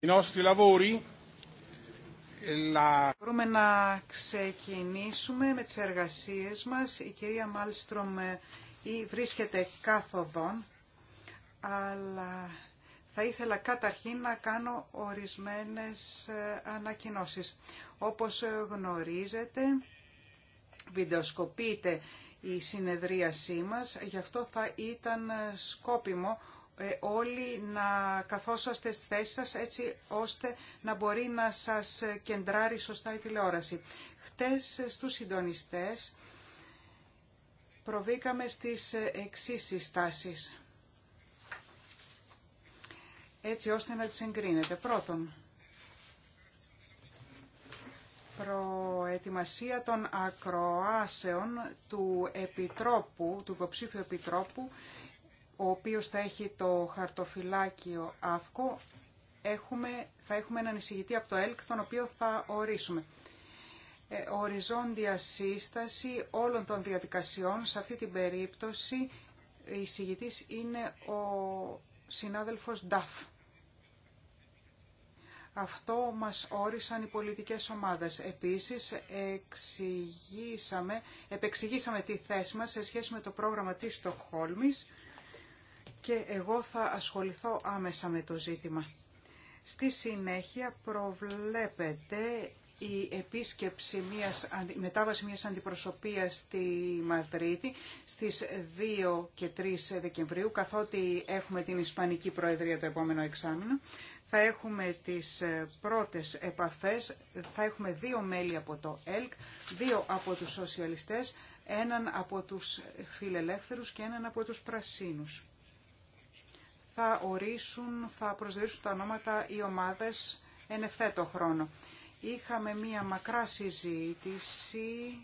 Eh, Μπορούμε να ξεκινήσουμε με τις εργασίες μας. Η κυρία Μάλστρομ ε, βρίσκεται κάθοδον, αλλά θα ήθελα καταρχήν να κάνω ορισμένες ε, ανακοινώσεις. Όπως ε, γνωρίζετε, βιντεοσκοπείται η συνεδρίασή μας, γι' αυτό θα ήταν σκόπιμο ε, όλοι να καθόσαστε στη θέση σας έτσι ώστε να μπορεί να σας κεντράρει σωστά η τηλεόραση. Χτες στους συντονιστές προβήκαμε στις εξής συστάσεις έτσι ώστε να τις εγκρίνετε. Πρώτον, προετοιμασία των ακροάσεων του, επιτρόπου, του υποψήφιου επιτρόπου ο οποίος θα έχει το χαρτοφυλάκιο Αύκο, έχουμε, θα έχουμε έναν εισηγητή από το ΕΛΚ, τον οποίο θα ορίσουμε. Ε, οριζόντια σύσταση όλων των διαδικασιών, σε αυτή την περίπτωση, η εισηγητής είναι ο συνάδελφος Νταφ. Αυτό μας όρισαν οι πολιτικές ομάδες. Επίσης, εξηγήσαμε, επεξηγήσαμε τη θέση μας σε σχέση με το πρόγραμμα της Στοχόλμης και εγώ θα ασχοληθώ άμεσα με το ζήτημα. Στη συνέχεια προβλέπεται η επίσκεψη μιας, μετάβαση μιας αντιπροσωπείας στη Μαδρίτη στις 2 και 3 Δεκεμβρίου, καθότι έχουμε την Ισπανική Προεδρία το επόμενο εξάμεινο. Θα έχουμε τις ε, πρώτες επαφές, θα έχουμε δύο μέλη από το ΕΛΚ, δύο από τους σοσιαλιστές, έναν από τους φιλελεύθερους και έναν από τους πρασίνους θα ορίσουν, θα προσδιορίσουν τα ονόματα οι ομάδες εν ευθέτω χρόνο. Είχαμε μία μακρά συζήτηση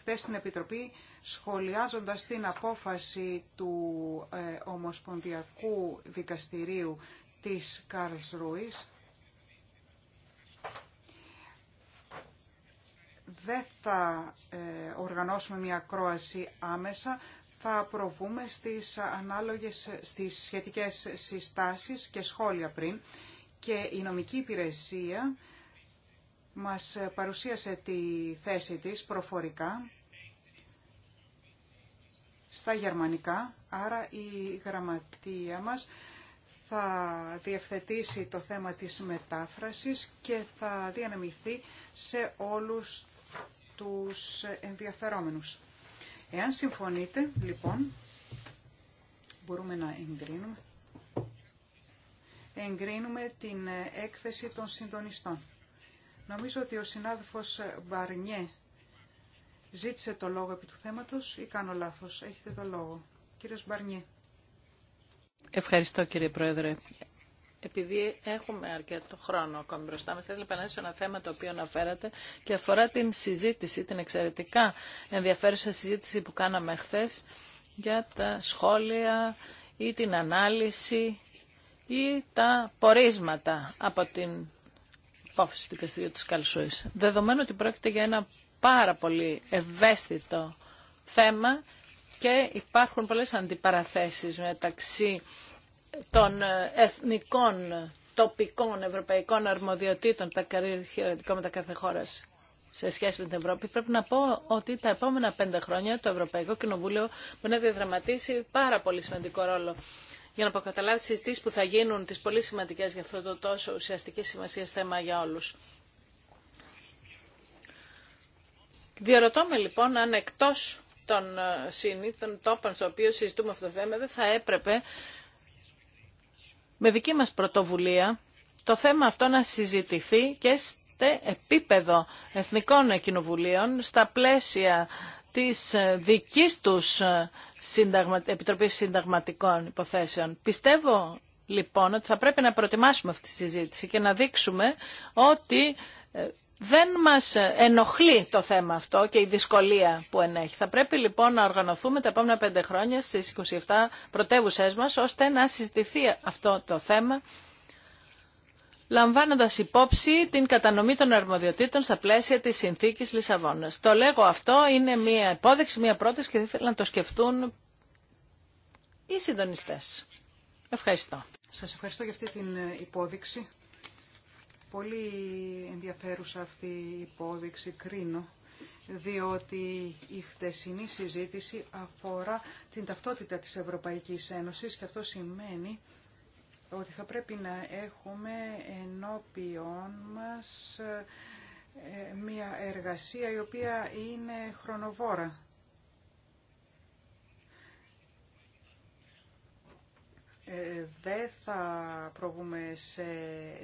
χθες στην Επιτροπή σχολιάζοντας την απόφαση του ε, Ομοσπονδιακού Δικαστηρίου της Κάρλς Ρούης. Δεν θα ε, οργανώσουμε μια ακρόαση άμεσα, θα προβούμε στις, ανάλογες, στις σχετικές συστάσεις και σχόλια πριν και η νομική υπηρεσία μας παρουσίασε τη θέση της προφορικά στα γερμανικά, άρα η γραμματεία μας θα διευθετήσει το θέμα της μετάφρασης και θα διανεμηθεί σε όλους τους ενδιαφερόμενους. Εάν συμφωνείτε, λοιπόν, μπορούμε να εγκρίνουμε. Εγκρίνουμε την ε, έκθεση των συντονιστών. Νομίζω ότι ο συνάδελφος Μπαρνιέ ζήτησε το λόγο επί του θέματος ή κάνω λάθος. Έχετε το λόγο. Κύριος Μπαρνιέ. Ευχαριστώ κύριε Πρόεδρε επειδή έχουμε αρκετό χρόνο ακόμη μπροστά μας, θέλω να περάσω σε ένα θέμα το οποίο αναφέρατε και αφορά την συζήτηση, την εξαιρετικά ενδιαφέρουσα συζήτηση που κάναμε χθε για τα σχόλια ή την ανάλυση ή τα πορίσματα από την υπόφαση του δικαστηρίου της Καλσούης. Δεδομένου ότι πρόκειται για ένα πάρα πολύ ευαίσθητο θέμα και υπάρχουν πολλές αντιπαραθέσεις μεταξύ των ε, εθνικών, τοπικών, ευρωπαϊκών αρμοδιοτήτων τα χαρακτηριστικά με τα κάθε χώρα σε σχέση με την Ευρώπη, πρέπει να πω ότι τα επόμενα πέντε χρόνια το Ευρωπαϊκό Κοινοβούλιο μπορεί να διαδραματίσει πάρα πολύ σημαντικό ρόλο για να αποκαταλάβει τις που θα γίνουν, τις πολύ σημαντικές για αυτό το τόσο ουσιαστική σημασία θέμα για όλους. Διαρωτώ με λοιπόν αν εκτός των ε, συνήθων τόπων στο οποίο συζητούμε αυτό το θέμα δεν θα έπρεπε με δική μας πρωτοβουλία το θέμα αυτό να συζητηθεί και σε επίπεδο εθνικών κοινοβουλίων στα πλαίσια της δικής τους Επιτροπής Συνταγματικών Υποθέσεων. Πιστεύω λοιπόν ότι θα πρέπει να προετοιμάσουμε αυτή τη συζήτηση και να δείξουμε ότι ε, δεν μας ενοχλεί το θέμα αυτό και η δυσκολία που ενέχει. Θα πρέπει λοιπόν να οργανωθούμε τα επόμενα πέντε χρόνια στις 27 πρωτεύουσές μας, ώστε να συζητηθεί αυτό το θέμα, λαμβάνοντας υπόψη την κατανομή των αρμοδιοτήτων στα πλαίσια της συνθήκης Λισαβόνας. Το λέγω αυτό, είναι μια υπόδειξη, μια πρόταση και δεν ήθελα να το σκεφτούν οι συντονιστές. Ευχαριστώ. Σας ευχαριστώ για αυτή την υπόδειξη. Πολύ ενδιαφέρουσα αυτή η υπόδειξη, κρίνω, διότι η χτεσινή συζήτηση αφορά την ταυτότητα της Ευρωπαϊκής Ένωσης και αυτό σημαίνει ότι θα πρέπει να έχουμε ενώπιόν μας ε, μια εργασία η οποία είναι χρονοβόρα Ε, δεν θα προβούμε σε,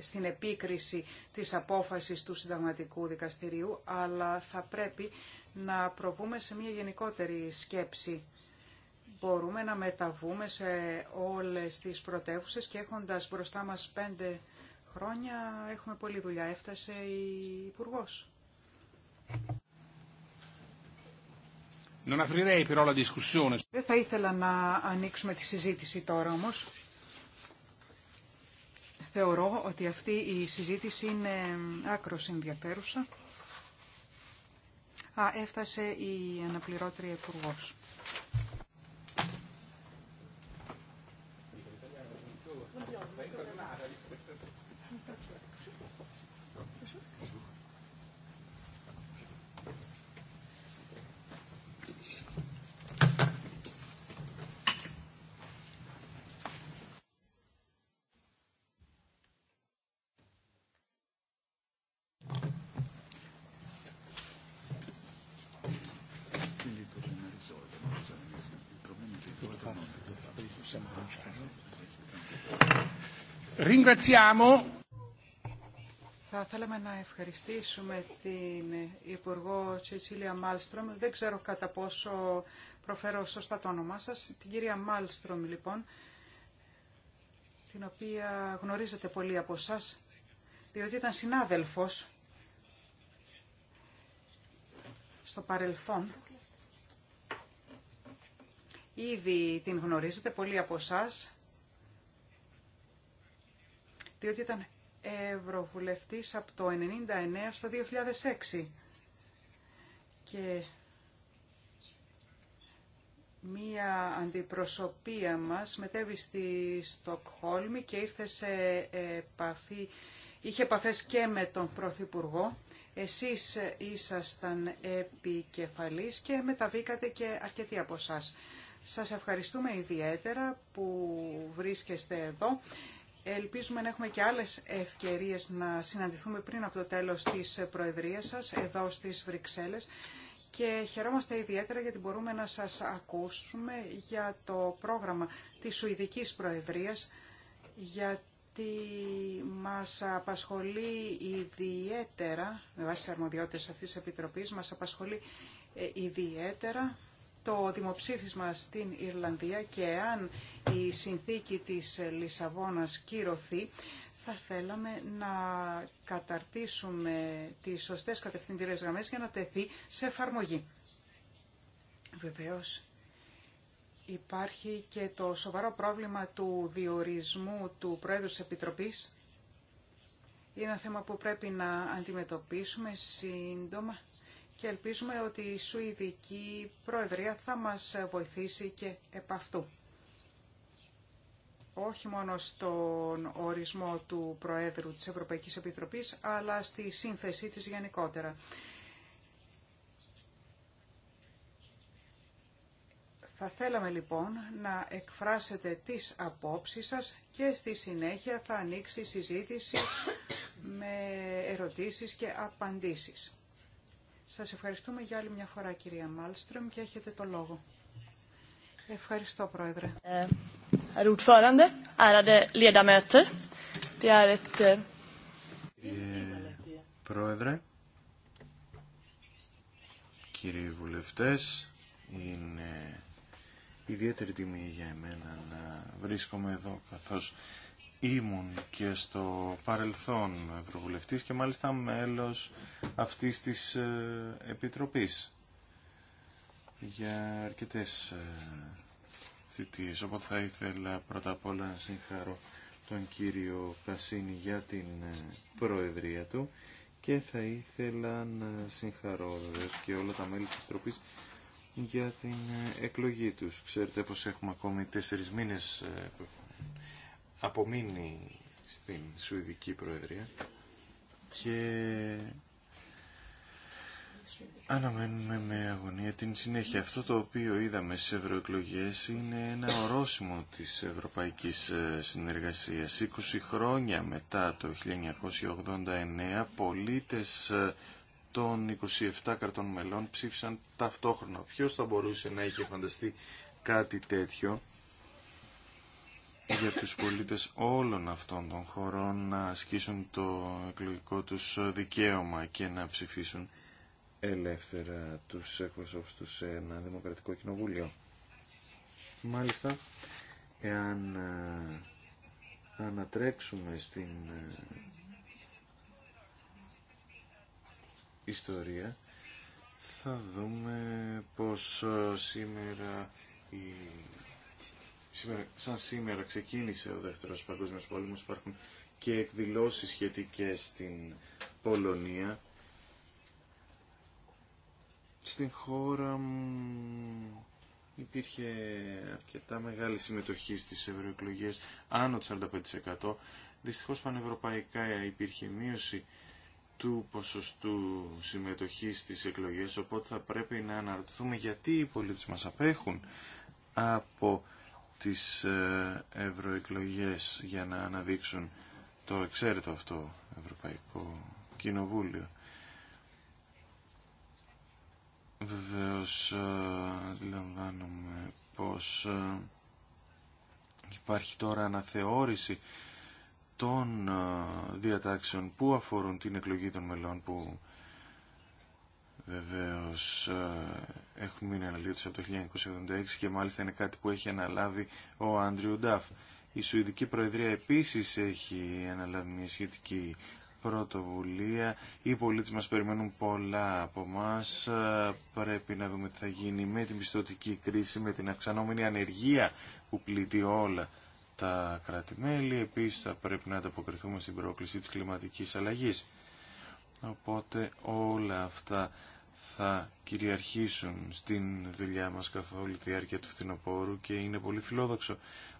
στην επίκριση της απόφασης του Συνταγματικού Δικαστηρίου, αλλά θα πρέπει να προβούμε σε μια γενικότερη σκέψη. Μπορούμε να μεταβούμε σε όλες τις πρωτεύουσε και έχοντας μπροστά μας πέντε χρόνια έχουμε πολλή δουλειά. Έφτασε η υπουργό. Δεν θα ήθελα να ανοίξουμε τη συζήτηση τώρα όμως. Θεωρώ ότι αυτή η συζήτηση είναι άκρος ενδιαφέρουσα. Α, έφτασε η αναπληρώτρια υπουργός. Ringraziamo. Θα θέλαμε να ευχαριστήσουμε την Υπουργό Τσιτσίλια Μάλστρομ. Δεν ξέρω κατά πόσο προφέρω σωστά το όνομά σας. Την κυρία Μάλστρομ, λοιπόν, την οποία γνωρίζετε πολύ από εσά, διότι ήταν συνάδελφος στο παρελθόν. Ήδη την γνωρίζετε πολύ από εσά διότι ήταν ευρωβουλευτής από το 1999 στο 2006 και μία αντιπροσωπεία μας μετέβη στη Στοκχόλμη και ήρθε σε είχε επαφές και με τον Πρωθυπουργό. Εσείς ήσασταν επικεφαλής και μεταβήκατε και αρκετοί από εσά. Σας ευχαριστούμε ιδιαίτερα που βρίσκεστε εδώ Ελπίζουμε να έχουμε και άλλες ευκαιρίες να συναντηθούμε πριν από το τέλος της Προεδρίας σας, εδώ στις Βρυξέλλες. Και χαιρόμαστε ιδιαίτερα γιατί μπορούμε να σας ακούσουμε για το πρόγραμμα της Σουηδικής Προεδρίας, γιατί μας απασχολεί ιδιαίτερα, με βάση τις αρμοδιότητες αυτής της Επιτροπής, μας απασχολεί ε, ιδιαίτερα το δημοψήφισμα στην Ιρλανδία και αν η συνθήκη της Λισαβόνας κυρωθεί, θα θέλαμε να καταρτήσουμε τις σωστές κατευθυντήρες γραμμές για να τεθεί σε εφαρμογή. Βεβαίως, υπάρχει και το σοβαρό πρόβλημα του διορισμού του Πρόεδρου της Επιτροπής. Είναι ένα θέμα που πρέπει να αντιμετωπίσουμε σύντομα και ελπίζουμε ότι η Σουηδική Προεδρία θα μας βοηθήσει και επ' αυτού. Όχι μόνο στον ορισμό του Προέδρου της Ευρωπαϊκής Επιτροπής, αλλά στη σύνθεσή της γενικότερα. Θα θέλαμε λοιπόν να εκφράσετε τις απόψεις σας και στη συνέχεια θα ανοίξει η συζήτηση με ερωτήσεις και απαντήσεις. Σας ευχαριστούμε για άλλη μια φορά κυρία Μάλστρομ και έχετε το λόγο. Ευχαριστώ Πρόεδρε. Ε, herr eh, Πρόεδρε, κύριοι βουλευτές, είναι ιδιαίτερη τιμή για εμένα να βρίσκομαι εδώ καθώς ήμουν και στο παρελθόν Ευρωβουλευτής και μάλιστα μέλος αυτής της ε, Επιτροπής για αρκετές ε, θητείες. Οπότε θα ήθελα πρώτα απ' όλα να συγχαρώ τον κύριο Κασίνη για την ε, Προεδρία του και θα ήθελα να συγχαρώ και όλα τα μέλη της Επιτροπής για την εκλογή τους. Ξέρετε πως έχουμε ακόμη τέσσερις μήνες που απομείνει στην Σουηδική Προεδρία και αναμένουμε με αγωνία την συνέχεια. Αυτό το οποίο είδαμε στις ευρωεκλογέ είναι ένα ορόσημο της ευρωπαϊκής ε, συνεργασίας. 20 χρόνια μετά το 1989 πολίτες ε, των 27 κρατών μελών ψήφισαν ταυτόχρονα. Ποιος θα μπορούσε να είχε φανταστεί κάτι τέτοιο για τους πολίτες όλων αυτών των χωρών να ασκήσουν το εκλογικό τους δικαίωμα και να ψηφίσουν ελεύθερα τους εκπροσώπους τους σε ένα δημοκρατικό κοινοβούλιο. Μάλιστα, εάν ε, ανατρέξουμε στην ε, ιστορία, θα δούμε πως ε, σήμερα η σήμερα, σαν σήμερα ξεκίνησε ο Δεύτερος Παγκόσμιος Πόλεμος, υπάρχουν και εκδηλώσεις σχετικές στην Πολωνία. Στην χώρα μου υπήρχε αρκετά μεγάλη συμμετοχή στις ευρωεκλογέ άνω του 45%. Δυστυχώς πανευρωπαϊκά υπήρχε μείωση του ποσοστού συμμετοχής στις εκλογές, οπότε θα πρέπει να αναρωτηθούμε γιατί οι πολίτες μας απέχουν από τις ε, ευρωεκλογές για να αναδείξουν το εξαίρετο αυτό Ευρωπαϊκό Κοινοβούλιο. Βεβαίως ε, αντιλαμβάνομαι πως ε, υπάρχει τώρα αναθεώρηση των διατάξεων που αφορούν την εκλογή των μελών που Βεβαίως ε, έχουν μείνει αναλύτως από το 1976 και μάλιστα είναι κάτι που έχει αναλάβει ο Άντριου Νταφ. Η Σουηδική Προεδρία επίσης έχει αναλάβει μια σχετική πρωτοβουλία. Οι πολίτες μας περιμένουν πολλά από εμά. Πρέπει να δούμε τι θα γίνει με την πιστοτική κρίση, με την αυξανόμενη ανεργία που πλήττει όλα τα κράτη-μέλη. Επίσης θα πρέπει να ανταποκριθούμε στην πρόκληση της κλιματικής αλλαγής. Οπότε όλα αυτά θα κυριαρχήσουν στην δουλειά μας καθ' όλη τη διάρκεια του φθινοπόρου και είναι πολύ φιλόδοξο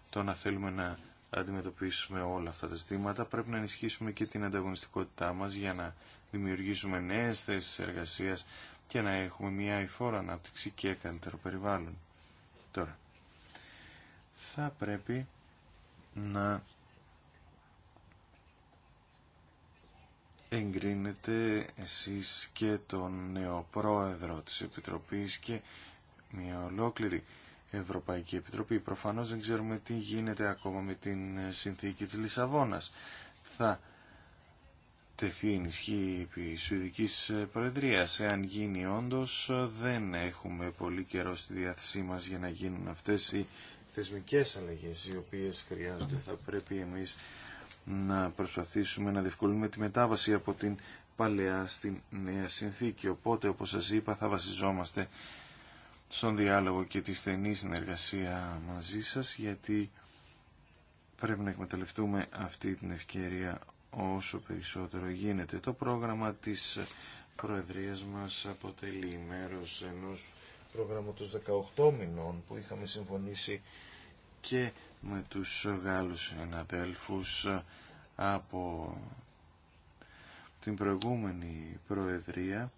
το να θέλουμε να αντιμετωπίσουμε όλα αυτά τα ζητήματα. Πρέπει να ενισχύσουμε και την ανταγωνιστικότητά μας για να δημιουργήσουμε νέες θέσεις εργασίας και να έχουμε μια υφόρα ανάπτυξη και καλύτερο περιβάλλον. Τώρα, θα πρέπει να εγκρίνετε εσείς και τον νέο πρόεδρο της Επιτροπής και μια ολόκληρη Ευρωπαϊκή Επιτροπή. Προφανώς δεν ξέρουμε τι γίνεται ακόμα με την συνθήκη της Λισαβόνας. Θα τεθεί ενισχύ επί Σουηδικής Προεδρίας. Εάν γίνει όντως δεν έχουμε πολύ καιρό στη διάθεσή μας για να γίνουν αυτές οι θεσμικές αλλαγές οι οποίες χρειάζονται. Θα πρέπει εμείς να προσπαθήσουμε να διευκολύνουμε τη μετάβαση από την παλαιά στην νέα συνθήκη. Οπότε, όπως σας είπα, θα βασιζόμαστε στον διάλογο και τη στενή συνεργασία μαζί σας, γιατί πρέπει να εκμεταλλευτούμε αυτή την ευκαιρία όσο περισσότερο γίνεται. Το πρόγραμμα της Προεδρίας μας αποτελεί μέρος ενός προγράμματος 18 μηνών που είχαμε συμφωνήσει και με τους Γάλλους εναδέλφους από την προηγούμενη Προεδρία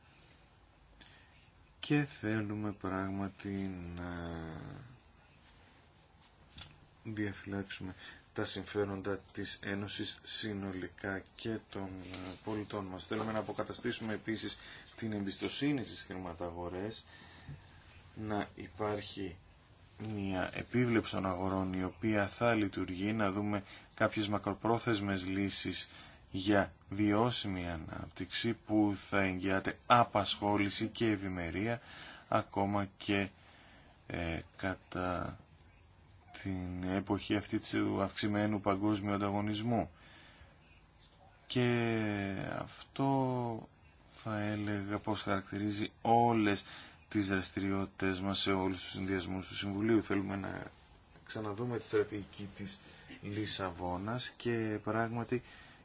και θέλουμε πράγματι να διαφυλάξουμε τα συμφέροντα της Ένωσης συνολικά και των πολιτών μας. Θέλουμε να αποκαταστήσουμε επίσης την εμπιστοσύνη στις χρηματαγορές, να υπάρχει μια επίβλεψη των αγορών η οποία θα λειτουργεί, να δούμε κάποιες μακροπρόθεσμες λύσεις για βιώσιμη ανάπτυξη που θα εγγυάται απασχόληση και ευημερία ακόμα και ε, κατά την εποχή αυτή του αυξημένου παγκόσμιου ανταγωνισμού. Και αυτό θα έλεγα πως χαρακτηρίζει όλες τι δραστηριότητε μα σε όλους τους συνδυασμού του Συμβουλίου. Θέλουμε να ξαναδούμε τη στρατηγική της Λισαβόνας και πράγματι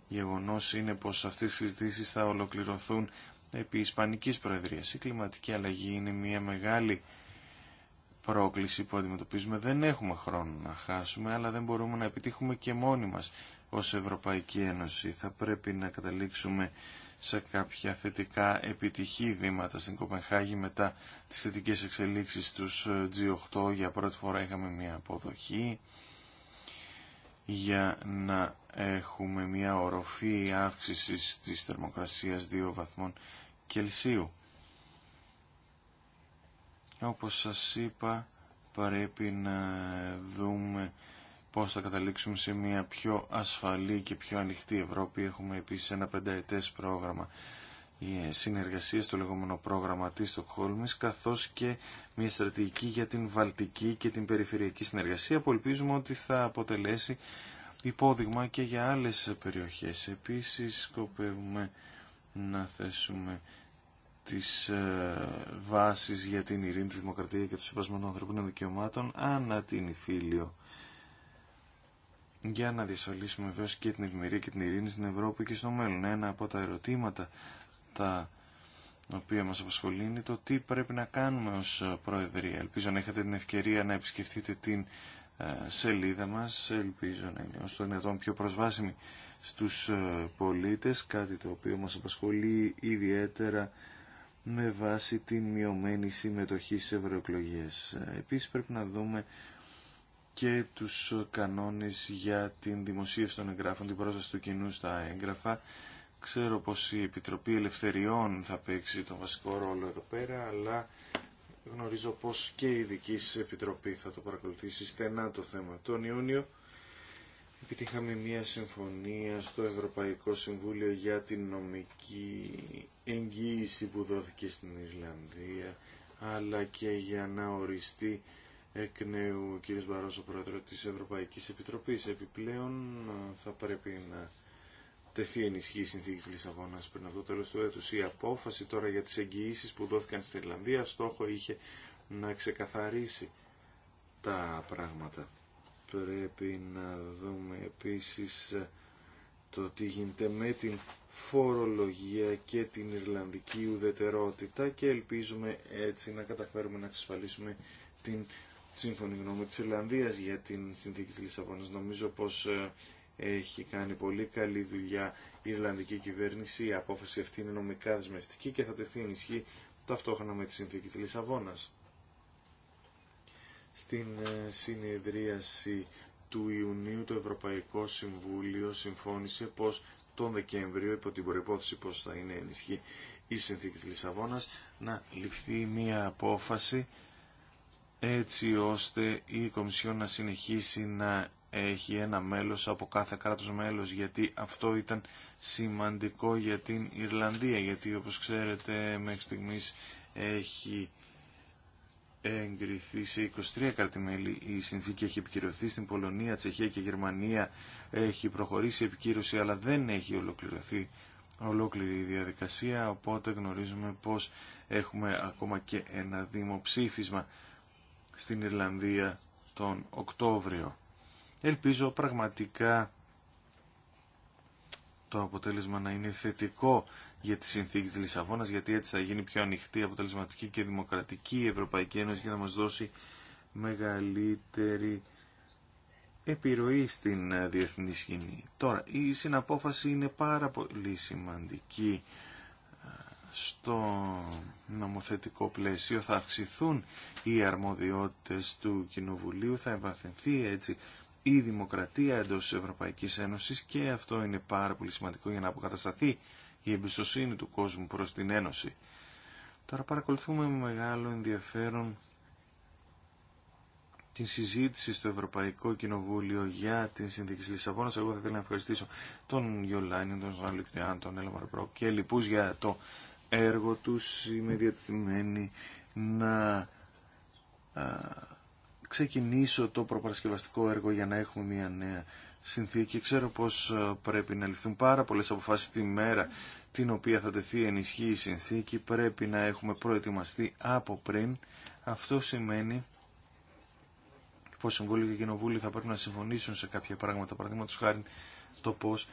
γεγονό είναι πως αυτέ οι συζητήσει θα ολοκληρωθούν επί Ισπανικής Προεδρίας. Η κλιματική αλλαγή είναι μια μεγάλη πρόκληση που αντιμετωπίζουμε. Δεν έχουμε χρόνο να χάσουμε, αλλά δεν μπορούμε να επιτύχουμε και μόνοι μας ως Ευρωπαϊκή Ένωση. Θα πρέπει να καταλήξουμε σε κάποια θετικά επιτυχή βήματα στην Κοπενχάγη μετά τις θετικές εξελίξεις τους ε, G8 για πρώτη φορά είχαμε μια αποδοχή για να έχουμε μια οροφή αύξησης της θερμοκρασίας 2 βαθμών Κελσίου. Όπως σας είπα πρέπει να δούμε πώς θα καταλήξουμε σε μια πιο ασφαλή και πιο ανοιχτή Ευρώπη. Έχουμε επίσης ένα πενταετές πρόγραμμα ε, συνεργασία το λεγόμενο πρόγραμμα της Στοκχόλμης καθώς και μια στρατηγική για την βαλτική και την περιφερειακή συνεργασία που ελπίζουμε ότι θα αποτελέσει υπόδειγμα και για άλλες περιοχές. Επίσης σκοπεύουμε να θέσουμε τις ε, βάσεις για την ειρήνη, τη δημοκρατία και του σεβασμό των ανθρωπίνων δικαιωμάτων ανά την Ιφίλιο για να διασφαλίσουμε βέβαια και την ευημερία και την ειρήνη στην Ευρώπη και στο μέλλον. Ένα από τα ερωτήματα τα οποία μας απασχολεί είναι το τι πρέπει να κάνουμε ως Προεδρία. Ελπίζω να έχετε την ευκαιρία να επισκεφτείτε την ε, σελίδα μας. Ελπίζω να είναι ως το δυνατόν πιο προσβάσιμη στους ε, πολίτες, κάτι το οποίο μας απασχολεί ιδιαίτερα με βάση την μειωμένη συμμετοχή σε ευρωεκλογέ. Ε, επίσης πρέπει να δούμε και τους κανόνες για την δημοσίευση των εγγράφων, την πρόσβαση του κοινού στα έγγραφα. Ξέρω πως η Επιτροπή Ελευθεριών θα παίξει τον βασικό ρόλο εδώ πέρα, αλλά γνωρίζω πως και η ειδική επιτροπή θα το παρακολουθήσει στενά το θέμα. Τον Ιούνιο επιτύχαμε μια συμφωνία στο Ευρωπαϊκό Συμβούλιο για την νομική εγγύηση που δόθηκε στην Ιρλανδία αλλά και για να οριστεί εκ νέου ο κ. Μπαρόσο, πρόεδρο της Ευρωπαϊκής Επιτροπής. Επιπλέον ε, θα πρέπει να τεθεί ενισχύ η συνθήκη της Λισαβόνας πριν από το τέλος του έτους. Η απόφαση τώρα για τις εγγυήσει που δόθηκαν στην Ιρλανδία στόχο είχε να ξεκαθαρίσει τα πράγματα. Πρέπει να δούμε επίσης ε, το τι γίνεται με την φορολογία και την Ιρλανδική ουδετερότητα και ελπίζουμε έτσι να καταφέρουμε να εξασφαλίσουμε την σύμφωνη γνώμη της Ιρλανδίας για την συνθήκη της Λισαβόνας. Νομίζω πως ε, έχει κάνει πολύ καλή δουλειά η Ιρλανδική κυβέρνηση. Η απόφαση αυτή είναι νομικά δεσμευτική και θα τεθεί ενισχύ ταυτόχρονα με τη συνθήκη της Λισαβόνας. Στην ε, συνεδρίαση του Ιουνίου το Ευρωπαϊκό Συμβούλιο συμφώνησε πως τον Δεκέμβριο, υπό την προϋπόθεση πως θα είναι ενισχύ η συνθήκη της Λισαβόνας, να ληφθεί μια απόφαση έτσι ώστε η Κομισιόν να συνεχίσει να έχει ένα μέλος από κάθε κράτος μέλος γιατί αυτό ήταν σημαντικό για την Ιρλανδία γιατί όπως ξέρετε μέχρι στιγμής έχει εγκριθεί σε 23 κράτη-μέλη η συνθήκη έχει επικυρωθεί στην Πολωνία, Τσεχία και Γερμανία έχει προχωρήσει η επικύρωση αλλά δεν έχει ολοκληρωθεί ολόκληρη η διαδικασία οπότε γνωρίζουμε πως έχουμε ακόμα και ένα δημοψήφισμα στην Ιρλανδία τον Οκτώβριο. Ελπίζω πραγματικά το αποτέλεσμα να είναι θετικό για τη συνθήκη της Λισαβόνας, γιατί έτσι θα γίνει πιο ανοιχτή, αποτελεσματική και δημοκρατική η Ευρωπαϊκή Ένωση και θα μας δώσει μεγαλύτερη επιρροή στην ε, διεθνή σκηνή. Τώρα, η συναπόφαση είναι πάρα πολύ σημαντική στο νομοθετικό πλαίσιο θα αυξηθούν οι αρμοδιότητες του Κοινοβουλίου, θα ευαθυνθεί έτσι η δημοκρατία εντός της Ευρωπαϊκής Ένωσης και αυτό είναι πάρα πολύ σημαντικό για να αποκατασταθεί η εμπιστοσύνη του κόσμου προς την Ένωση. Τώρα παρακολουθούμε με μεγάλο ενδιαφέρον την συζήτηση στο Ευρωπαϊκό Κοινοβούλιο για την συνθήκη τη Λισαβόνα. Εγώ θα ήθελα να ευχαριστήσω τον Γιολάνη, τον τον Έλα και λοιπού για το έργο τους. Είμαι διατεθειμένη να ξεκινήσω το προπαρασκευαστικό έργο για να έχουμε μια νέα συνθήκη. Ξέρω πως πρέπει να ληφθούν πάρα πολλές αποφάσεις τη μέρα την οποία θα τεθεί ενισχύ η συνθήκη. Πρέπει να έχουμε προετοιμαστεί από πριν. Αυτό σημαίνει πως Συμβούλιο και Κοινοβούλιο θα πρέπει να συμφωνήσουν σε κάποια πράγματα. Παραδείγματος χάρη το πως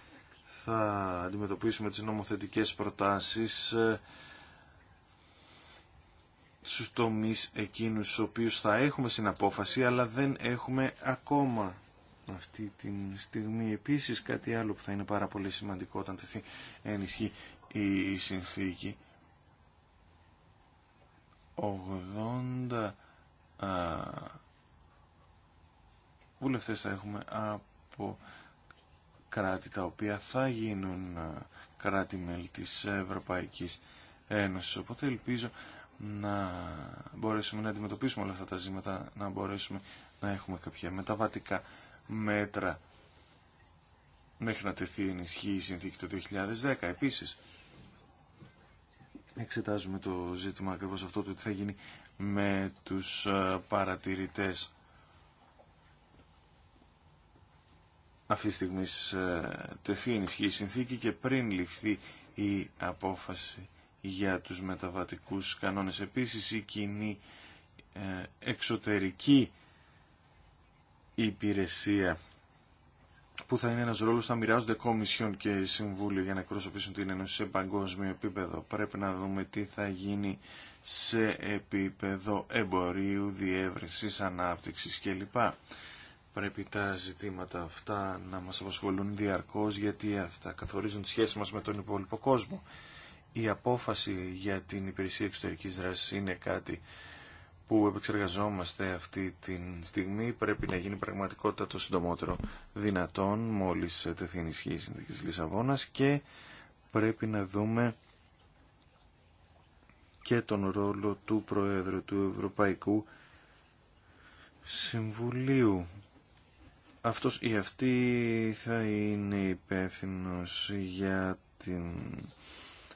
θα αντιμετωπίσουμε τις νομοθετικές προτάσεις ε, στους τομείς εκείνους στους οποίους θα έχουμε συναπόφαση αλλά δεν έχουμε ακόμα αυτή τη στιγμή. Επίσης κάτι άλλο που θα είναι πάρα πολύ σημαντικό όταν τεθεί ενισχύ η συνθήκη. 80 α, βουλευτές θα έχουμε από κράτη τα οποία θα γίνουν ε, κράτη-μέλη της Ευρωπαϊκής Ένωσης. Οπότε ελπίζω να μπορέσουμε να αντιμετωπίσουμε όλα αυτά τα ζήματα, να μπορέσουμε να έχουμε κάποια μεταβατικά μέτρα μέχρι να τεθεί ενισχύ η συνθήκη το 2010. Επίσης, εξετάζουμε το ζήτημα ακριβώς αυτό του τι θα γίνει με τους ε, παρατηρητές αυτή τη στιγμή ε, τεθεί ενισχύ η συνθήκη και πριν ληφθεί η απόφαση για τους μεταβατικούς κανόνες. Επίσης η κοινή ε, εξωτερική υπηρεσία που θα είναι ένας ρόλος θα μοιράζονται κομισιόν και συμβούλιο για να εκπροσωπήσουν την Ένωση σε παγκόσμιο επίπεδο. Πρέπει να δούμε τι θα γίνει σε επίπεδο εμπορίου, διεύρυνσης, ανάπτυξης κλπ πρέπει τα ζητήματα αυτά να μας απασχολούν διαρκώς γιατί αυτά καθορίζουν τη σχέση μας με τον υπόλοιπο κόσμο. Η απόφαση για την υπηρεσία εξωτερικής δράσης είναι κάτι που επεξεργαζόμαστε αυτή τη στιγμή πρέπει να γίνει πραγματικότητα το συντομότερο δυνατόν μόλις τεθεί η συνθήκη της Λισαβόνας και πρέπει να δούμε και τον ρόλο του Προέδρου του Ευρωπαϊκού Συμβουλίου αυτός ή αυτή θα είναι υπεύθυνο για την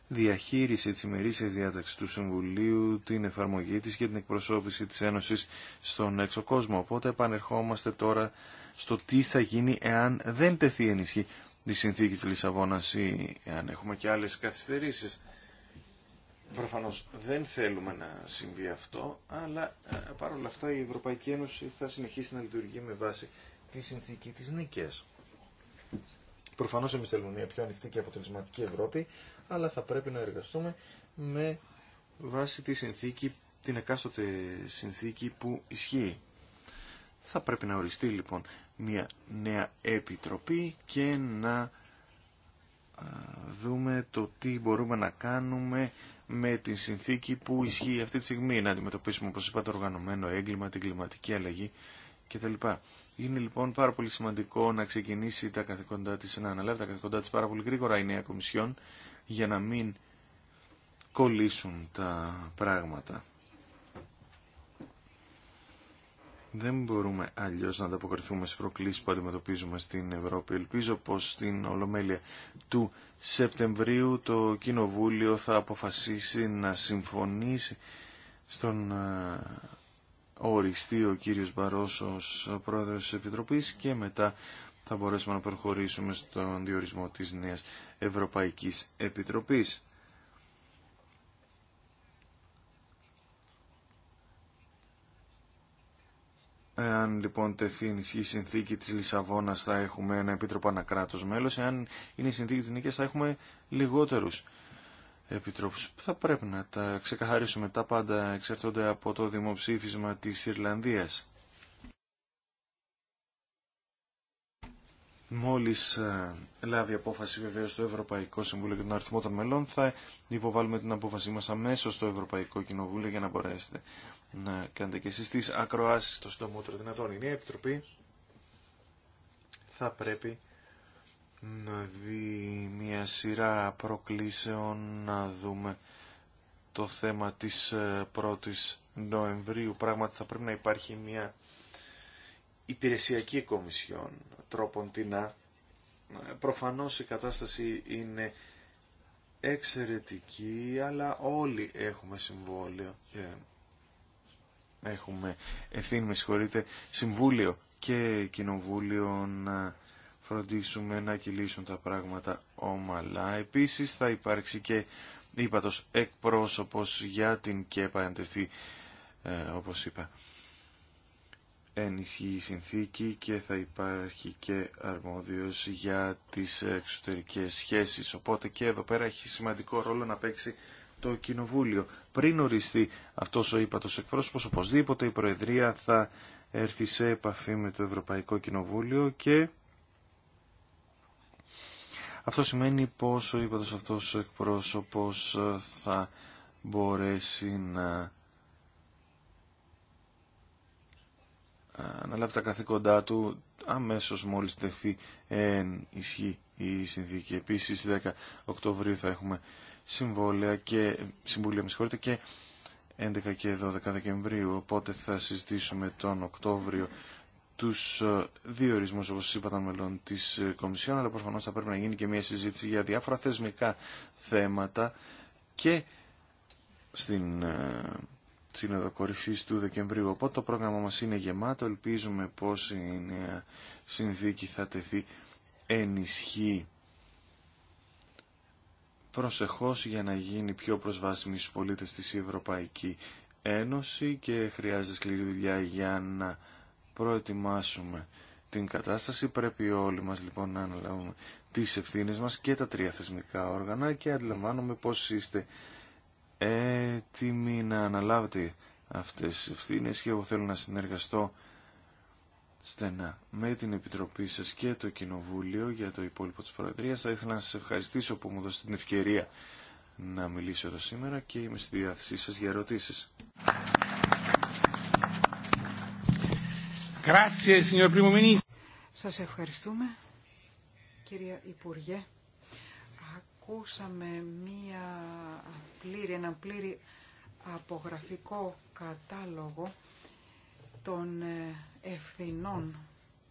διαχείριση της ημερήσιας διάταξης του Συμβουλίου, την εφαρμογή της και την εκπροσώπηση της Ένωσης στον έξω κόσμο. Οπότε επανερχόμαστε τώρα στο τι θα γίνει εάν δεν τεθεί ενισχύ τη συνθήκη της Λισαβόνας ή εάν έχουμε και άλλες καθυστερήσεις. Προφανώς δεν θέλουμε να συμβεί αυτό, αλλά ε, παρόλα αυτά η Ευρωπαϊκή Ένωση θα συνεχίσει να λειτουργεί με βάση τη συνθήκη τη νίκη. Προφανώ εμεί θέλουμε μια πιο ανοιχτή και αποτελεσματική Ευρώπη, αλλά θα πρέπει να εργαστούμε με βάση τη συνθήκη, την εκάστοτε συνθήκη που ισχύει. Θα πρέπει να οριστεί λοιπόν μια νέα επιτροπή και να δούμε το τι μπορούμε να κάνουμε με την συνθήκη που ισχύει αυτή τη στιγμή να αντιμετωπίσουμε όπως είπα το οργανωμένο έγκλημα, την κλιματική αλλαγή κτλ. Είναι λοιπόν πάρα πολύ σημαντικό να ξεκινήσει τα καθηκοντά της, να αναλάβει τα καθηκοντά της πάρα πολύ γρήγορα η νέα Κομισιόν για να μην κολλήσουν τα πράγματα. Δεν μπορούμε αλλιώς να ανταποκριθούμε στις προκλήσεις που αντιμετωπίζουμε στην Ευρώπη. Ελπίζω πως στην Ολομέλεια του Σεπτεμβρίου το Κοινοβούλιο θα αποφασίσει να συμφωνήσει στον ε, οριστεί ο κύριος Μπαρός ως πρόεδρος της Επιτροπής και μετά θα μπορέσουμε να προχωρήσουμε στον διορισμό της νέας Ευρωπαϊκής Επιτροπής. Εάν λοιπόν τεθεί η συνθήκη της Λισαβόνας θα έχουμε ένα επίτροπο ανακράτος μέλος, εάν είναι η συνθήκη της Νίκης θα έχουμε λιγότερους επιτρόπους. Θα πρέπει να τα ξεκαθαρίσουμε. Τα πάντα εξαρτώνται από το δημοψήφισμα της Ιρλανδίας. Μόλις ε, λάβει απόφαση βεβαίω το Ευρωπαϊκό Συμβούλιο για τον αριθμό των μελών θα υποβάλουμε την απόφασή μας αμέσως στο Ευρωπαϊκό Κοινοβούλιο για να μπορέσετε να κάνετε και εσείς τις ακροάσεις το συντομότερο δυνατόν. Η Επιτροπή θα πρέπει να δει μια σειρά προκλήσεων, να δούμε το θέμα της 1ης ε, Νοεμβρίου. Πράγματι θα πρέπει να υπάρχει μια υπηρεσιακή κομισιόν τρόπον τι να. Ε, προφανώς η κατάσταση είναι εξαιρετική, αλλά όλοι έχουμε συμβόλαιο και έχουμε ευθύνη, με συμβούλιο και κοινοβούλιο να φροντίσουμε να κυλήσουν τα πράγματα όμαλα. Επίσης θα υπάρξει και ύπατος εκπρόσωπος για την ΚΕΠΑ εντεθεί, ε, όπως είπα, ενισχύει η συνθήκη και θα υπάρχει και αρμόδιος για τις εξωτερικές σχέσεις. Οπότε και εδώ πέρα έχει σημαντικό ρόλο να παίξει το Κοινοβούλιο. Πριν οριστεί αυτός ο ύπατος εκπρόσωπος, οπωσδήποτε η Προεδρία θα έρθει σε επαφή με το Ευρωπαϊκό Κοινοβούλιο και αυτό σημαίνει πως ο ύπατος αυτός εκπρόσωπος ε, θα μπορέσει να αναλάβει ε, τα καθήκοντά του αμέσως μόλις τεθεί εν ισχύ η συνθήκη. Επίσης 10 Οκτωβρίου θα έχουμε συμβόλαια και συμβούλια με και 11 και 12 Δεκεμβρίου οπότε θα συζητήσουμε τον Οκτώβριο τους ε, διορισμούς, όπως όπω είπα, των μελών της ε, Κομισιόν, αλλά προφανώς θα πρέπει να γίνει και μια συζήτηση για διάφορα θεσμικά θέματα και στην ε, Σύνοδο Κορυφής του Δεκεμβρίου. Οπότε το πρόγραμμα μας είναι γεμάτο, ελπίζουμε πως η νέα συνθήκη θα τεθεί ενισχύ προσεχώς για να γίνει πιο προσβάσιμη στους πολίτες της Ευρωπαϊκή Ένωση και χρειάζεται σκληρή δουλειά για να προετοιμάσουμε την κατάσταση. Πρέπει όλοι μας λοιπόν να αναλάβουμε τις ευθύνες μας και τα τρία θεσμικά όργανα και αντιλαμβάνομαι πως είστε έτοιμοι να αναλάβετε αυτές τις ευθύνες και εγώ θέλω να συνεργαστώ στενά με την Επιτροπή σας και το Κοινοβούλιο για το υπόλοιπο της Προεδρίας. Θα ήθελα να σας ευχαριστήσω που μου δώσετε την ευκαιρία να μιλήσω εδώ σήμερα και είμαι στη διάθεσή σας για ερωτήσεις. Σας ευχαριστούμε, κυρία Υπουργέ. Ακούσαμε μία πλήρη, έναν πλήρη απογραφικό κατάλογο των ε, ευθυνών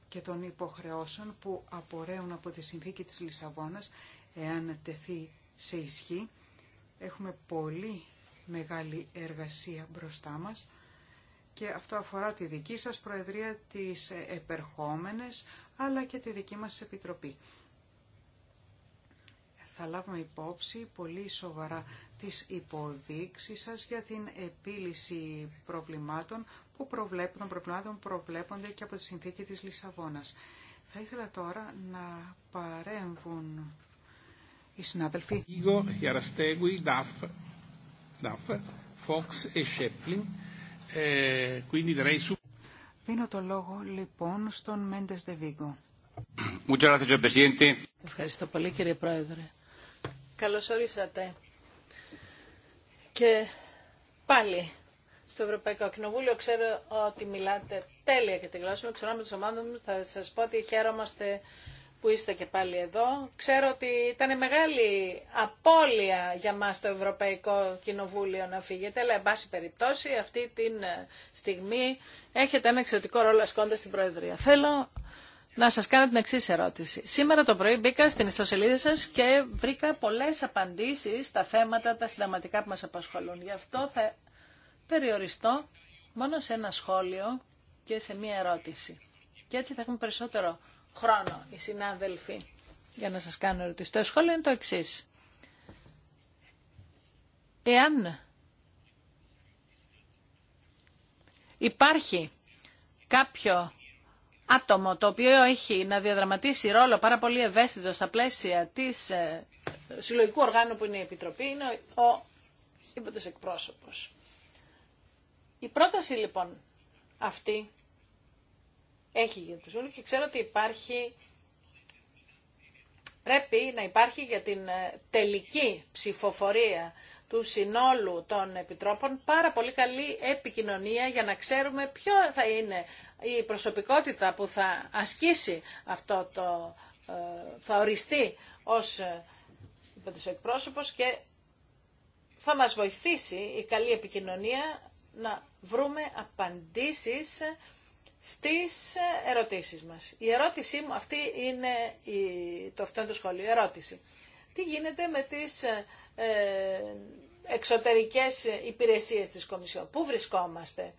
και των υποχρεώσεων που απορρέουν από τη συνθήκη της Λισαβόνας, εάν τεθεί σε ισχύ. Έχουμε πολύ μεγάλη εργασία μπροστά μας και αυτό αφορά τη δική σας Προεδρία, τις επερχόμενες, αλλά και τη δική μας Επιτροπή. Θα λάβουμε υπόψη πολύ σοβαρά τις υποδείξεις σας για την επίλυση προβλημάτων που προβλέπουν, προβλημάτων προβλέπονται και από τη συνθήκη της Λισαβόνας. Θα ήθελα τώρα να παρέμβουν οι συνάδελφοι. Ήγο, Fox και ε, Δίνω το λόγο λοιπόν στον Μέντες Δεβίγκο. Ευχαριστώ πολύ κύριε Πρόεδρε. Καλώς ορίσατε. Και πάλι στο Ευρωπαϊκό Κοινοβούλιο ξέρω ότι μιλάτε τέλεια και τη γλώσσα μου. Ξέρω με τους ομάδες μου θα σας πω ότι χαίρομαστε που είστε και πάλι εδώ. Ξέρω ότι ήταν μεγάλη απώλεια για μας το Ευρωπαϊκό Κοινοβούλιο να φύγετε, αλλά εν πάση περιπτώσει αυτή τη ε, στιγμή έχετε ένα εξαιρετικό ρόλο ασκώντας στην Προεδρία. Θέλω να σας κάνω την εξή ερώτηση. Σήμερα το πρωί μπήκα στην ιστοσελίδα σας και βρήκα πολλές απαντήσεις στα θέματα τα συνταγματικά που μας απασχολούν. Γι' αυτό θα περιοριστώ μόνο σε ένα σχόλιο και σε μία ερώτηση. Και έτσι θα έχουμε περισσότερο χρόνο οι συνάδελφοι για να σας κάνω ερωτήσεις. Το σχόλιο είναι το εξή. Εάν υπάρχει κάποιο άτομο το οποίο έχει να διαδραματίσει ρόλο πάρα πολύ ευαίσθητο στα πλαίσια της ε, συλλογικού οργάνου που είναι η Επιτροπή, είναι ο ύποπτος εκπρόσωπος. Η πρόταση λοιπόν αυτή έχει γίνει και ξέρω ότι υπάρχει, πρέπει να υπάρχει για την ε, τελική ψηφοφορία του συνόλου των επιτρόπων πάρα πολύ καλή επικοινωνία για να ξέρουμε ποιο θα είναι η προσωπικότητα που θα ασκήσει αυτό το, ε, θα οριστεί ως ε, εκπρόσωπος και θα μας βοηθήσει η καλή επικοινωνία να βρούμε απαντήσεις στις ερωτήσεις μας. Η ερώτησή μου αυτή είναι το αυτό το σχολείο. ερώτηση. Τι γίνεται με τις ε, εξωτερικές υπηρεσίες της Κομισιόν. Πού βρισκόμαστε.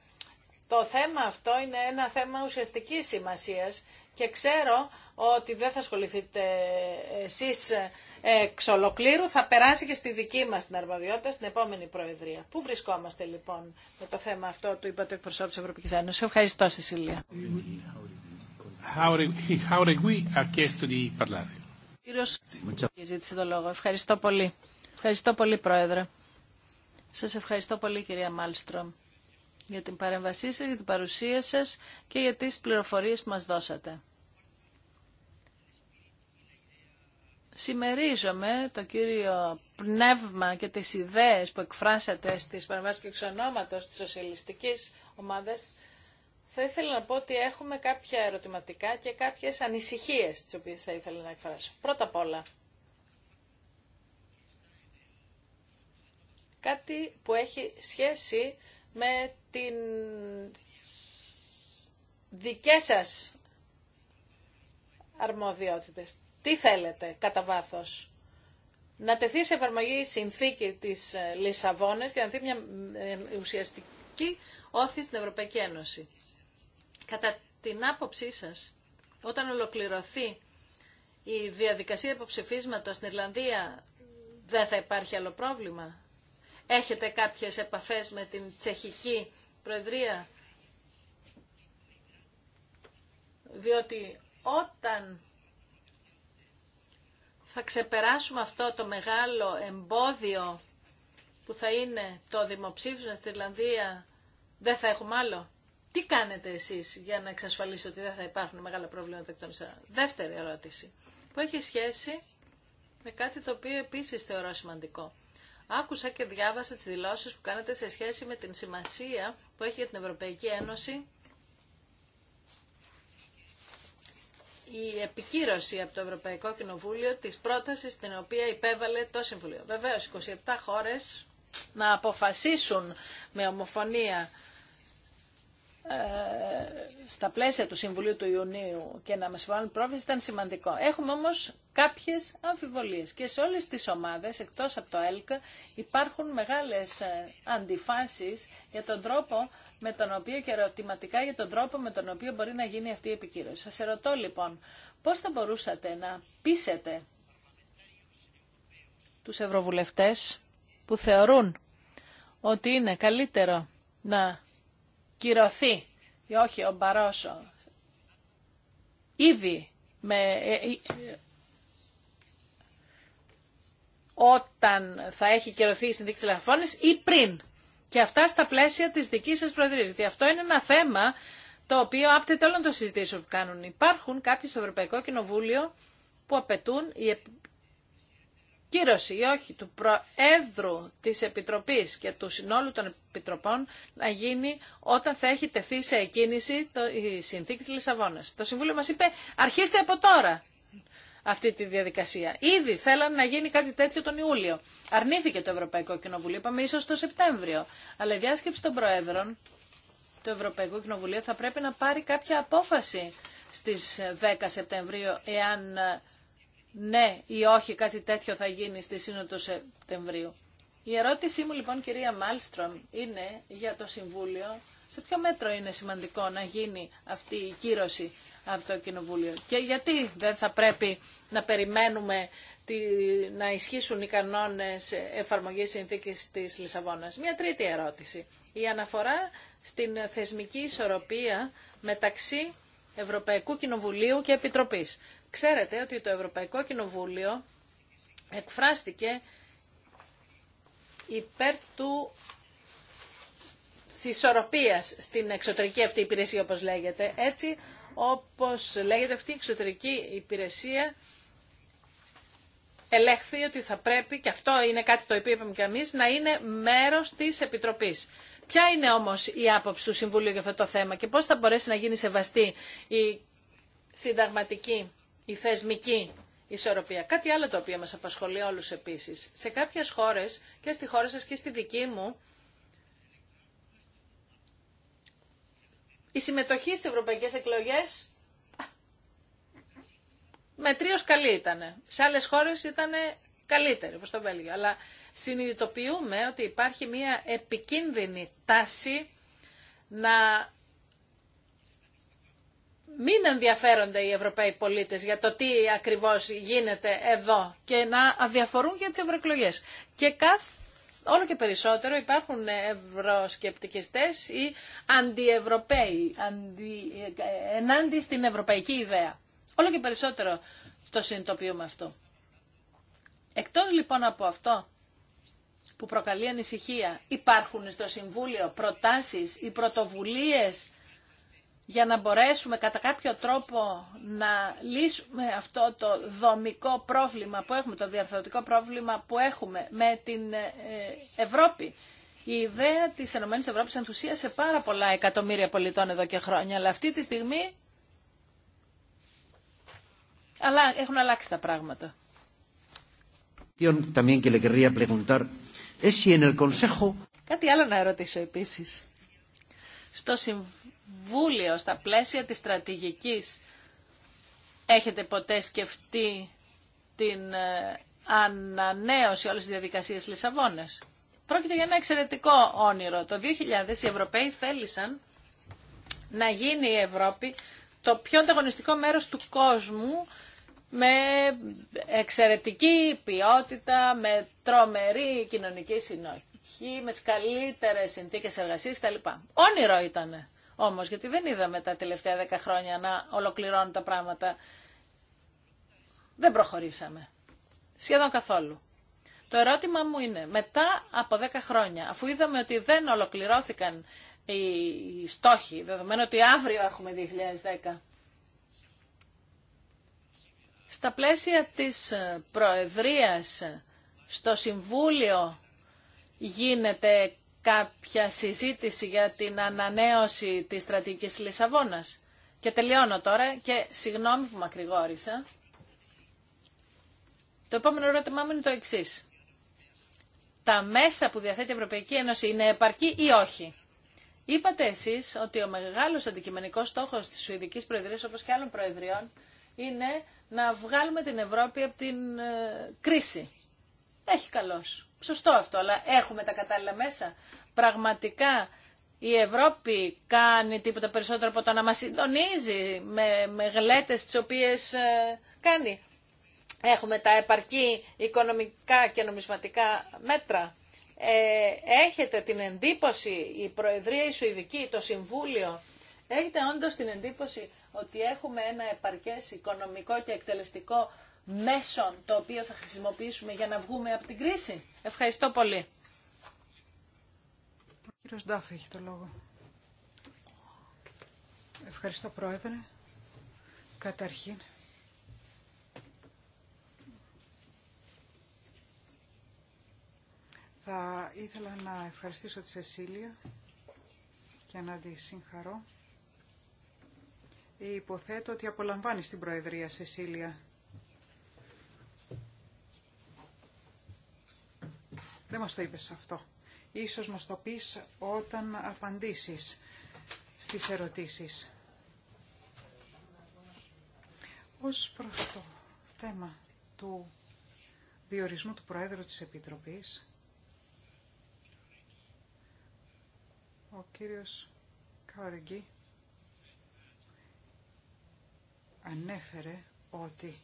Το θέμα αυτό είναι ένα θέμα ουσιαστικής σημασίας και ξέρω ότι δεν θα ασχοληθείτε εσείς εξ ολοκλήρου, θα περάσει και στη δική μας την αρμαδιότητα στην επόμενη Προεδρία. Πού βρισκόμαστε λοιπόν με το θέμα αυτό του του εκπροσώπου της Ευρωπαϊκής Ένωσης. Ευχαριστώ Σεσίλια. Κύριος ζήτησε το λόγο. Ευχαριστώ πολύ. Ευχαριστώ πολύ Πρόεδρε. Σας ευχαριστώ πολύ κυρία Μάλστρομ για την παρέμβασή σας, για την παρουσία σας και για τις πληροφορίες που μας δώσατε. Σημερίζομαι το κύριο πνεύμα και τις ιδέες που εκφράσατε στις παρεμβάσεις και εξονόματος της σοσιαλιστικής ομάδας. Θα ήθελα να πω ότι έχουμε κάποια ερωτηματικά και κάποιες ανησυχίες τις οποίες θα ήθελα να εκφράσω. Πρώτα απ' όλα, κάτι που έχει σχέση με την δικές σας αρμοδιότητες. Τι θέλετε κατά βάθος. Να τεθεί σε εφαρμογή η συνθήκη της ε, Λισαβόνας και να δει μια ε, ουσιαστική όθη στην Ευρωπαϊκή Ένωση. Κατά την άποψή σας, όταν ολοκληρωθεί η διαδικασία υποψηφίσματος στην Ιρλανδία, δεν θα υπάρχει άλλο πρόβλημα. Έχετε κάποιες επαφές με την τσεχική Προεδρία. Διότι όταν θα ξεπεράσουμε αυτό το μεγάλο εμπόδιο που θα είναι το δημοψήφισμα στην Ιρλανδία, δεν θα έχουμε άλλο. Τι κάνετε εσείς για να εξασφαλίσετε ότι δεν θα υπάρχουν μεγάλα προβλήματα εκ των Δεύτερη ερώτηση, που έχει σχέση με κάτι το οποίο επίσης θεωρώ σημαντικό. Άκουσα και διάβασα τις δηλώσεις που κάνετε σε σχέση με την σημασία που έχει για την Ευρωπαϊκή Ένωση η επικύρωση από το Ευρωπαϊκό Κοινοβούλιο της πρότασης την οποία υπέβαλε το Συμβουλίο. Βεβαίως, 27 χώρες να αποφασίσουν με ομοφωνία ε, στα πλαίσια του Συμβουλίου του Ιουνίου και να μας βάλουν πρόβληση ήταν σημαντικό. Έχουμε όμως κάποιες αμφιβολίες και σε όλες τις ομάδες εκτός από το ΕΛΚ υπάρχουν μεγάλες ε, αντιφάσεις για τον τρόπο με τον οποίο και ερωτηματικά για τον τρόπο με τον οποίο μπορεί να γίνει αυτή η επικύρωση. Σας ερωτώ λοιπόν πώς θα μπορούσατε να πείσετε τους ευρωβουλευτές που θεωρούν ότι είναι καλύτερο να κυρωθεί ή ε, όχι ο Μπαρόσο ήδη με, ε, ε, όταν θα έχει κυρωθεί η συνδίκη της ή πριν. Και αυτά στα πλαίσια της δικής σας προεδρίας. Γιατί αυτό είναι ένα θέμα το οποίο άπτεται όλων των συζητήσεων που κάνουν. Υπάρχουν κάποιοι στο Ευρωπαϊκό Κοινοβούλιο που απαιτούν κύρωση ή όχι του Προέδρου της Επιτροπής και του συνόλου των Επιτροπών να γίνει όταν θα έχει τεθεί σε εκκίνηση η συνθήκη της Λισαβόνας. Το Συμβούλιο μας είπε αρχίστε από τώρα αυτή τη διαδικασία. Ήδη θέλανε να γίνει κάτι τέτοιο τον Ιούλιο. Αρνήθηκε το Ευρωπαϊκό Κοινοβούλιο, είπαμε ίσως το Σεπτέμβριο. Αλλά η διάσκεψη των Προέδρων του Ευρωπαϊκού Κοινοβουλίου θα πρέπει να πάρει κάποια απόφαση στις 10 Σεπτεμβρίου εάν ναι ή όχι κάτι τέτοιο θα γίνει στη Σύνοδο Σεπτεμβρίου. Η ερώτησή μου λοιπόν κυρία Μάλστρομ είναι για το Συμβούλιο σε ποιο μέτρο είναι σημαντικό να γίνει αυτή η κύρωση από το Κοινοβούλιο και γιατί δεν θα πρέπει να περιμένουμε τη, να ισχύσουν οι κανόνες εφαρμογής συνθήκης της Λισαβόνας. Μια τρίτη ερώτηση. Η αναφορά στην θεσμική ισορροπία μεταξύ Ευρωπαϊκού Κοινοβουλίου και Επιτροπής. Ξέρετε ότι το Ευρωπαϊκό Κοινοβούλιο εκφράστηκε υπέρ του συσσωροπίας στην εξωτερική αυτή υπηρεσία όπως λέγεται. Έτσι όπως λέγεται αυτή η εξωτερική υπηρεσία ελέγχθη ότι θα πρέπει, και αυτό είναι κάτι το οποίο είπαμε και εμείς, να είναι μέρος της Επιτροπής. Ποια είναι όμως η άποψη του Συμβουλίου για αυτό το θέμα και πώς θα μπορέσει να γίνει σεβαστή η συνταγματική η θεσμική ισορροπία. Κάτι άλλο το οποίο μας απασχολεί όλους επίσης. Σε κάποιες χώρες, και στη χώρα σας και στη δική μου, η συμμετοχή στις ευρωπαϊκές εκλογές μετρίως καλή ήταν. Σε άλλες χώρες ήταν καλύτερη, όπως το Βέλγιο. Αλλά συνειδητοποιούμε ότι υπάρχει μια επικίνδυνη τάση να μην ενδιαφέρονται οι Ευρωπαίοι πολίτες για το τι ακριβώς γίνεται εδώ και να αδιαφορούν για τις ευρωεκλογέ. Και κάθε Όλο και περισσότερο υπάρχουν ευρωσκεπτικιστέ ή αντιευρωπαίοι, αντι... ενάντι στην ευρωπαϊκή ιδέα. Όλο και περισσότερο το συνειδητοποιούμε αυτό. Εκτός λοιπόν από αυτό που προκαλεί ανησυχία, υπάρχουν στο Συμβούλιο προτάσεις ή πρωτοβουλίες για να μπορέσουμε κατά κάποιο τρόπο να λύσουμε αυτό το δομικό πρόβλημα που έχουμε, το διαρθρωτικό πρόβλημα που έχουμε με την ε, Ευρώπη. Η ιδέα της ΕΕ ενθουσίασε πάρα πολλά εκατομμύρια πολιτών εδώ και χρόνια, αλλά αυτή τη στιγμή αλλά έχουν αλλάξει τα πράγματα. Κάτι άλλο να ερωτήσω επίσης. Στο Βούλιο, στα πλαίσια της στρατηγικής έχετε ποτέ σκεφτεί την ε, ανανέωση όλες τις διαδικασίες Λισαβόνες. Πρόκειται για ένα εξαιρετικό όνειρο. Το 2000 οι Ευρωπαίοι θέλησαν να γίνει η Ευρώπη το πιο ανταγωνιστικό μέρος του κόσμου με εξαιρετική ποιότητα, με τρομερή κοινωνική συνοχή, με τις καλύτερες συνθήκες εργασίας κτλ. Όνειρο ήτανε όμως, γιατί δεν είδαμε τα τελευταία δέκα χρόνια να ολοκληρώνουν τα πράγματα. Δεν προχωρήσαμε. Σχεδόν καθόλου. Το ερώτημα μου είναι, μετά από δέκα χρόνια, αφού είδαμε ότι δεν ολοκληρώθηκαν οι στόχοι, δεδομένου ότι αύριο έχουμε 2010, στα πλαίσια της Προεδρίας, στο Συμβούλιο γίνεται κάποια συζήτηση για την ανανέωση της στρατηγικής Λισαβόνας. Και τελειώνω τώρα και συγγνώμη που μακρηγόρησα. Το επόμενο ερώτημά μου είναι το εξή. Τα μέσα που διαθέτει η Ευρωπαϊκή Ένωση είναι επαρκή ή όχι. Είπατε εσείς ότι ο μεγάλος αντικειμενικός στόχος της Σουηδικής Προεδρίας όπως και άλλων προεδριών είναι να βγάλουμε την Ευρώπη από την ε, κρίση. Έχει καλώς. Σωστό αυτό, αλλά έχουμε τα κατάλληλα μέσα. Πραγματικά η Ευρώπη κάνει τίποτα περισσότερο από το να μας συντονίζει με, με γλέτες τις οποίες ε, κάνει. Έχουμε τα επαρκή οικονομικά και νομισματικά μέτρα. Ε, έχετε την εντύπωση, η Προεδρία η Σουηδική, το Συμβούλιο, έχετε όντως την εντύπωση ότι έχουμε ένα επαρκές οικονομικό και εκτελεστικό μέσων το οποίο θα χρησιμοποιήσουμε για να βγούμε από την κρίση. Ευχαριστώ πολύ. Ο κύριος Ντάφ έχει το λόγο. Ευχαριστώ Πρόεδρε. Καταρχήν. Θα ήθελα να ευχαριστήσω τη Σεσίλια και να τη συγχαρώ. Υποθέτω ότι απολαμβάνει την Προεδρία Σεσίλια Δεν μας το είπες αυτό. Ίσως μας το πεις όταν απαντήσεις στις ερωτήσεις. Ως προς το θέμα του διορισμού του Προέδρου της Επιτροπής, ο κύριος Καοριγκή ανέφερε ότι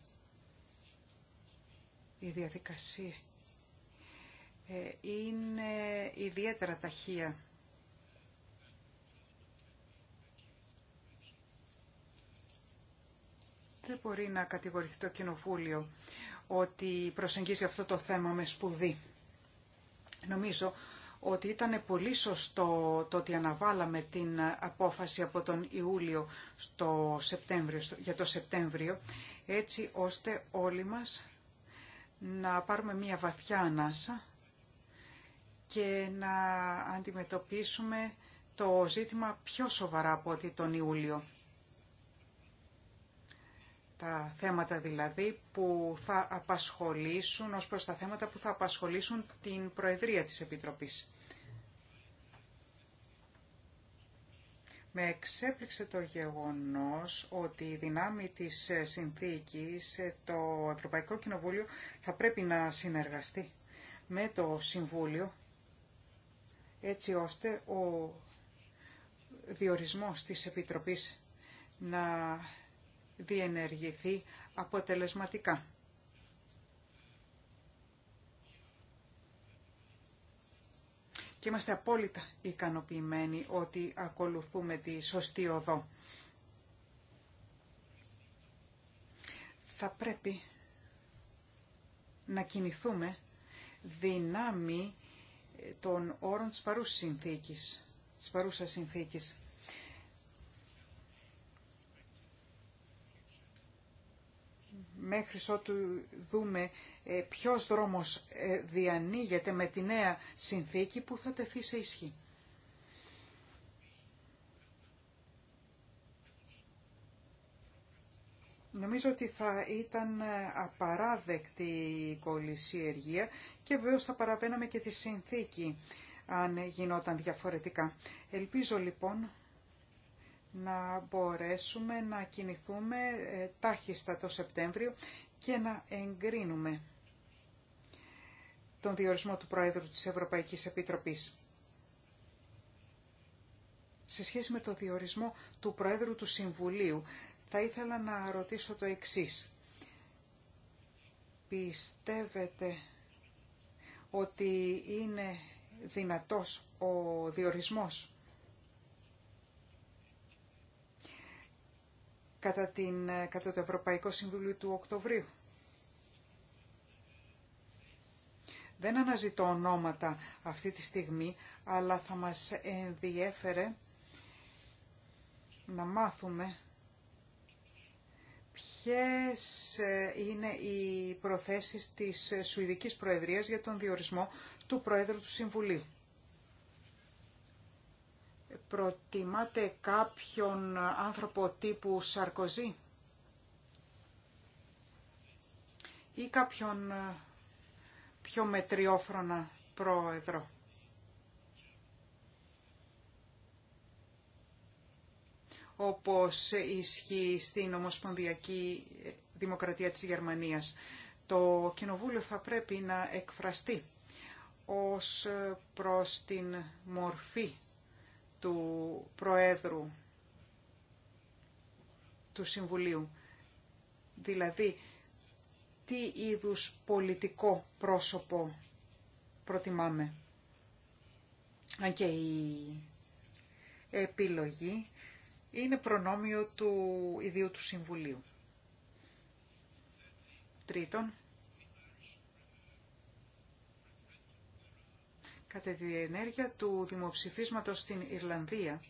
η διαδικασία ε, είναι ιδιαίτερα ταχεία. Δεν μπορεί να κατηγορηθεί το Κοινοβούλιο ότι προσεγγίζει αυτό το θέμα με σπουδή. Νομίζω ότι ήταν πολύ σωστό το ότι αναβάλαμε την απόφαση από τον Ιούλιο στο Σεπτέμβριο, για το Σεπτέμβριο, έτσι ώστε όλοι μας να πάρουμε μία βαθιά ανάσα και να αντιμετωπίσουμε το ζήτημα πιο σοβαρά από ότι τον Ιούλιο. Τα θέματα δηλαδή που θα απασχολήσουν, ως προς τα θέματα που θα απασχολήσουν την Προεδρία της Επιτροπής. Με εξέπληξε το γεγονός ότι η δυνάμη της συνθήκης, το Ευρωπαϊκό Κοινοβούλιο θα πρέπει να συνεργαστεί με το Συμβούλιο έτσι ώστε ο διορισμός της Επιτροπής να διενεργηθεί αποτελεσματικά. Και είμαστε απόλυτα ικανοποιημένοι ότι ακολουθούμε τη σωστή οδό. Θα πρέπει να κινηθούμε δυνάμει των όρων της παρούσα συνθήκης. Της παρούσας συνθήκης. Μέχρι ότου δούμε ε, ποιος δρόμος ε, διανοίγεται με τη νέα συνθήκη που θα τεθεί σε ισχύ. Νομίζω ότι θα ήταν ε, απαράδεκτη η κολλησιεργία και βέβαια θα παραβαίναμε και τη συνθήκη αν γινόταν διαφορετικά. Ελπίζω λοιπόν να μπορέσουμε να κινηθούμε ε, τάχιστα το Σεπτέμβριο και να εγκρίνουμε τον διορισμό του Πρόεδρου της Ευρωπαϊκής Επιτροπής. Σε σχέση με τον διορισμό του Πρόεδρου του Συμβουλίου, θα ήθελα να ρωτήσω το εξής. Πιστεύετε ότι είναι δυνατός ο διορισμός κατά, την, κατά το Ευρωπαϊκό Συμβούλιο του Οκτωβρίου. Δεν αναζητώ ονόματα αυτή τη στιγμή, αλλά θα μας ενδιέφερε να μάθουμε ποιες ε, είναι οι προθέσεις της Σουηδικής Προεδρίας για τον διορισμό του Πρόεδρου του Συμβουλίου. Προτιμάτε κάποιον άνθρωπο τύπου Σαρκοζή ή κάποιον ε, πιο μετριόφρονα πρόεδρο. όπως ισχύει στην Ομοσπονδιακή Δημοκρατία της Γερμανίας. Το Κοινοβούλιο θα πρέπει να εκφραστεί ως προς την μορφή του Προέδρου του Συμβουλίου. Δηλαδή, τι είδους πολιτικό πρόσωπο προτιμάμε. Αν και η επιλογή είναι προνόμιο του ιδίου του Συμβουλίου. Τρίτον, κατά τη διενέργεια του δημοψηφίσματος στην Ιρλανδία,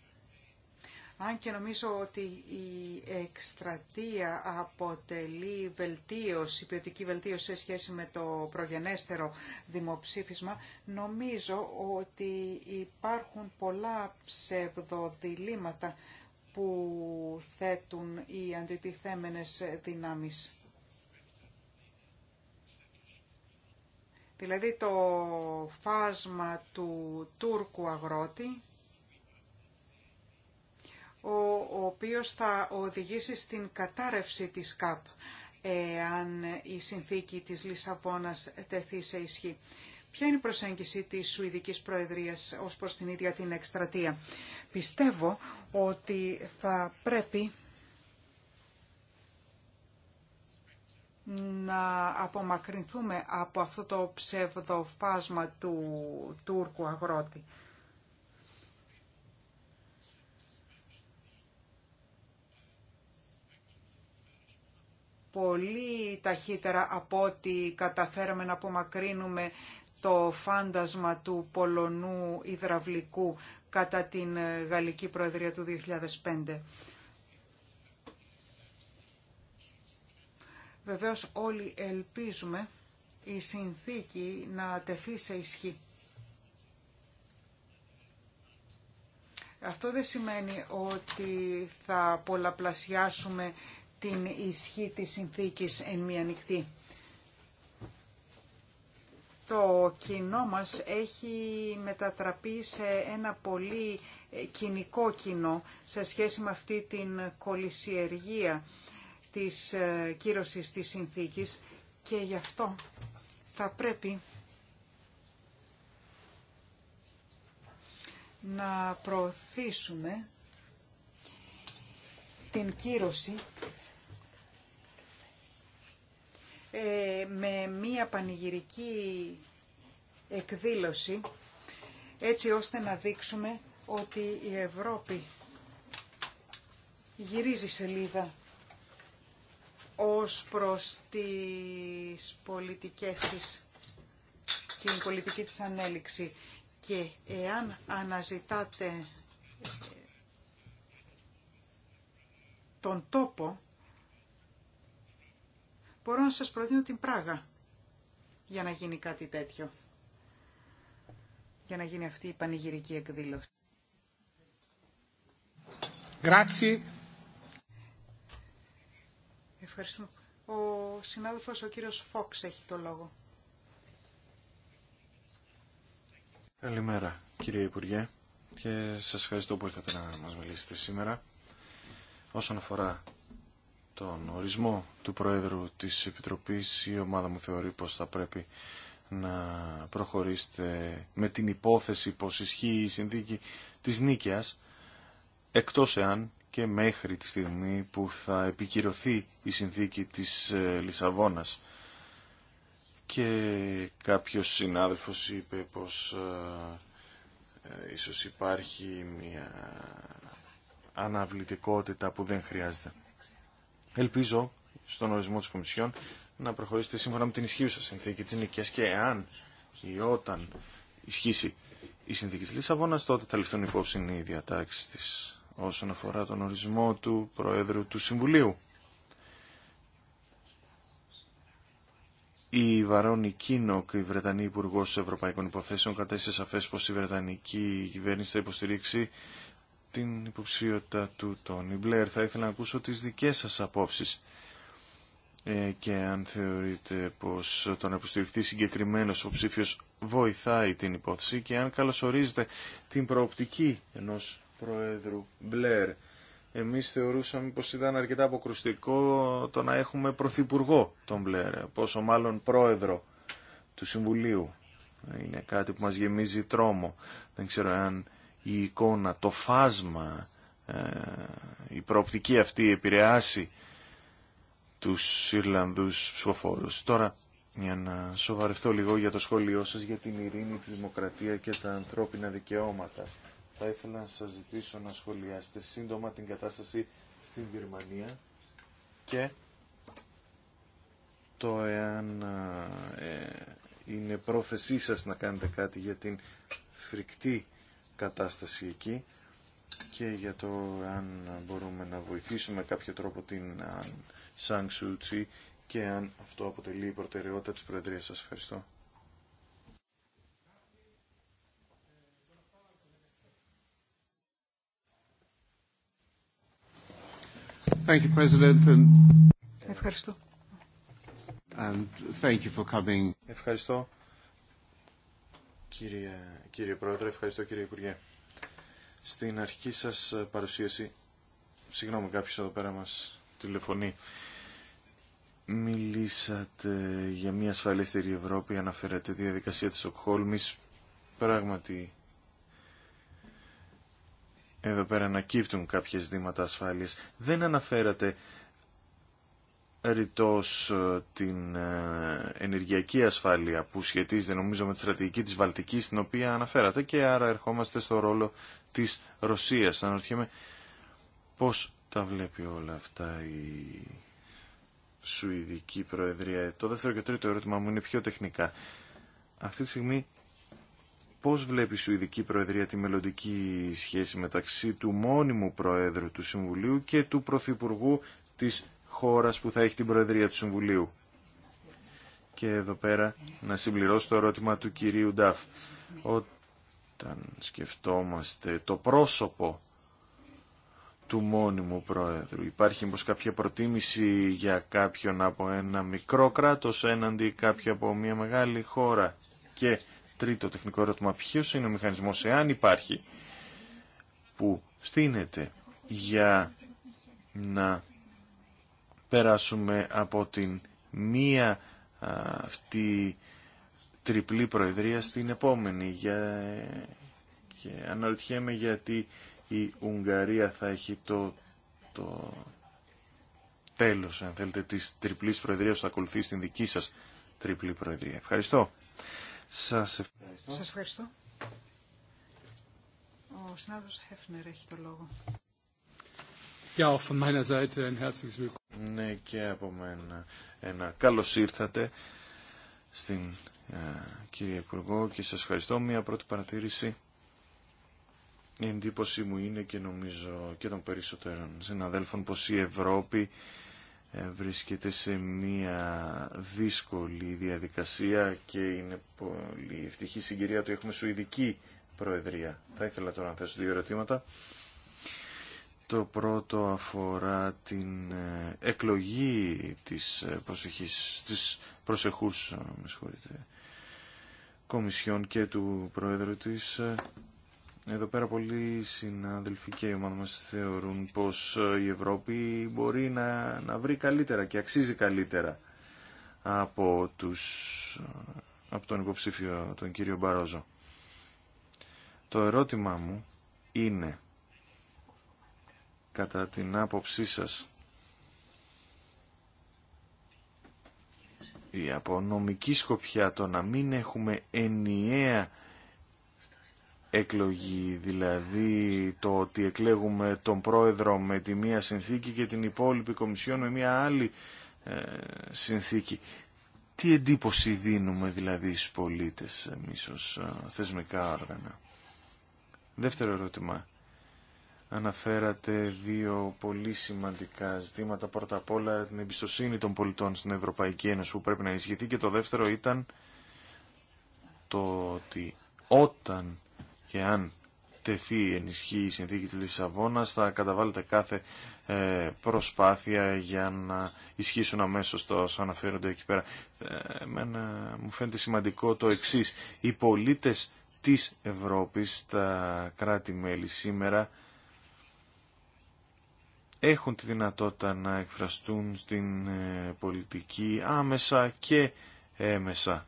αν και νομίζω ότι η εκστρατεία αποτελεί βελτίωση, ποιοτική βελτίωση σε σχέση με το προγενέστερο δημοψήφισμα, νομίζω ότι υπάρχουν πολλά ψευδοδιλήμματα που θέτουν οι αντιτιθέμενες δυνάμεις. Δηλαδή το φάσμα του Τούρκου αγρότη, ο οποίος θα οδηγήσει στην κατάρρευση της ΚΑΠ, εάν η συνθήκη της Λισαβόνας τεθεί σε ισχύ. Ποια είναι η προσέγγιση της Σουηδικής Προεδρίας ως προς την ίδια την εκστρατεία. Πιστεύω ότι θα πρέπει να απομακρυνθούμε από αυτό το ψευδοφάσμα του Τούρκου αγρότη. Πολύ ταχύτερα από ό,τι καταφέραμε να απομακρύνουμε το φάντασμα του Πολωνού υδραυλικού κατά την ε, Γαλλική Προεδρία του 2005. Βεβαίως όλοι ελπίζουμε η συνθήκη να τεθεί σε ισχύ. Αυτό δεν σημαίνει ότι θα πολλαπλασιάσουμε την ισχύ της συνθήκης εν μία νυχτή το κοινό μας έχει μετατραπεί σε ένα πολύ ε, κοινικό κοινό σε σχέση με αυτή την κολυσιεργία της ε, κύρωσης της συνθήκης και γι' αυτό θα πρέπει να προωθήσουμε την κύρωση ε, με μία πανηγυρική εκδήλωση έτσι ώστε να δείξουμε ότι η Ευρώπη γυρίζει σελίδα ως προς τις πολιτικές της, την πολιτική της ανέλυξη. Και εάν αναζητάτε τον τόπο Μπορώ να σας προτείνω την Πράγα για να γίνει κάτι τέτοιο. Για να γίνει αυτή η πανηγυρική εκδήλωση. Ευχαριστούμε. Ο συνάδελφος, ο κύριος Φόξ, έχει το λόγο. Καλημέρα, κύριε Υπουργέ, και σας ευχαριστώ που ήρθατε να μας μιλήσετε σήμερα. Όσον αφορά τον ορισμό του Προέδρου της Επιτροπής η ομάδα μου θεωρεί πως θα πρέπει να προχωρήσετε με την υπόθεση πως ισχύει η συνθήκη της νίκαιας εκτός εάν και μέχρι τη στιγμή που θα επικυρωθεί η συνθήκη της ε, Λισαβόνας και κάποιος συνάδελφος είπε πως ε, ε, ίσως υπάρχει μια αναβλητικότητα που δεν χρειάζεται. Ελπίζω στον ορισμό της Κομισιόν να προχωρήσετε σύμφωνα με την ισχύουσα συνθήκη της νοικίας και εάν ή όταν ισχύσει η συνθήκη της Λισαβόνας τότε θα ληφθούν υπόψη οι διατάξεις της όσον αφορά τον ορισμό του Προέδρου του Συμβουλίου. Η Βαρόνι Κίνοκ, η Βρετανή Υπουργό Ευρωπαϊκών Υποθέσεων, κατέστησε σαφέ πω η Βρετανική κυβέρνηση θα υποστηρίξει την υποψηφιότητα του Τόνι Μπλερ. Θα ήθελα να ακούσω τις δικές σας απόψεις ε, και αν θεωρείτε πως τον αποστηριχτή συγκεκριμένο συγκεκριμένος ο βοηθάει την υπόθεση και αν καλωσορίζετε την προοπτική ενός Προέδρου Μπλερ. Εμείς θεωρούσαμε πως ήταν αρκετά αποκρουστικό το να έχουμε Πρωθυπουργό τον Μπλερ, πόσο μάλλον Πρόεδρο του Συμβουλίου. Είναι κάτι που μας γεμίζει τρόμο. Δεν ξέρω αν η εικόνα, το φάσμα, ε, η προοπτική αυτή επηρεάσει τους Ιρλανδούς ψηφοφόρους. Τώρα, για να σοβαρευτώ λίγο για το σχόλιο σας για την ειρήνη, τη δημοκρατία και τα ανθρώπινα δικαιώματα. Θα ήθελα να σας ζητήσω να σχολιάσετε σύντομα την κατάσταση στην Γερμανία και το εάν ε, ε, είναι πρόθεσή σας να κάνετε κάτι για την φρικτή κατάσταση εκεί και για το αν μπορούμε να βοηθήσουμε κάποιο τρόπο την Σάνξουτσι και αν αυτό αποτελεί η προτεραιότητα της Προεδρίας. Σας ευχαριστώ. Thank you, President. Ευχαριστώ. And thank you for coming. Ευχαριστώ Κύριε, κύριε Πρόεδρε, ευχαριστώ κύριε Υπουργέ. Στην αρχική σας παρουσίαση, συγγνώμη κάποιος εδώ πέρα μας τηλεφωνεί, μιλήσατε για μια ασφαλέστερη Ευρώπη, αναφέρατε τη διαδικασία της Οκχόλμης, πράγματι εδώ πέρα ανακύπτουν κάποιες δήματα ασφάλειας. Δεν αναφέρατε ρητός ε, την ε, ενεργειακή ασφάλεια που σχετίζεται νομίζω με τη στρατηγική της Βαλτικής την οποία αναφέρατε και άρα ερχόμαστε στο ρόλο της Ρωσίας. Αναρωτιέμαι πώς τα βλέπει όλα αυτά η Σουηδική Προεδρία. Το δεύτερο και τρίτο ερώτημα μου είναι πιο τεχνικά. Αυτή τη στιγμή πώς βλέπει η Σουηδική Προεδρία τη μελλοντική σχέση μεταξύ του μόνιμου Προέδρου του Συμβουλίου και του Πρωθυπουργού της χώρας που θα έχει την Προεδρία του Συμβουλίου. Και εδώ πέρα να συμπληρώσω το ερώτημα του κυρίου Νταφ. Όταν σκεφτόμαστε το πρόσωπο του μόνιμου πρόεδρου. Υπάρχει μήπως κάποια προτίμηση για κάποιον από ένα μικρό κράτος έναντι κάποιο από μια μεγάλη χώρα. Και τρίτο τεχνικό ερώτημα, ποιος είναι ο μηχανισμός, εάν υπάρχει, που στείνεται για να περάσουμε από την μία αυτή τριπλή προεδρία στην επόμενη. Για... Και αναρωτιέμαι γιατί η Ουγγαρία θα έχει το, το τέλος, αν θέλετε, της τριπλής προεδρίας θα ακολουθεί στην δική σας τριπλή προεδρία. Ευχαριστώ. Σας ευχαριστώ. Σας ευχαριστώ. Ο συνάδελφος Χέφνερ έχει το λόγο. Ja, auch von meiner Seite ein herzliches ναι και από μένα ένα καλώς ήρθατε στην κυρία Υπουργό και σας ευχαριστώ. Μια πρώτη παρατήρηση. Η εντύπωση μου είναι και νομίζω και των περισσότερων συναδέλφων πως η Ευρώπη ε, βρίσκεται σε μια δύσκολη διαδικασία και είναι πολύ ευτυχή συγκυρία ότι έχουμε Σουηδική Προεδρία. Θα ήθελα τώρα να θέσω δύο ερωτήματα. Το πρώτο αφορά την ε, εκλογή της, ε, προσεχής, της προσεχούς ε, με Κομισιόν και του Πρόεδρου της. Εδώ πέρα πολλοί συναδελφοί και ομάδα μας θεωρούν πως η Ευρώπη μπορεί να, να βρει καλύτερα και αξίζει καλύτερα από, τους, από τον υποψήφιο τον κύριο Μπαρόζο. Το ερώτημά μου είναι κατά την άποψή σας η απονομική σκοπιά το να μην έχουμε ενιαία εκλογή, δηλαδή το ότι εκλέγουμε τον πρόεδρο με τη μία συνθήκη και την υπόλοιπη κομισιόν με μία άλλη ε, συνθήκη. Τι εντύπωση δίνουμε δηλαδή στους πολίτες εμείς ως ε, θεσμικά όργανα. Δεύτερο ερώτημα αναφέρατε δύο πολύ σημαντικά ζητήματα. Πρώτα απ' όλα την εμπιστοσύνη των πολιτών στην Ευρωπαϊκή Ένωση που πρέπει να ενισχυθεί και το δεύτερο ήταν το ότι όταν και αν τεθεί ενισχύει η συνθήκη της Λισαβόνας θα καταβάλλεται κάθε ε, προσπάθεια για να ισχύσουν αμέσως το όσο αναφέρονται εκεί πέρα. Ε, εμένα μου φαίνεται σημαντικό το εξής. Οι πολίτες της Ευρώπης, τα κράτη-μέλη σήμερα έχουν τη δυνατότητα να εκφραστούν στην ε, πολιτική άμεσα και έμεσα.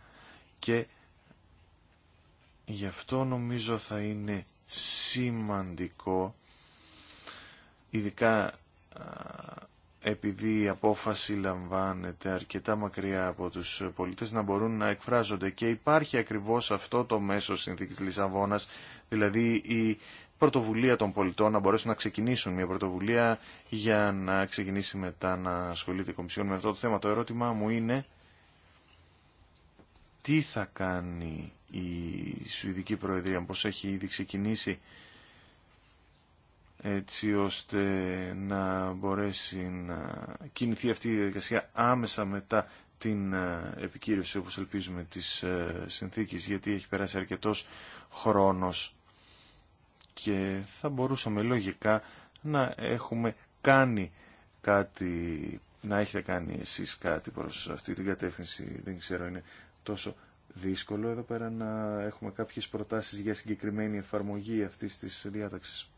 Και γι' αυτό νομίζω θα είναι σημαντικό, ειδικά επειδή η απόφαση λαμβάνεται αρκετά μακριά από τους πολίτες να μπορούν να εκφράζονται και υπάρχει ακριβώς αυτό το μέσο συνθήκης Λισαβόνας δηλαδή η πρωτοβουλία των πολιτών να μπορέσουν να ξεκινήσουν μια πρωτοβουλία για να ξεκινήσει μετά να ασχολείται η Κομισιόν με αυτό το θέμα. Το ερώτημά μου είναι τι θα κάνει η Σουηδική Προεδρία, πώς έχει ήδη ξεκινήσει έτσι ώστε να μπορέσει να κινηθεί αυτή η διαδικασία άμεσα μετά την ε, επικύρωση όπως ελπίζουμε της ε, συνθήκης γιατί έχει περάσει αρκετός χρόνος και θα μπορούσαμε λογικά να έχουμε κάνει κάτι, να έχετε κάνει εσείς κάτι προς αυτή την κατεύθυνση, δεν ξέρω είναι τόσο δύσκολο εδώ πέρα να έχουμε κάποιες προτάσεις για συγκεκριμένη εφαρμογή αυτής της διάταξης.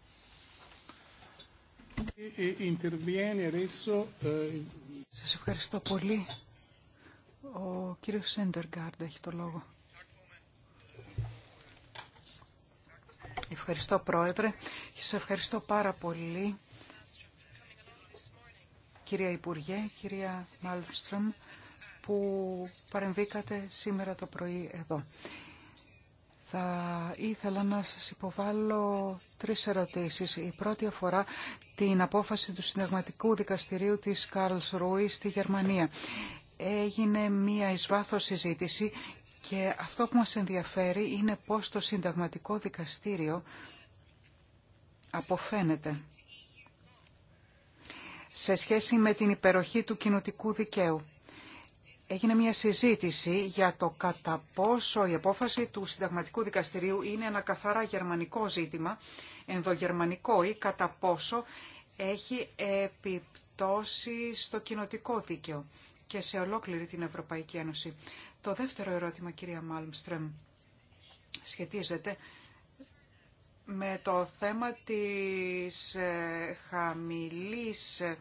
Ε, Σας ευχαριστώ πολύ. Ο κύριος Σέντεργκάρντ έχει το λόγο. Ευχαριστώ Πρόεδρε. Σας ευχαριστώ πάρα πολύ. Κυρία Υπουργέ, κυρία Μάλμστρομ, που παρεμβήκατε σήμερα το πρωί εδώ. Θα ήθελα να σας υποβάλω τρεις ερωτήσεις. Η πρώτη αφορά την απόφαση του Συνταγματικού Δικαστηρίου της Καρλς στη Γερμανία. Έγινε μία εις βάθος συζήτηση και αυτό που μας ενδιαφέρει είναι πώς το συνταγματικό δικαστήριο αποφαίνεται σε σχέση με την υπεροχή του κοινοτικού δικαίου. Έγινε μια συζήτηση για το κατά πόσο η απόφαση του συνταγματικού δικαστηρίου είναι ένα καθαρά γερμανικό ζήτημα, ενδογερμανικό ή κατά πόσο έχει επιπτώσει στο κοινοτικό δίκαιο και σε ολόκληρη την Ευρωπαϊκή Ένωση. Το δεύτερο ερώτημα, κυρία Μάλμστρεμ, σχετίζεται με το θέμα της ε, χαμηλής ε,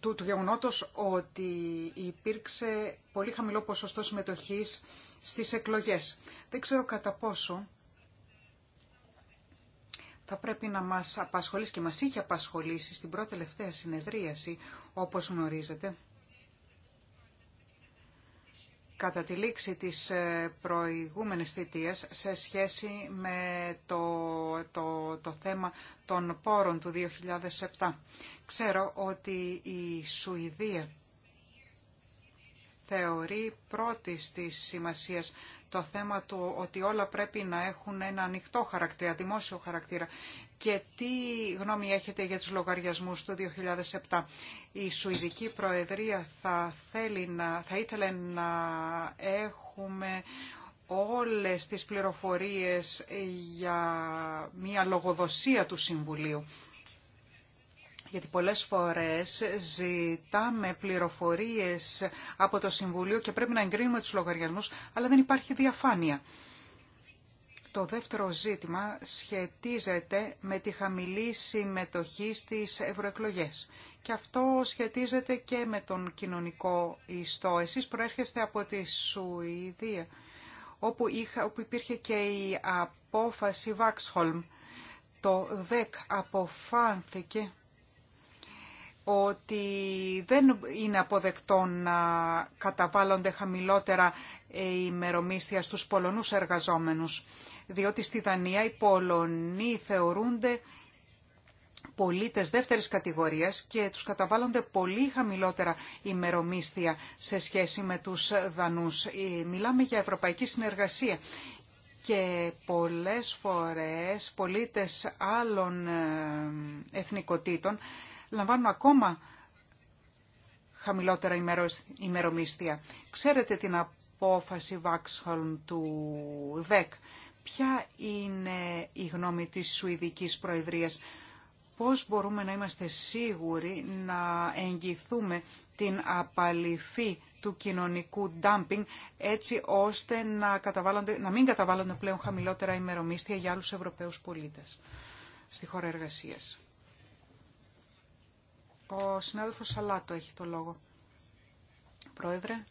του, του γεγονότος ότι υπήρξε πολύ χαμηλό ποσοστό συμμετοχής στις εκλογές. Δεν ξέρω κατά πόσο θα πρέπει να μας απασχολήσει και μας είχε απασχολήσει στην πρώτη τελευταία συνεδρίαση, όπως γνωρίζετε, κατά τη λήξη της ε, προηγούμενης θητείας σε σχέση με το, το, το θέμα των πόρων του 2007. Ξέρω ότι η Σουηδία θεωρεί πρώτη της σημασίας το θέμα του ότι όλα πρέπει να έχουν ένα ανοιχτό χαρακτήρα, δημόσιο χαρακτήρα. Και τι γνώμη έχετε για τους λογαριασμούς του 2007. Η Σουηδική Προεδρία θα, θέλει θα ήθελε να έχουμε όλες τις πληροφορίες για μια λογοδοσία του Συμβουλίου γιατί πολλές φορές ζητάμε πληροφορίες από το Συμβουλίο και πρέπει να εγκρίνουμε τους λογαριασμούς, αλλά δεν υπάρχει διαφάνεια. Το δεύτερο ζήτημα σχετίζεται με τη χαμηλή συμμετοχή στις ευρωεκλογέ. Και αυτό σχετίζεται και με τον κοινωνικό ιστό. Εσείς προέρχεστε από τη Σουηδία, όπου, είχα, όπου υπήρχε και η απόφαση Βάξχολμ. Το ΔΕΚ αποφάνθηκε ότι δεν είναι αποδεκτό να καταβάλλονται χαμηλότερα ημερομίσθια στους Πολωνούς εργαζόμενους, διότι στη Δανία οι Πολωνοί θεωρούνται πολίτες δεύτερης κατηγορίας και τους καταβάλλονται πολύ χαμηλότερα ημερομίσθια σε σχέση με τους Δανούς. Ε, μιλάμε για ευρωπαϊκή συνεργασία και πολλές φορές πολίτες άλλων ε, εθνικοτήτων Λαμβάνουμε ακόμα χαμηλότερα ημερομίσθια. Ξέρετε την απόφαση Βάξχολμ του ΔΕΚ. Ποια είναι η γνώμη της Σουηδικής Προεδρίας. Πώς μπορούμε να είμαστε σίγουροι να εγγυθούμε την απαληφή του κοινωνικού ντάμπινγκ έτσι ώστε να, να μην καταβάλλονται πλέον χαμηλότερα ημερομίσθια για άλλους Ευρωπαίους πολίτες στη χώρα εργασίας. Ο συνάδελφος Σαλάτο έχει το λόγο. Πρόεδρε,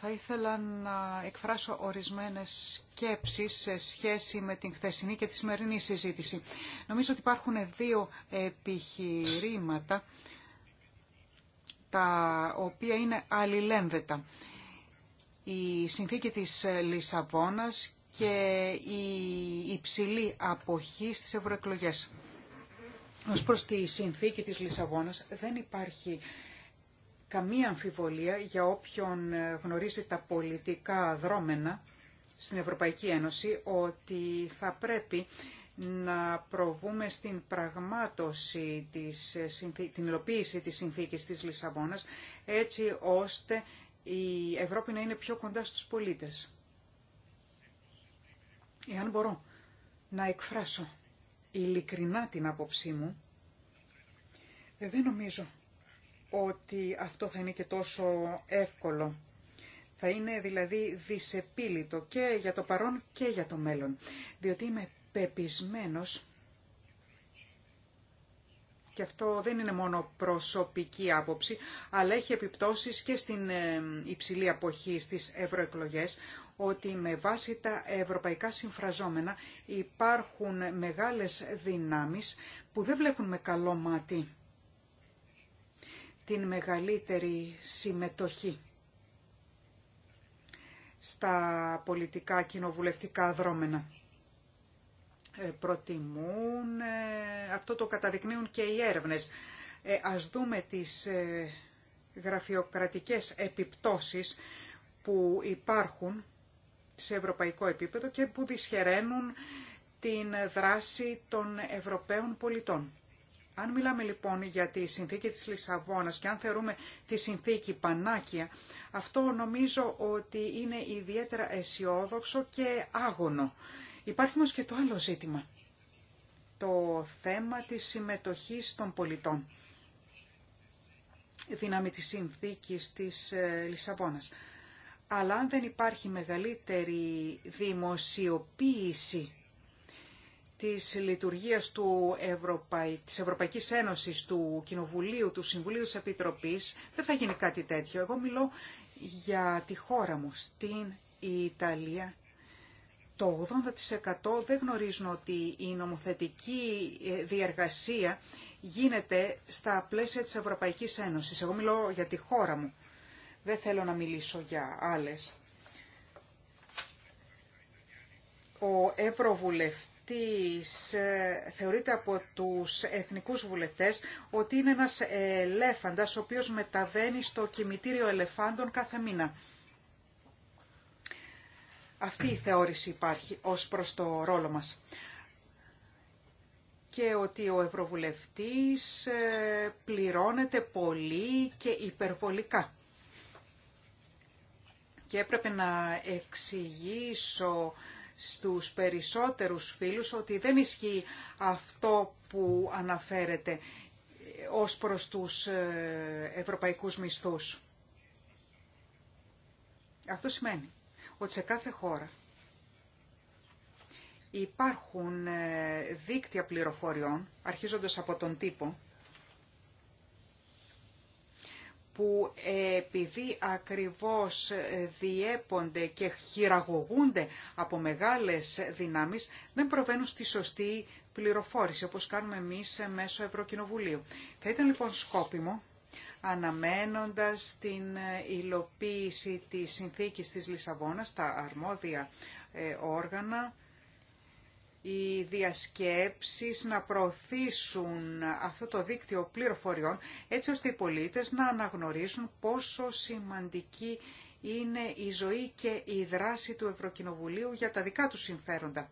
θα ήθελα να εκφράσω ορισμένες σκέψεις σε σχέση με την χθεσινή και τη σημερινή συζήτηση. Νομίζω ότι υπάρχουν δύο επιχειρήματα τα οποία είναι αλληλένδετα. Η συνθήκη της Λισαβόνας και η υψηλή αποχή στις ευρωεκλογές. Ως προς τη συνθήκη της Λισαβόνας δεν υπάρχει καμία αμφιβολία για όποιον ε, γνωρίζει τα πολιτικά δρόμενα στην Ευρωπαϊκή Ένωση ότι θα πρέπει να προβούμε στην πραγμάτωση, της, ε, την υλοποίηση της συνθήκης της Λισαβόνας, έτσι ώστε η Ευρώπη να είναι πιο κοντά στους πολίτες. Εάν μπορώ να εκφράσω ειλικρινά την άποψή μου. Ε, δεν νομίζω ότι αυτό θα είναι και τόσο εύκολο. Θα είναι δηλαδή δυσεπίλητο και για το παρόν και για το μέλλον. Διότι είμαι πεπισμένος και αυτό δεν είναι μόνο προσωπική άποψη, αλλά έχει επιπτώσεις και στην ε, υψηλή αποχή στις ευρωεκλογέ, ότι με βάση τα ευρωπαϊκά συμφραζόμενα υπάρχουν μεγάλες δυνάμεις που δεν βλέπουν με καλό μάτι την μεγαλύτερη συμμετοχή στα πολιτικά κοινοβουλευτικά δρόμενα. Ε, προτιμούν, ε, αυτό το καταδεικνύουν και οι έρευνες. Ε, ας δούμε τις γραφειοκρατικές επιπτώσεις που υπάρχουν σε ευρωπαϊκό επίπεδο και που δυσχεραίνουν την δράση των Ευρωπαίων πολιτών. Αν μιλάμε λοιπόν για τη συνθήκη της Λισαβόνας και αν θεωρούμε τη συνθήκη πανάκια, αυτό νομίζω ότι είναι ιδιαίτερα αισιόδοξο και άγωνο. Υπάρχει όμως και το άλλο ζήτημα, το θέμα της συμμετοχής των πολιτών, δύναμη της συνθήκης της ε, Λισαβόνας. Αλλά αν δεν υπάρχει μεγαλύτερη δημοσιοποίηση της λειτουργίας του Ευρωπαϊ... της Ευρωπαϊκής Ένωσης, του Κοινοβουλίου, του Συμβουλίου της Επιτροπής, δεν θα γίνει κάτι τέτοιο. Εγώ μιλώ για τη χώρα μου, στην Ιταλία. Το 80% δεν γνωρίζουν ότι η νομοθετική ε, διαργασία γίνεται στα πλαίσια της Ευρωπαϊκής Ένωσης. Εγώ μιλώ για τη χώρα μου. Δεν θέλω να μιλήσω για άλλες. Ο Ευρωβουλευτής ε, θεωρείται από τους εθνικούς βουλευτές ότι είναι ένας ελέφαντας ο οποίος μεταβαίνει στο κημητήριο ελεφάντων κάθε μήνα. Αυτή η θεώρηση υπάρχει ως προς το ρόλο μας και ότι ο Ευρωβουλευτής ε, πληρώνεται πολύ και υπερβολικά και έπρεπε να εξηγήσω στους περισσότερους φίλους ότι δεν ισχύει αυτό που αναφέρεται ως προς τους ε, ευρωπαϊκούς μισθούς. Αυτό σημαίνει ότι σε κάθε χώρα υπάρχουν ε, δίκτυα πληροφοριών, αρχίζοντας από τον τύπο, που επειδή ακριβώς διέπονται και χειραγωγούνται από μεγάλες δυνάμεις, δεν προβαίνουν στη σωστή πληροφόρηση, όπως κάνουμε εμείς μέσω Ευρωκοινοβουλίου. Θα ήταν λοιπόν σκόπιμο, αναμένοντας την υλοποίηση της συνθήκης της Λισαβόνας, τα αρμόδια ε, όργανα, οι διασκέψεις να προωθήσουν αυτό το δίκτυο πληροφοριών έτσι ώστε οι πολίτες να αναγνωρίσουν πόσο σημαντική είναι η ζωή και η δράση του Ευρωκοινοβουλίου για τα δικά του συμφέροντα.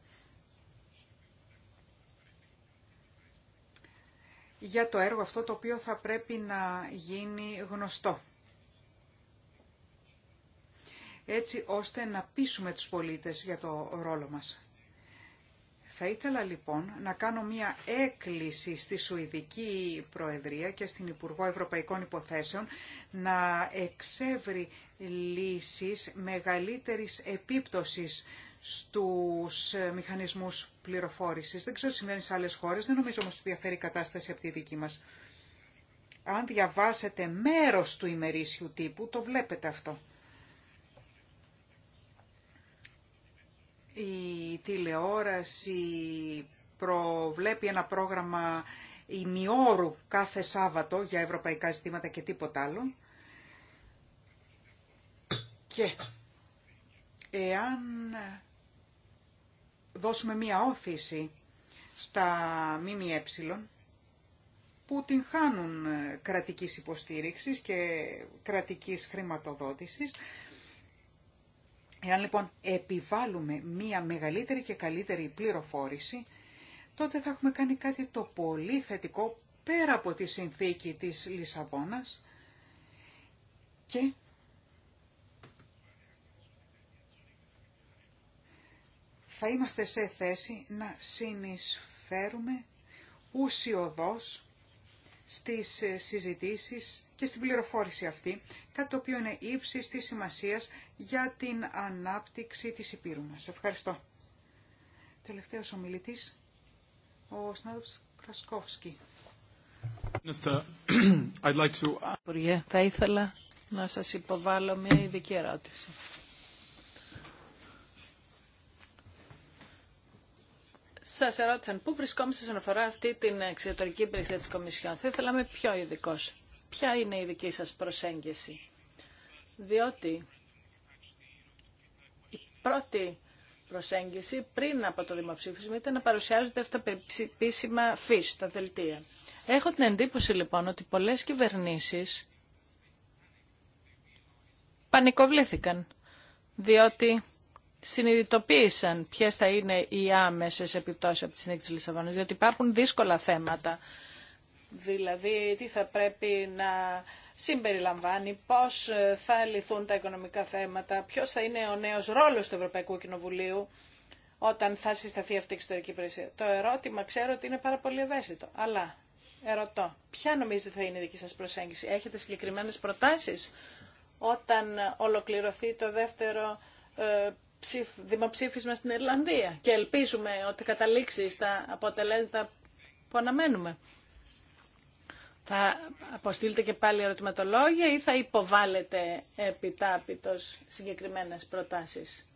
για το έργο αυτό το οποίο θα πρέπει να γίνει γνωστό. Έτσι ώστε να πείσουμε τους πολίτες για το ρόλο μας. Θα ήθελα λοιπόν να κάνω μία έκκληση στη Σουηδική Προεδρία και στην Υπουργό Ευρωπαϊκών Υποθέσεων να εξεύρει λύσεις μεγαλύτερης επίπτωσης στους ε, μηχανισμούς πληροφόρησης. Δεν ξέρω τι συμβαίνει σε άλλες χώρες, δεν νομίζω όμως ότι διαφέρει η κατάσταση από τη δική μας. Αν διαβάσετε μέρος του ημερήσιου τύπου, το βλέπετε αυτό. Η τηλεόραση προβλέπει ένα πρόγραμμα ημιόρου κάθε Σάββατο για ευρωπαϊκά ζητήματα και τίποτα άλλο. Και εάν δώσουμε μία όθηση στα ΜΜΕ που την χάνουν κρατικής υποστήριξης και κρατικής χρηματοδότησης, Εάν λοιπόν επιβάλλουμε μία μεγαλύτερη και καλύτερη πληροφόρηση, τότε θα έχουμε κάνει κάτι το πολύ θετικό πέρα από τη συνθήκη της Λισαβόνας και θα είμαστε σε θέση να συνεισφέρουμε ουσιοδός στις ε, συζητήσεις και στην πληροφόρηση αυτή, κάτι το οποίο είναι ύψη της σημασίας για την ανάπτυξη της Υπήρου μας. Ευχαριστώ. Τελευταίος ομιλητής, ο Σνάδος Κρασκόφσκι. Υπουργέ, θα ήθελα να σας υποβάλω μια ειδική ερώτηση. σας ερώτησαν πού βρισκόμαστε όσον αφορά αυτή την εξωτερική υπηρεσία της Κομισιόν. Θα ήθελα να είμαι πιο ειδικό. Ποια είναι η δική σας προσέγγιση. Διότι η πρώτη προσέγγιση πριν από το δημοψήφισμα ήταν να παρουσιάζονται αυτά τα επίσημα τα δελτία. Έχω την εντύπωση λοιπόν ότι πολλές κυβερνήσεις πανικοβλήθηκαν, διότι συνειδητοποίησαν ποιες θα είναι οι άμεσες επιπτώσεις από τη συνέχιση της Λισαβόνας, διότι υπάρχουν δύσκολα θέματα. Δηλαδή, τι θα πρέπει να συμπεριλαμβάνει, πώς θα λυθούν τα οικονομικά θέματα, ποιος θα είναι ο νέος ρόλος του Ευρωπαϊκού Κοινοβουλίου όταν θα συσταθεί αυτή η εξωτερική υπηρεσία. Το ερώτημα ξέρω ότι είναι πάρα πολύ ευαίσθητο, αλλά ερωτώ, ποια νομίζετε θα είναι η δική σας προσέγγιση, έχετε συγκεκριμένες προτάσεις όταν ολοκληρωθεί το δεύτερο ε, δημοψήφισμα στην Ιρλανδία και ελπίζουμε ότι καταλήξει στα αποτελέσματα που αναμένουμε. Θα αποστείλετε και πάλι ερωτηματολόγια ή θα υποβάλλετε επιτάπητος συγκεκριμένες προτάσεις.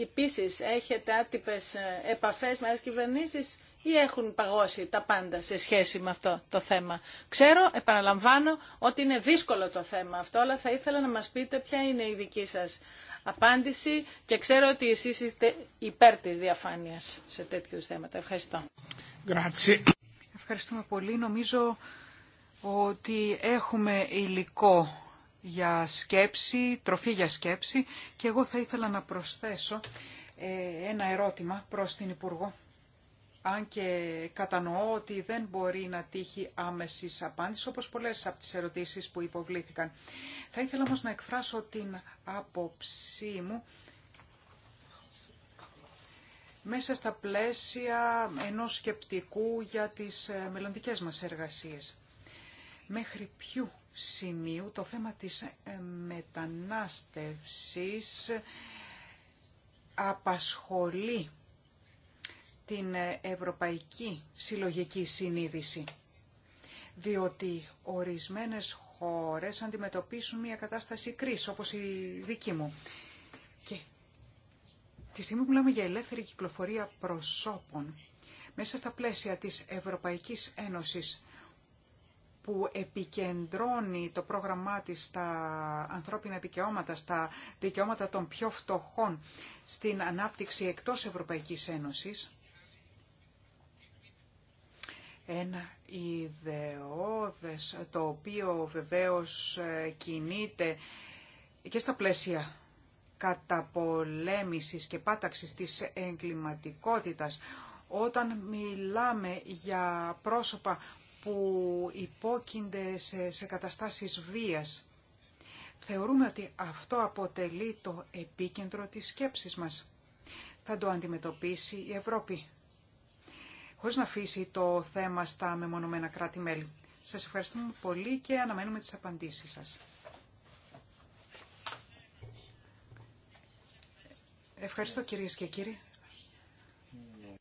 Επίσης, έχετε άτυπες επαφές με άλλες κυβερνήσεις ή έχουν παγώσει τα πάντα σε σχέση με αυτό το θέμα. Ξέρω, επαναλαμβάνω, ότι είναι δύσκολο το θέμα αυτό, αλλά θα ήθελα να μας πείτε ποια είναι η δική σας απάντηση και ξέρω ότι εσείς είστε υπέρ της διαφάνειας σε τέτοιους θέματα. Ευχαριστώ. Ευχαριστούμε πολύ. Νομίζω ότι έχουμε υλικό για σκέψη, τροφή για σκέψη και εγώ θα ήθελα να προσθέσω ε, ένα ερώτημα προς την Υπουργό αν και κατανοώ ότι δεν μπορεί να τύχει άμεση απάντηση, όπως πολλές από τις ερωτήσεις που υποβλήθηκαν. Θα ήθελα όμως να εκφράσω την άποψή μου μέσα στα πλαίσια ενός σκεπτικού για τις ε, μελλοντικές μας εργασίες. Μέχρι ποιου σημείου το θέμα της ε, μετανάστευσης απασχολεί την ευρωπαϊκή συλλογική συνείδηση. Διότι ορισμένες χώρες αντιμετωπίσουν μια κατάσταση κρίση, όπως η δική μου. Και τη στιγμή που μιλάμε για ελεύθερη κυκλοφορία προσώπων, μέσα στα πλαίσια της Ευρωπαϊκής Ένωσης, που επικεντρώνει το πρόγραμμά της στα ανθρώπινα δικαιώματα, στα δικαιώματα των πιο φτωχών, στην ανάπτυξη εκτός Ευρωπαϊκής Ένωσης, ένα ιδεώδες το οποίο βεβαίως ε, κινείται και στα πλαίσια καταπολέμησης και πάταξης της εγκληματικότητας όταν μιλάμε για πρόσωπα που υπόκεινται σε, σε καταστάσεις βίας. Θεωρούμε ότι αυτό αποτελεί το επίκεντρο της σκέψης μας. Θα το αντιμετωπίσει η Ευρώπη χωρίς να αφήσει το θέμα στα μεμονωμένα κράτη-μέλη. Σας ευχαριστούμε πολύ και αναμένουμε τις απαντήσεις σας. Ευχαριστώ κύριε και κύριοι.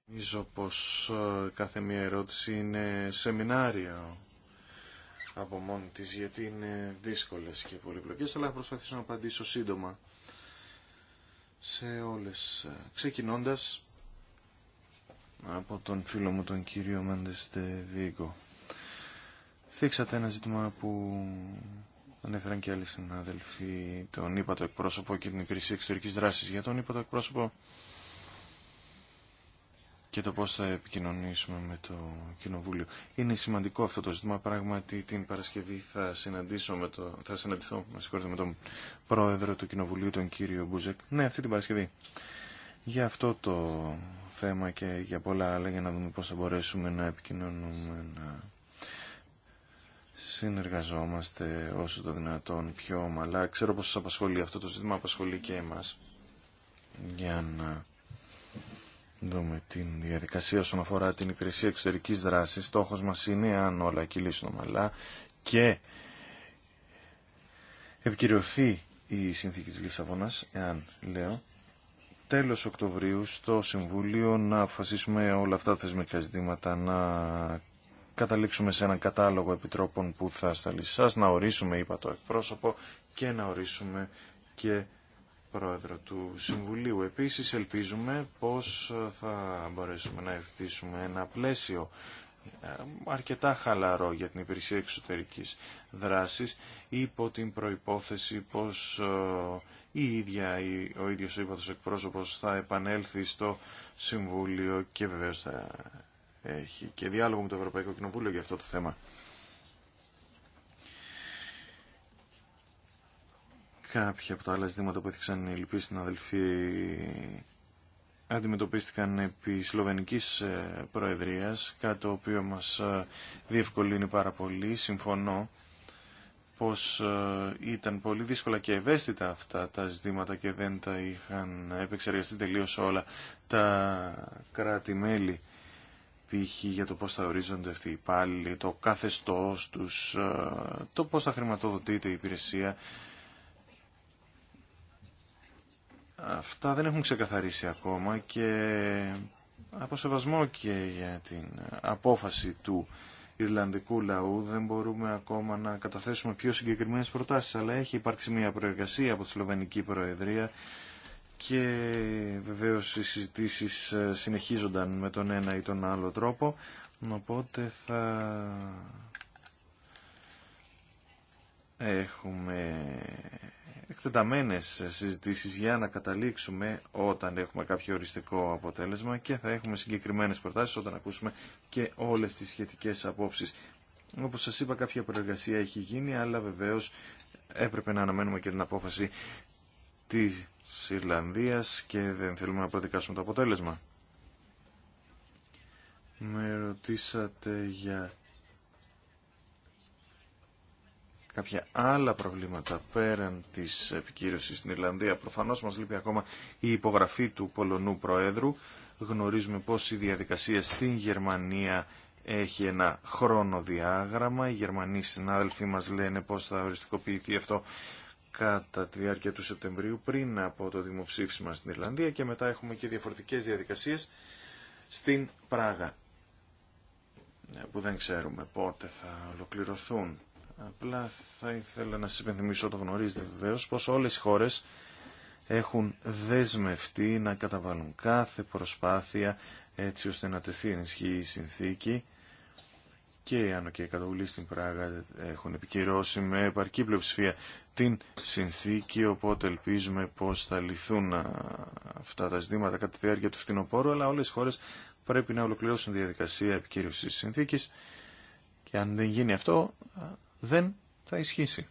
Νομίζω πως ε, κάθε μία ερώτηση είναι σεμινάριο από μόνη της, γιατί είναι δύσκολες και πολυπλοκές, αλλά θα προσπαθήσω να απαντήσω σύντομα σε όλες. Ε, ξεκινώντας από τον φίλο μου τον κύριο Μαντεστε Βίγκο. Θίξατε ένα ζήτημα που ανέφεραν και άλλοι συναδελφοί, τον είπα το εκπρόσωπο και την υπηρεσία εξωτερικής δράσης. Για τον είπα το εκπρόσωπο και το πώς θα επικοινωνήσουμε με το Κοινοβούλιο. Είναι σημαντικό αυτό το ζήτημα. Πράγματι την Παρασκευή θα, συναντήσω με το, θα συναντηθώ με, με τον πρόεδρο του Κοινοβουλίου, τον κύριο Μπούζεκ. Ναι, αυτή την Παρασκευή για αυτό το θέμα και για πολλά άλλα για να δούμε πώς θα μπορέσουμε να επικοινωνούμε, να συνεργαζόμαστε όσο το δυνατόν πιο ομαλά. Ξέρω πως σας απασχολεί αυτό το ζήτημα, απασχολεί και εμάς για να δούμε την διαδικασία όσον αφορά την υπηρεσία εξωτερικής δράσης. Στόχος μας είναι αν όλα κυλήσουν ομαλά και επικυρωθεί η συνθήκη της Λισαβόνας, εάν λέω, τέλος Οκτωβρίου στο Συμβούλιο να αποφασίσουμε όλα αυτά τα θεσμικά ζητήματα, να καταλήξουμε σε έναν κατάλογο επιτρόπων που θα σταλεί να ορίσουμε, είπα το εκπρόσωπο, και να ορίσουμε και πρόεδρο του Συμβουλίου. Επίσης ελπίζουμε πως θα μπορέσουμε να ευθύσουμε ένα πλαίσιο αρκετά χαλαρό για την υπηρεσία εξωτερικής δράσης υπό την προϋπόθεση πως ε, η ίδια, ο ίδιος ο ύπαθος εκπρόσωπος θα επανέλθει στο Συμβούλιο και βεβαίως θα έχει και διάλογο με το Ευρωπαϊκό Κοινοβούλιο για αυτό το θέμα. Κάποια από τα άλλα ζητήματα που έθιξαν οι λοιποί συναδελφοί αντιμετωπίστηκαν επί Σλοβενικής ε, Προεδρίας, κάτι το οποίο μας ε, διευκολύνει πάρα πολύ. Συμφωνώ πως ε, ήταν πολύ δύσκολα και ευαίσθητα αυτά τα ζητήματα και δεν τα είχαν επεξεργαστεί τελείως όλα τα κράτη-μέλη π.χ. για το πώς θα ορίζονται αυτοί οι υπάλληλοι, το καθεστώς τους, ε, το πώς θα χρηματοδοτείται η υπηρεσία. Αυτά δεν έχουν ξεκαθαρίσει ακόμα και από σεβασμό και για την απόφαση του Ιρλανδικού λαού δεν μπορούμε ακόμα να καταθέσουμε πιο συγκεκριμένες προτάσεις, αλλά έχει υπάρξει μια προεργασία από τη Σλοβενική Προεδρία και βεβαίως οι συζητήσεις ε, συνεχίζονταν με τον ένα ή τον άλλο τρόπο, οπότε θα έχουμε Εκτεταμένε συζητήσεις για να καταλήξουμε όταν έχουμε κάποιο οριστικό αποτέλεσμα και θα έχουμε συγκεκριμένες προτάσει όταν ακούσουμε και όλες τις σχετικές απόψεις. Όπως σα είπα κάποια προεργασία έχει γίνει αλλά βεβαίω έπρεπε να αναμένουμε και την απόφαση της Ιρλανδίας και δεν θέλουμε να προδικάσουμε το αποτέλεσμα. Με ρωτήσατε για κάποια άλλα προβλήματα πέραν της επικύρωσης στην Ιρλανδία. Προφανώς μας λείπει ακόμα η υπογραφή του Πολωνού Προέδρου. Γνωρίζουμε πως η διαδικασία στην Γερμανία έχει ένα χρόνο διάγραμμα. Οι Γερμανοί συνάδελφοί μας λένε πως θα οριστικοποιηθεί αυτό κατά τη διάρκεια του Σεπτεμβρίου πριν από το δημοψήφισμα στην Ιρλανδία και μετά έχουμε και διαφορετικές διαδικασίες στην Πράγα που δεν ξέρουμε πότε θα ολοκληρωθούν. Απλά θα ήθελα να σα υπενθυμίσω, το γνωρίζετε βεβαίω, πω όλε οι χώρες έχουν δεσμευτεί να καταβάλουν κάθε προσπάθεια έτσι ώστε να τεθεί ενισχύ η συνθήκη και αν και οι στην Πράγα έχουν επικυρώσει με επαρκή πλειοψηφία την συνθήκη, οπότε ελπίζουμε πως θα λυθούν αυτά τα ζητήματα κατά τη διάρκεια του φθινοπόρου, αλλά όλες οι χώρες πρέπει να ολοκληρώσουν τη διαδικασία επικύρωσης της συνθήκης και αν δεν γίνει αυτό δεν θα ισχύσει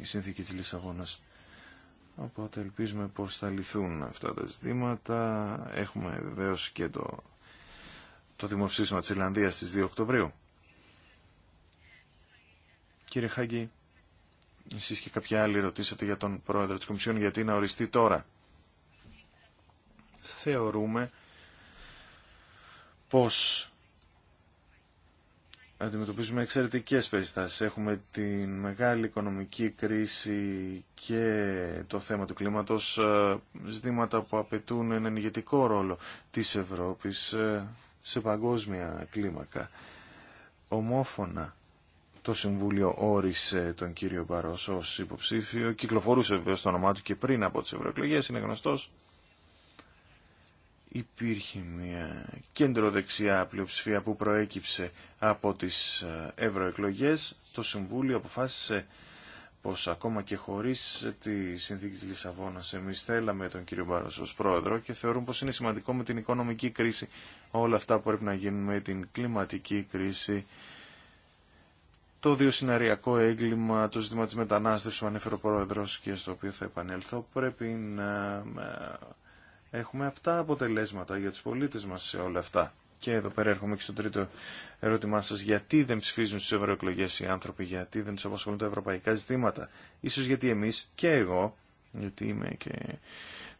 η συνθήκη της Λισαγώνας. Οπότε ελπίζουμε πως θα λυθούν αυτά τα ζητήματα. Έχουμε βεβαίω και το, το δημοψήφισμα της Ιρλανδίας στις 2 Οκτωβρίου. Κύριε Χάγκη, εσείς και κάποια άλλη ρωτήσατε για τον πρόεδρο της Κομισιόν γιατί να οριστεί τώρα. Θεωρούμε πως αντιμετωπίζουμε εξαιρετικές περιστάσεις. Έχουμε την μεγάλη οικονομική κρίση και το θέμα του κλίματος, ε, ζητήματα που απαιτούν έναν ηγετικό ρόλο της Ευρώπης ε, σε παγκόσμια κλίμακα. Ομόφωνα το Συμβούλιο όρισε τον κύριο Μπαρός ως υποψήφιο, κυκλοφορούσε βέβαια στο όνομά του και πριν από τις ευρωεκλογές, είναι γνωστός υπήρχε μια κεντροδεξιά πλειοψηφία που προέκυψε από τις ε, ευρωεκλογές. Το Συμβούλιο αποφάσισε πως ακόμα και χωρίς τη συνθήκη της Λισαβόνας εμείς θέλαμε τον κύριο Μπάρος ως πρόεδρο και θεωρούν πως είναι σημαντικό με την οικονομική κρίση όλα αυτά που πρέπει να γίνουν με την κλιματική κρίση το διοσυναριακό έγκλημα, το ζήτημα της μετανάστευσης που ανέφερε ο Πρόεδρος και στο οποίο θα επανέλθω πρέπει να ε, έχουμε αυτά αποτελέσματα για τους πολίτες μας σε όλα αυτά. Και εδώ πέρα έρχομαι και στο τρίτο ερώτημά σα. Γιατί δεν ψηφίζουν στι ευρωεκλογέ οι άνθρωποι, γιατί δεν του απασχολούν τα ευρωπαϊκά ζητήματα. Ίσως γιατί εμεί και εγώ, γιατί είμαι και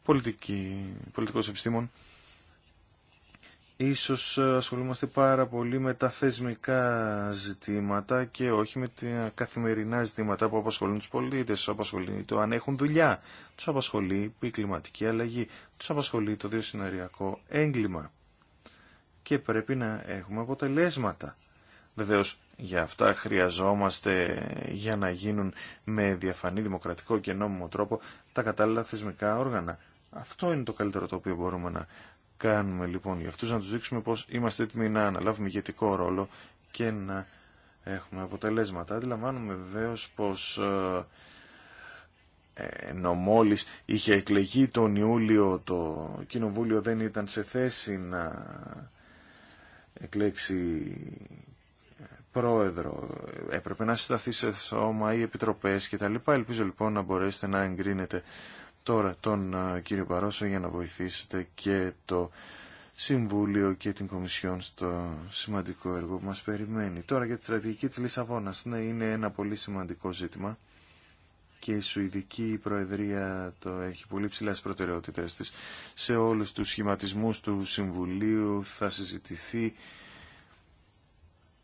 πολιτική, πολιτικός επιστήμον, Ίσως ε, ασχολούμαστε πάρα πολύ με τα θεσμικά ζητήματα και όχι με τα καθημερινά ζητήματα που απασχολούν τους πολίτες. Τους απασχολεί το αν έχουν δουλειά, τους απασχολεί η κλιματική αλλαγή, τους απασχολεί το διοσυναριακό έγκλημα. Και πρέπει να έχουμε αποτελέσματα. Βεβαίω, για αυτά χρειαζόμαστε για να γίνουν με διαφανή δημοκρατικό και νόμιμο τρόπο τα κατάλληλα θεσμικά όργανα. Αυτό είναι το καλύτερο το οποίο μπορούμε να κάνουμε λοιπόν για αυτούς, να τους δείξουμε πως είμαστε έτοιμοι να αναλάβουμε ηγετικό ρόλο και να έχουμε αποτελέσματα. Αντιλαμβάνουμε βεβαίω πως ε, ενώ μόλι είχε εκλεγεί τον Ιούλιο το Κοινοβούλιο δεν ήταν σε θέση να εκλέξει πρόεδρο. Έπρεπε να συσταθεί σε σώμα ή επιτροπές κτλ. Ελπίζω λοιπόν να μπορέσετε να εγκρίνετε τώρα τον κύριο Παρόσο για να βοηθήσετε και το Συμβούλιο και την Κομισιόν στο σημαντικό έργο που μας περιμένει. Τώρα για τη στρατηγική της Λισαβόνας. Ναι, είναι ένα πολύ σημαντικό ζήτημα και η Σουηδική Προεδρία το έχει πολύ ψηλά στις προτεραιότητες της. Σε όλους τους σχηματισμούς του Συμβουλίου θα συζητηθεί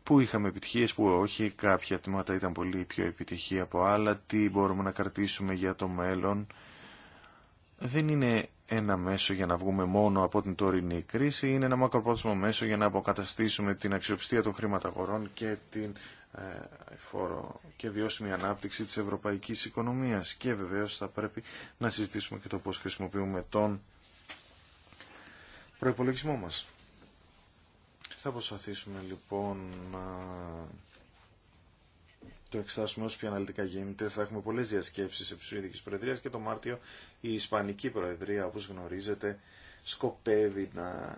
που είχαμε επιτυχίες, που όχι, κάποια τμήματα ήταν πολύ πιο επιτυχή από άλλα, τι μπορούμε να κρατήσουμε για το μέλλον δεν είναι ένα μέσο για να βγούμε μόνο από την τωρινή κρίση, είναι ένα μακροπρόθεσμο μέσο για να αποκαταστήσουμε την αξιοπιστία των χρηματαγορών και την ε, φόρο και βιώσιμη ανάπτυξη της ευρωπαϊκής οικονομίας. Και βεβαίως θα πρέπει να συζητήσουμε και το πώς χρησιμοποιούμε τον προϋπολογισμό μας. Θα προσπαθήσουμε λοιπόν να το εξάσουμε όσο πιο αναλυτικά γίνεται. Θα έχουμε πολλές διασκέψεις επί Σουηδικής Προεδρίας και το Μάρτιο η Ισπανική Προεδρία, όπως γνωρίζετε, σκοπεύει να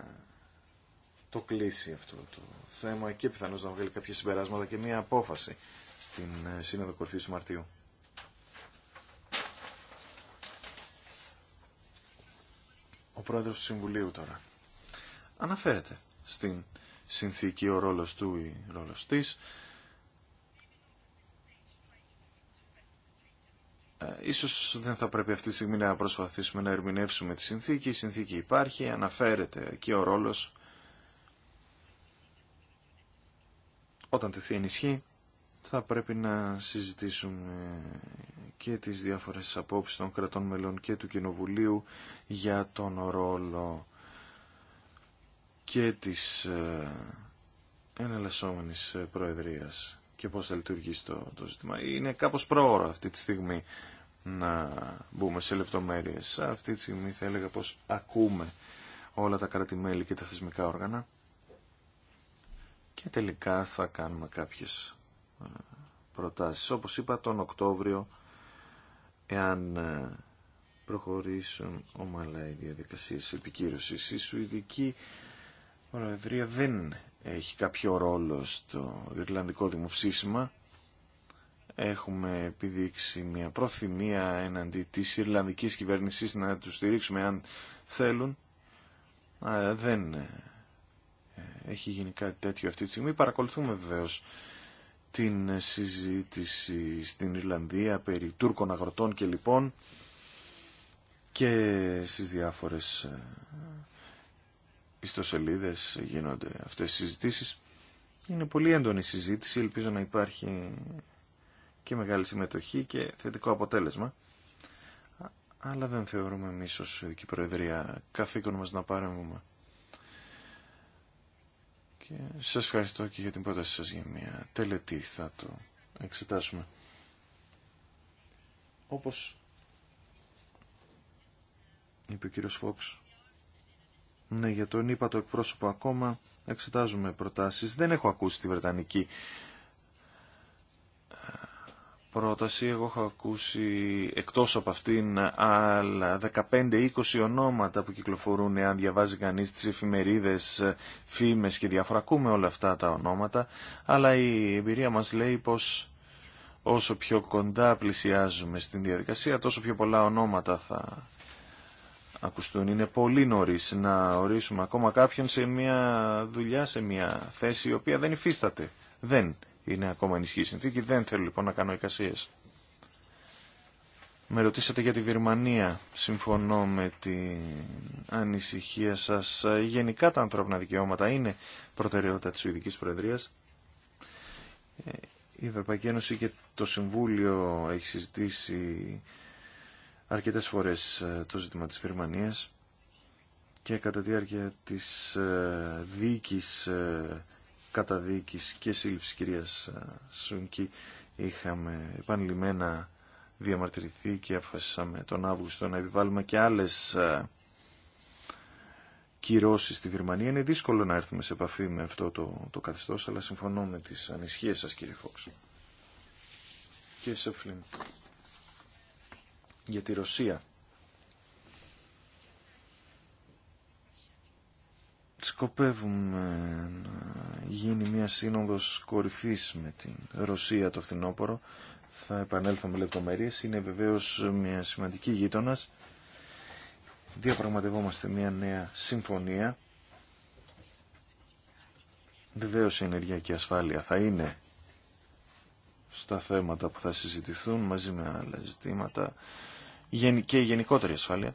το κλείσει αυτό το θέμα και πιθανώς να βγάλει κάποια συμπεράσματα και μια απόφαση στην ε, Σύνοδο Κορφής του Μαρτίου. Ο πρόεδρος του Συμβουλίου τώρα. Αναφέρεται στην συνθήκη ο ρόλος του ή ρόλος της Ε, ίσως δεν θα πρέπει αυτή τη στιγμή να προσπαθήσουμε να ερμηνεύσουμε τη συνθήκη. Η συνθήκη υπάρχει, αναφέρεται και ο ρόλος όταν τεθεί ενισχύ θα πρέπει να συζητήσουμε και τις διάφορες απόψεις των κρατών μελών και του Κοινοβουλίου για τον ρόλο και της ε, εναλλασσόμενης ε, Προεδρίας και πώς θα λειτουργήσει το, το ζήτημα. Είναι κάπως πρόωρο αυτή τη στιγμή να μπούμε σε λεπτομέρειες. Αυτή τη στιγμή θα έλεγα πως ακούμε όλα τα κρατημέλη και τα θεσμικά όργανα και τελικά θα κάνουμε κάποιες ε, προτάσεις. Όπως είπα τον Οκτώβριο, εάν ε, προχωρήσουν ομαλά οι διαδικασίες επικύρωσης, η Σουηδική Προεδρία δεν έχει κάποιο ρόλο στο Ιρλανδικό Δημοψήφισμα έχουμε επιδείξει μια προθυμία έναντι της Ιρλανδικής κυβέρνησης να τους στηρίξουμε αν θέλουν. Αλλά δεν ε, έχει γίνει κάτι τέτοιο αυτή τη στιγμή. Παρακολουθούμε βεβαίω την συζήτηση στην Ιρλανδία περί Τούρκων αγροτών και λοιπόν και στις διάφορες ε, ιστοσελίδες γίνονται αυτές οι συζητήσεις. Είναι πολύ έντονη συζήτηση, ελπίζω να υπάρχει και μεγάλη συμμετοχή και θετικό αποτέλεσμα. Αλλά δεν θεωρούμε εμεί ω Ειδική Προεδρία καθήκον μας να παρέμβουμε. Και σας ευχαριστώ και για την πρόταση σας για μια τελετή. Θα το εξετάσουμε. Όπως είπε ο κύριος Φόξ. Ναι, για τον είπα το εκπρόσωπο ακόμα εξετάζουμε προτάσεις. Δεν έχω ακούσει τη Βρετανική πρόταση εγώ έχω ακούσει εκτός από αυτήν άλλα 15-20 ονόματα που κυκλοφορούν αν διαβάζει κανείς τις εφημερίδες, φήμες και διάφορα. Ακούμε όλα αυτά τα ονόματα, αλλά η εμπειρία μας λέει πως όσο πιο κοντά πλησιάζουμε στην διαδικασία τόσο πιο πολλά ονόματα θα ακουστούν. Είναι πολύ νωρί να ορίσουμε ακόμα κάποιον σε μια δουλειά, σε μια θέση η οποία δεν υφίσταται. Δεν είναι ακόμα ενισχύει συνθήκη. Δεν θέλω λοιπόν να κάνω εικασίες. Με ρωτήσατε για τη Βυρμανία. Συμφωνώ με την ανησυχία σας. Γενικά τα ανθρώπινα δικαιώματα είναι προτεραιότητα τη Σουηδική Προεδρίας. Ε, η Ευρωπαϊκή Ένωση και το Συμβούλιο έχει συζητήσει αρκετές φορές ε, το ζήτημα της Βυρμανίας και κατά τη διάρκεια της ε, δίκης καταδίκης και σύλληψης κυρίας ε, Σουνκή είχαμε επανειλημμένα διαμαρτυρηθεί και αποφασίσαμε τον Αύγουστο να επιβάλλουμε και άλλες ε, κυρώσεις στη Γερμανία. Είναι δύσκολο να έρθουμε σε επαφή με αυτό το, το καθεστώς, αλλά συμφωνώ με τις ανησυχίες σας κύριε Φόξ. Κύριε Σεφλίν, για τη Ρωσία. σκοπεύουμε να γίνει μια σύνοδος κορυφής με την Ρωσία το φθινόπωρο. Θα επανέλθω με λεπτομέρειες. Είναι βεβαίως μια σημαντική γείτονας. Διαπραγματευόμαστε μια νέα συμφωνία. Βεβαίως η ενεργειακή ασφάλεια θα είναι στα θέματα που θα συζητηθούν μαζί με άλλα ζητήματα και η γενικότερη ασφάλεια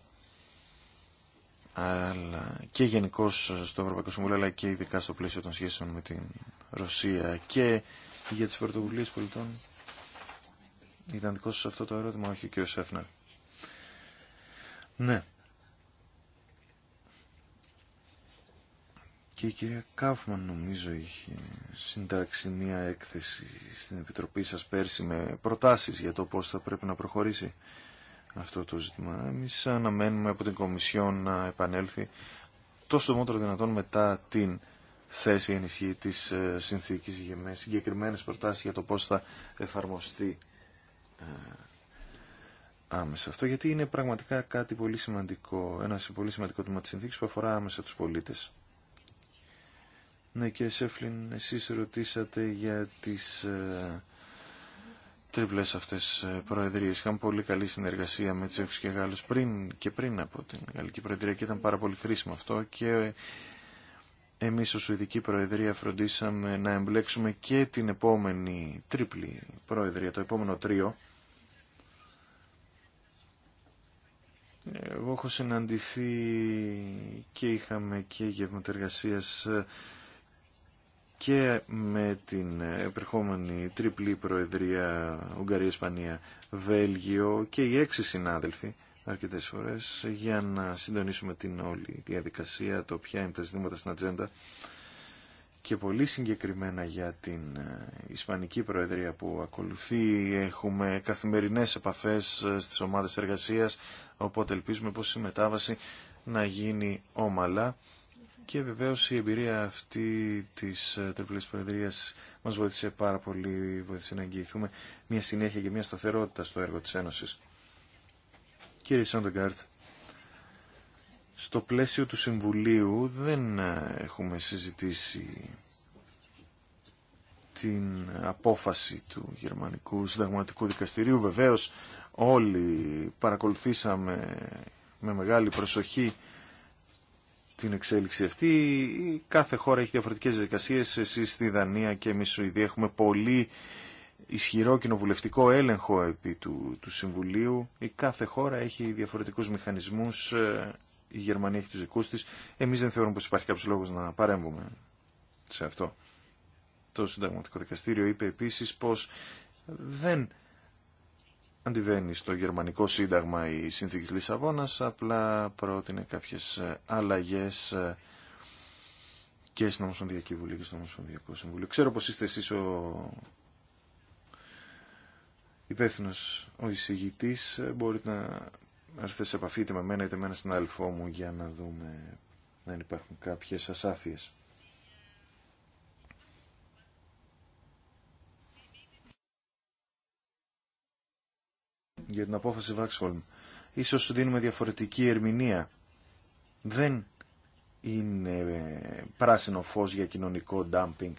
αλλά και γενικώ στο Ευρωπαϊκό Συμβούλιο, αλλά και ειδικά στο πλαίσιο των σχέσεων με την Ρωσία και για τι πρωτοβουλίε πολιτών. Ήταν δικό σα αυτό το ερώτημα, όχι ο κ. Σέφνερ. Ναι. Και η κυρία Κάφμαν νομίζω είχε συντάξει μία έκθεση στην Επιτροπή σας πέρσι με προτάσεις για το πώς θα πρέπει να προχωρήσει αυτό το ζήτημα. Εμείς αναμένουμε από την Κομισιόν να επανέλθει το μόνο δυνατόν μετά την θέση ενισχύ τη ε, συνθήκη. για με συγκεκριμένες για το πώς θα εφαρμοστεί ε, άμεσα αυτό, γιατί είναι πραγματικά κάτι πολύ σημαντικό, ένα πολύ σημαντικό τμήμα της συνθήκης που αφορά άμεσα του πολίτε. Ναι, και Σέφλιν, εσείς ρωτήσατε για τις ε, τριπλές αυτές ε, προεδρίες. Είχαμε πολύ καλή συνεργασία με Τσέχους και Γάλλους πριν και πριν από την Γαλλική Προεδρία και ήταν πάρα πολύ χρήσιμο αυτό και εμείς ως Σουηδική Προεδρία φροντίσαμε να εμπλέξουμε και την επόμενη τρίπλη Προεδρία, το επόμενο τρίο. Εγώ έχω συναντηθεί και είχαμε και γευματεργασίας ε, και με την επερχόμενη τριπλή προεδρία Ουγγαρία, Ισπανία, Βέλγιο και οι έξι συνάδελφοι αρκετές φορές για να συντονίσουμε την όλη διαδικασία, το ποια είναι τα ζητήματα στην ατζέντα και πολύ συγκεκριμένα για την ε, Ισπανική Προεδρία που ακολουθεί. Έχουμε καθημερινές επαφές ε, στις ομάδες εργασίας, οπότε ελπίζουμε πως η μετάβαση να γίνει όμαλα και βεβαίως η εμπειρία αυτή της ε, τριπλής Προεδρίας μας βοήθησε πάρα πολύ, βοήθησε να εγγυηθούμε μια συνέχεια και μια σταθερότητα στο έργο της Ένωσης. Κύριε Σαντεγκάρτ, στο πλαίσιο του Συμβουλίου δεν ε, έχουμε συζητήσει την απόφαση του Γερμανικού Συνταγματικού Δικαστηρίου. Βεβαίως όλοι παρακολουθήσαμε με μεγάλη προσοχή την εξέλιξη αυτή. Κάθε χώρα έχει διαφορετικές διαδικασίες. Εσεί στη Δανία και εμείς Σουηδία έχουμε πολύ ισχυρό κοινοβουλευτικό έλεγχο επί του, του Συμβουλίου. Η κάθε χώρα έχει διαφορετικούς μηχανισμούς. Ε, η Γερμανία έχει τους δικού τη. Εμείς δεν θεωρούμε πως υπάρχει κάποιο λόγο να παρέμβουμε σε αυτό. Το Συνταγματικό Δικαστήριο είπε επίση πω δεν αντιβαίνει στο γερμανικό σύνταγμα η Σύνθηκη Λισαβόνας, απλά πρότεινε κάποιες αλλαγές και στην Ομοσπονδιακή Βουλή και στο Ομοσπονδιακό Συμβούλιο. Ξέρω πως είστε εσείς ο υπεύθυνο ο εισηγητής. Μπορείτε να έρθετε σε επαφή είτε με μένα είτε με έναν συνάδελφό μου για να δούμε αν υπάρχουν κάποιες ασάφειες. για την απόφαση Βάξχολμ. Ίσως δίνουμε διαφορετική ερμηνεία. Δεν είναι πράσινο φως για κοινωνικό ντάμπινγκ.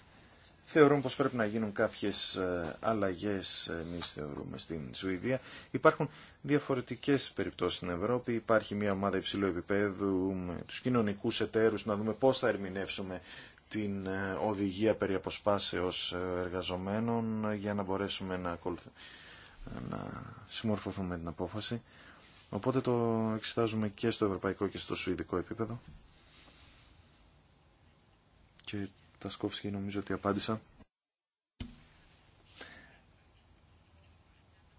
Θεωρούμε πως πρέπει να γίνουν κάποιες ε, αλλαγές, εμεί θεωρούμε, στην Σουηδία. Υπάρχουν διαφορετικές περιπτώσεις στην Ευρώπη. Υπάρχει μια ομάδα υψηλού επίπεδου τους κοινωνικούς εταίρους, να δούμε πώς θα ερμηνεύσουμε την ε, οδηγία περί αποσπάσεως ε, εργαζομένων για να μπορέσουμε να, να συμμορφωθούμε με την απόφαση. Οπότε το εξετάζουμε και στο ευρωπαϊκό και στο σουηδικό επίπεδο. Και τα σκόψη νομίζω ότι απάντησα.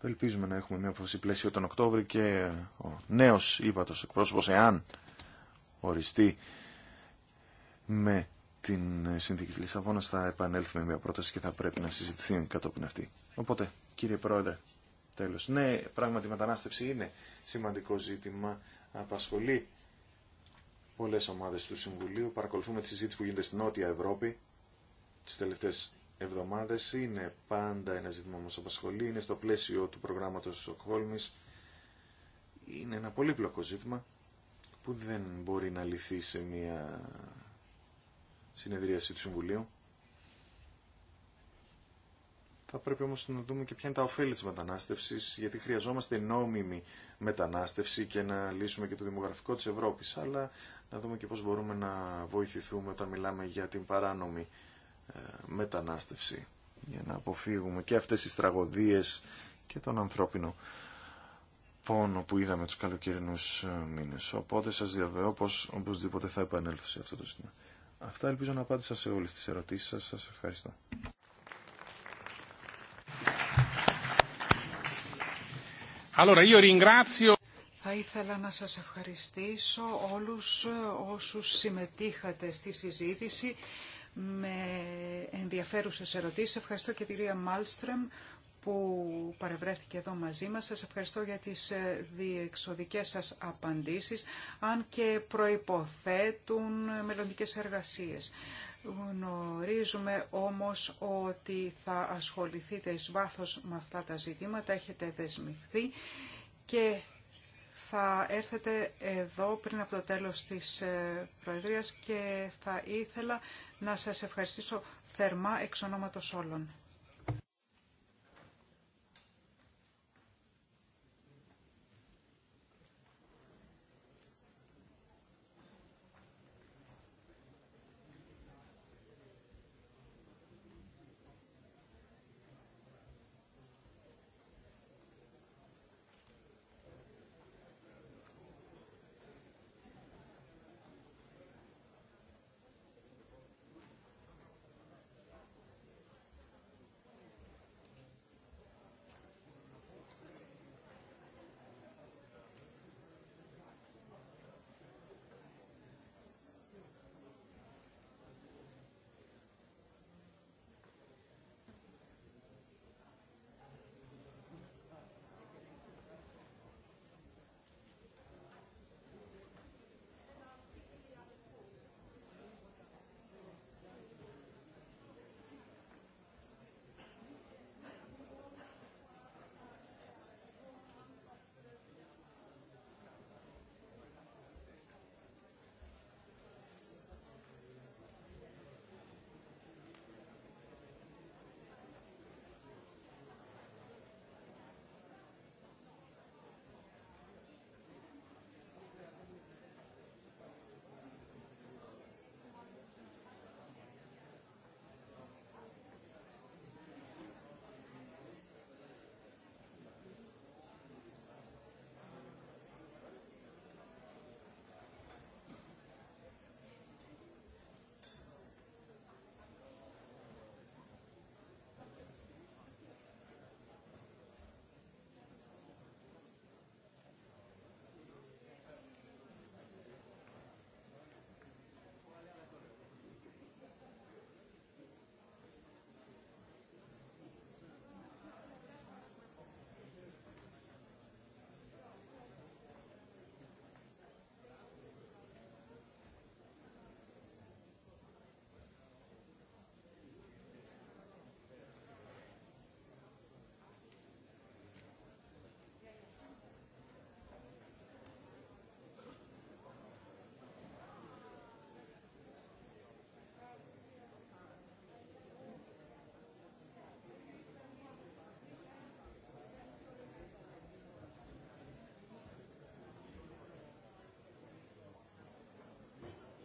Ελπίζουμε να έχουμε μια απόφαση πλαίσιο τον Οκτώβριο και ο νέος ύπατος εκπρόσωπος, εάν οριστεί με την συνθήκη της Λισαβόνας, θα επανέλθουμε μια πρόταση και θα πρέπει να συζητηθεί κατόπιν αυτή. Οπότε, κύριε Πρόεδρε, τέλος. Ναι, πράγματι η μετανάστευση είναι σημαντικό ζήτημα, απασχολεί πολλές ομάδες του Συμβουλίου, παρακολουθούμε τη συζήτηση που γίνεται στην Νότια Ευρώπη τις τελευταίες εβδομάδες, είναι πάντα ένα ζήτημα που απασχολεί, είναι στο πλαίσιο του προγράμματος Σοκχόλμης. είναι ένα πολύπλοκο ζήτημα που δεν μπορεί να λυθεί σε μια συνεδρίαση του Συμβουλίου. Θα πρέπει όμως να δούμε και ποια είναι τα ωφέλη της μετανάστευσης, γιατί χρειαζόμαστε νόμιμη μετανάστευση και να λύσουμε και το δημογραφικό της Ευρώπης, αλλά να δούμε και πώς μπορούμε να βοηθηθούμε όταν μιλάμε για την παράνομη ε, μετανάστευση, για να αποφύγουμε και αυτές τις τραγωδίες και τον ανθρώπινο πόνο που είδαμε τους καλοκαιρινούς ε, μήνες. Οπότε σας διαβέω πως οπωσδήποτε θα επανέλθω σε αυτό το σημείο. Αυτά ελπίζω να απάντησα σε όλες τις ερωτήσεις σας. Σας ευχαριστώ. Allora, io ringrazio... Θα ήθελα να σας ευχαριστήσω όλους όσους συμμετείχατε στη συζήτηση με ενδιαφέρουσες ερωτήσεις. Ευχαριστώ και την κυρία Μάλστρεμ που παρευρέθηκε εδώ μαζί μας. Σας ευχαριστώ για τις διεξοδικές σας απαντήσεις, αν και προϋποθέτουν μελλοντικές εργασίες. Γνωρίζουμε όμως ότι θα ασχοληθείτε εις βάθος με αυτά τα ζητήματα, έχετε δεσμηθεί και θα έρθετε εδώ πριν από το τέλος της ε, Προεδρίας και θα ήθελα να σας ευχαριστήσω θερμά εξ ονόματος όλων.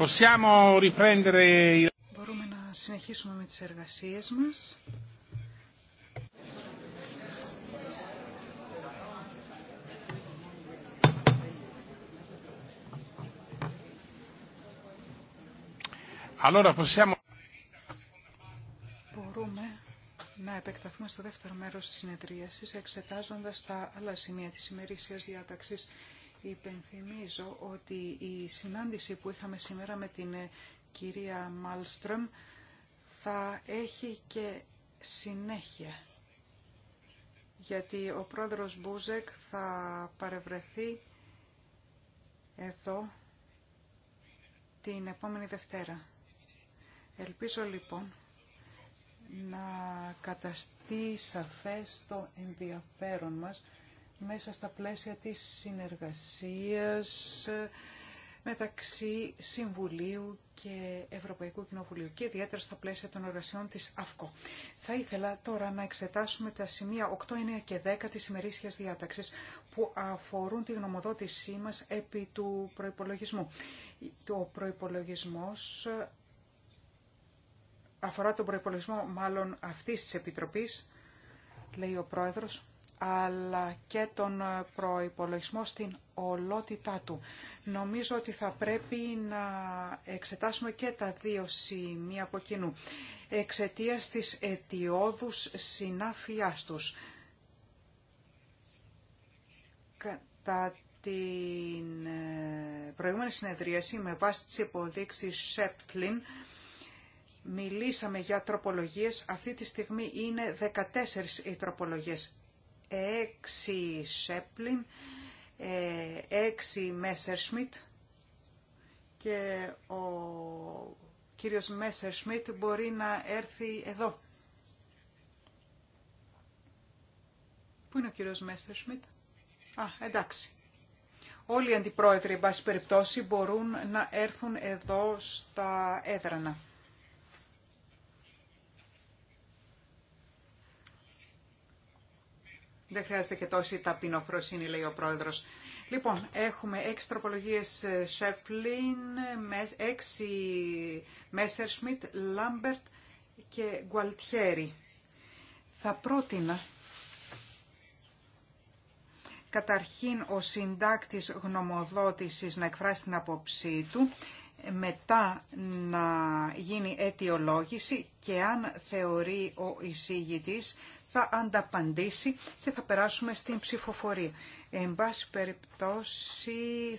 Μπορούμε να συνεχίσουμε με τις εργασίες μας. Μπορούμε να επεκταθούμε στο δεύτερο μέρος της συνεδρίασης εξετάζοντας τα άλλα σημεία της ημερήσιας διάταξης Υπενθυμίζω ότι η συνάντηση που είχαμε σήμερα με την ε, κυρία Μάλστρομ θα έχει και συνέχεια. Γιατί ο πρόεδρος Μπούζεκ θα παρευρεθεί εδώ την επόμενη Δευτέρα. Ελπίζω λοιπόν να καταστεί σαφές το ενδιαφέρον μας μέσα στα πλαίσια της συνεργασίας μεταξύ Συμβουλίου και Ευρωπαϊκού Κοινοβουλίου και ιδιαίτερα στα πλαίσια των εργασιών της ΑΦΚΟ. Θα ήθελα τώρα να εξετάσουμε τα σημεία 8, 9 και 10 της ημερήσιας διάταξης που αφορούν τη γνωμοδότησή μας επί του προϋπολογισμού. Το προϋπολογισμός αφορά τον προϋπολογισμό μάλλον αυτής της Επιτροπής, λέει ο Πρόεδρος, αλλά και τον ε, προϋπολογισμό στην ολότητά του. Νομίζω ότι θα πρέπει να εξετάσουμε και τα δύο σημεία από κοινού, εξαιτίας της αιτιόδους συνάφειάς τους. Κατά την ε, προηγούμενη συνεδρίαση, με βάση τις υποδείξεις Σέπφλιν, μιλήσαμε για τροπολογίες. Αυτή τη στιγμή είναι 14 οι τροπολογίες. Έξι Σέπλιν, ε, έξι Μέσερ Σμιτ και ο κύριος Μέσερ Σμιτ μπορεί να έρθει εδώ. Πού είναι ο κύριος Μέσερ Σμιτ? Α, εντάξει. Όλοι οι αντιπρόεδροι, εν πάση περιπτώσει, μπορούν να έρθουν εδώ στα έδρανα. Δεν χρειάζεται και τόση ταπεινοφροσύνη, λέει ο πρόεδρος. Λοιπόν, έχουμε έξι τροπολογίες ε, Σεφλίν, έξι Messerschmitt, Λάμπερτ και Γκουαλτιέρι. Θα πρότεινα καταρχήν ο συντάκτης γνωμοδότησης να εκφράσει την απόψή του, μετά να γίνει αιτιολόγηση και αν θεωρεί ο εισήγητης θα ανταπαντήσει και θα περάσουμε στην ψηφοφορία. Εν πάση περιπτώσει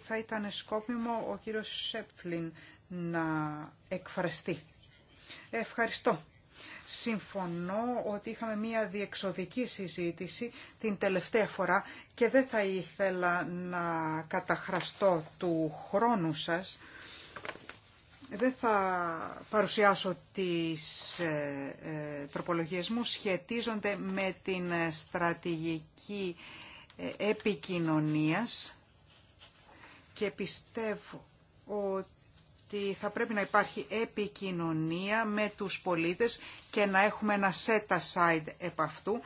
θα ήταν σκόπιμο ο κύριος Σέπφλιν να εκφραστεί. Ευχαριστώ. Συμφωνώ ότι είχαμε μία διεξοδική συζήτηση την τελευταία φορά και δεν θα ήθελα να καταχραστώ του χρόνου σας δεν θα παρουσιάσω τις ε, ε, τροπολογίες μου. Σχετίζονται με την ε, στρατηγική ε, επικοινωνίας και πιστεύω ότι θα πρέπει να υπάρχει επικοινωνία με τους πολίτες και να έχουμε ένα set aside επ' αυτού.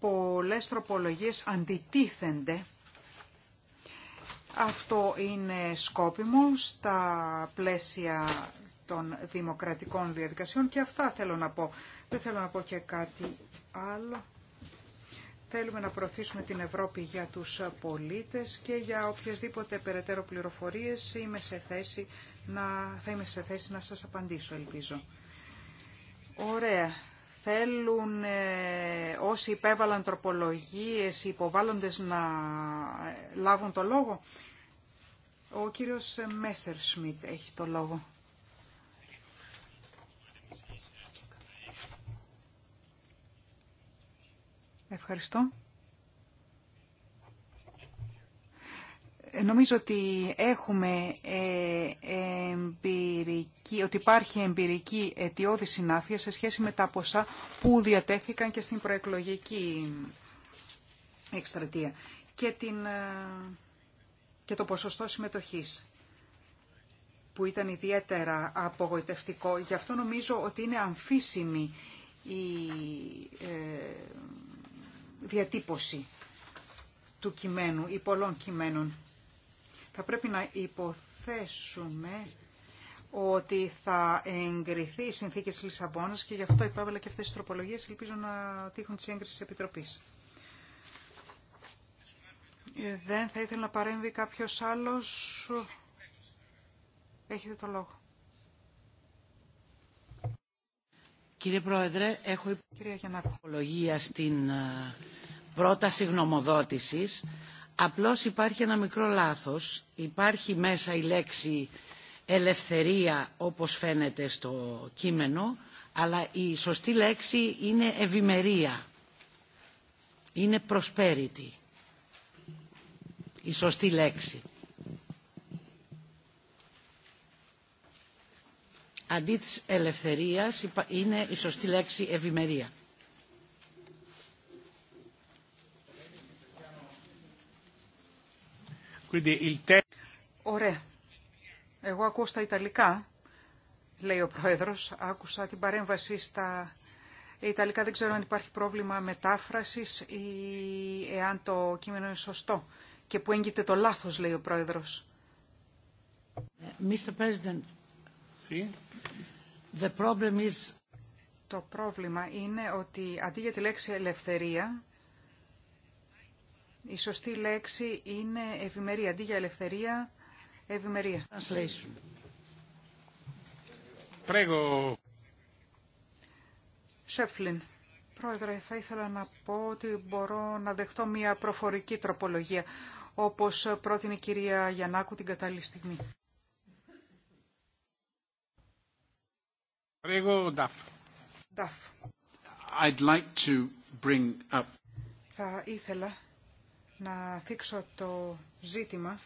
Πολλές τροπολογίες αντιτίθενται αυτό είναι σκόπιμο στα πλαίσια των δημοκρατικών διαδικασιών και αυτά θέλω να πω. Δεν θέλω να πω και κάτι άλλο. Θέλουμε να προωθήσουμε την Ευρώπη για τους πολίτες και για οποιασδήποτε περαιτέρω πληροφορίες είμαι σε θέση να, θα είμαι σε θέση να σας απαντήσω, ελπίζω. Ωραία θέλουν ε, όσοι υπέβαλαν τροπολογίες, οι υποβάλλοντες να ε, λάβουν το λόγο. Ο κύριος Μέσερ Σμιτ έχει το λόγο. Ευχαριστώ. Νομίζω ότι έχουμε ε, εμπειρική, ότι υπάρχει εμπειρική αιτιώδη συνάφεια σε σχέση με τα ποσά που διατέθηκαν και στην προεκλογική εκστρατεία και, την, ε, και το ποσοστό συμμετοχής που ήταν ιδιαίτερα απογοητευτικό. Γι' αυτό νομίζω ότι είναι αμφίσιμη η ε, διατύπωση του κειμένου ή πολλών κειμένων θα πρέπει να υποθέσουμε ότι θα εγκριθεί η συνθήκη της Λισαβόνας και γι' αυτό υπάβαλα και αυτές τις τροπολογίες, ελπίζω να τύχουν τις έγκριση της Επιτροπής. Ε, δεν θα ήθελα να παρέμβει κάποιος άλλος. Έχετε το λόγο. Κύριε Πρόεδρε, έχω υπολογία στην ε, πρόταση γνωμοδότησης Απλώς υπάρχει ένα μικρό λάθος. Υπάρχει μέσα η λέξη ελευθερία όπως φαίνεται στο κείμενο, αλλά η σωστή λέξη είναι ευημερία. Είναι prosperity. Η σωστή λέξη. Αντί της ελευθερίας είναι η σωστή λέξη ευημερία. Ωραία. Εγώ ακούω στα Ιταλικά, λέει ο Πρόεδρος. Άκουσα την παρέμβαση στα Ιταλικά. Δεν ξέρω αν υπάρχει πρόβλημα μετάφρασης ή εάν το κείμενο είναι σωστό και που έγκυται το λάθος, λέει ο Πρόεδρος. Mr. President, the is... Το πρόβλημα είναι ότι αντί για τη λέξη ελευθερία η σωστή λέξη είναι ευημερία. Αντί για ελευθερία, ευημερία. Πρέγω. Σέφλιν. Πρόεδρε, θα ήθελα να πω ότι μπορώ να δεχτώ μια προφορική τροπολογία, όπως πρότεινε η κυρία Γιαννάκου την κατάλληλη στιγμή. Πρέγω, Νταφ. Θα ήθελα να θίξω το ζήτημα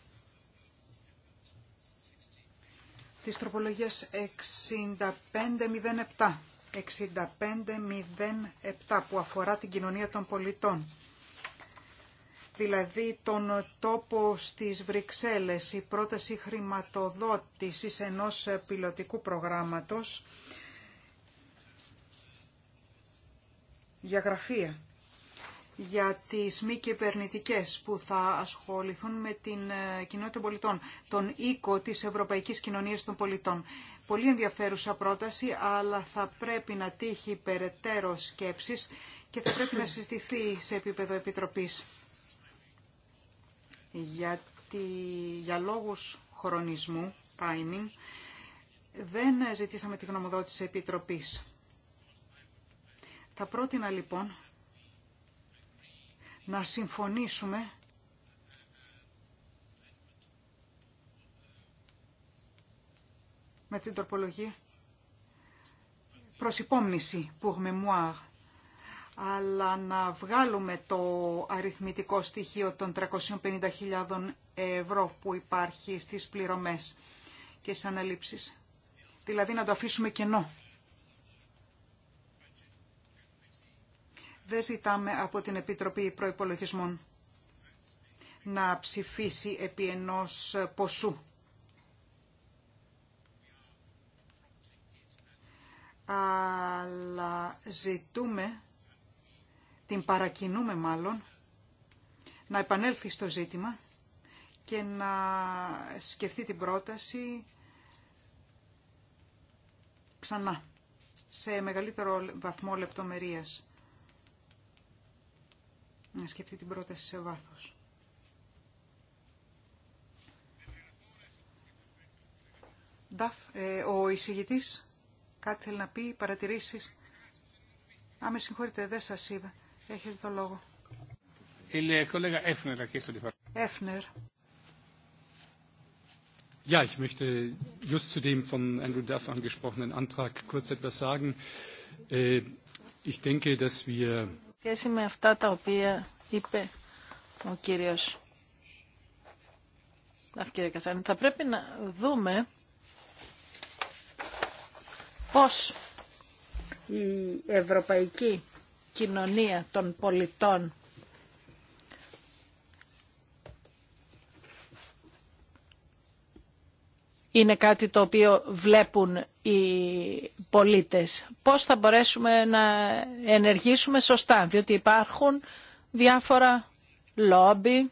της τροπολογίας 6507. 6507 που αφορά την κοινωνία των πολιτών. Δηλαδή τον τόπο στις Βρυξέλλες, η πρόταση χρηματοδότησης ενός πιλωτικού προγράμματος για γραφεία για τις μη κυβερνητικέ που θα ασχοληθούν με την ε, κοινότητα πολιτών, τον οίκο της Ευρωπαϊκής Κοινωνίας των Πολιτών. Πολύ ενδιαφέρουσα πρόταση, αλλά θα πρέπει να τύχει περαιτέρω σκέψης και θα πρέπει να συζητηθεί σε επίπεδο Επιτροπής. Γιατί για λόγους χρονισμού, timing, δεν ζητήσαμε τη γνωμοδότηση Επιτροπής. Θα πρότεινα λοιπόν να συμφωνήσουμε με την τροπολογία προς υπόμνηση pour mémoire αλλά να βγάλουμε το αριθμητικό στοιχείο των 350.000 ευρώ που υπάρχει στις πληρωμές και στις αναλήψεις. Δηλαδή να το αφήσουμε κενό. Δεν ζητάμε από την Επιτροπή Προϋπολογισμών να ψηφίσει επί ενός ποσού. Αλλά ζητούμε, την παρακινούμε μάλλον, να επανέλθει στο ζήτημα και να σκεφτεί την πρόταση ξανά, σε μεγαλύτερο βαθμό λεπτομερίας να σκεφτεί την πρόταση σε βάθος. Ε, ο εισηγητής κάτι θέλει να πει, παρατηρήσεις. Α, με συγχωρείτε, δεν σας είδα. Έχετε το λόγο. κολέγα. Έφνερ. Ja, ich möchte just zu dem von Andrew Duff angesprochenen Antrag kurz etwas sagen. Äh, ich denke, dass wir σχέση με αυτά τα οποία είπε ο κύριος Αυκύριε Κασάνη. Θα πρέπει να δούμε πώς η ευρωπαϊκή κοινωνία των πολιτών είναι κάτι το οποίο βλέπουν οι πολίτες. Πώς θα μπορέσουμε να ενεργήσουμε σωστά, διότι υπάρχουν διάφορα λόμπι,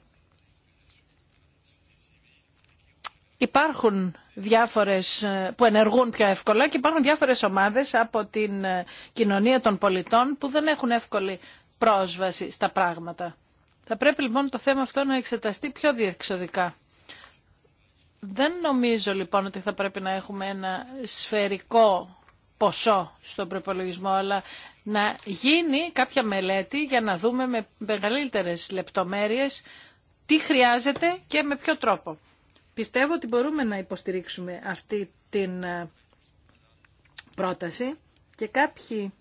υπάρχουν διάφορες ε, που ενεργούν πιο εύκολα και υπάρχουν διάφορες ομάδες από την ε, κοινωνία των πολιτών που δεν έχουν εύκολη πρόσβαση στα πράγματα. Θα πρέπει λοιπόν το θέμα αυτό να εξεταστεί πιο διεξοδικά. Δεν νομίζω λοιπόν ότι θα πρέπει να έχουμε ένα σφαιρικό ποσό στον προπολογισμό, αλλά να γίνει κάποια μελέτη για να δούμε με μεγαλύτερες λεπτομέρειες τι χρειάζεται και με ποιο τρόπο. Πιστεύω ότι μπορούμε να υποστηρίξουμε αυτή την ε, πρόταση και κάποιοι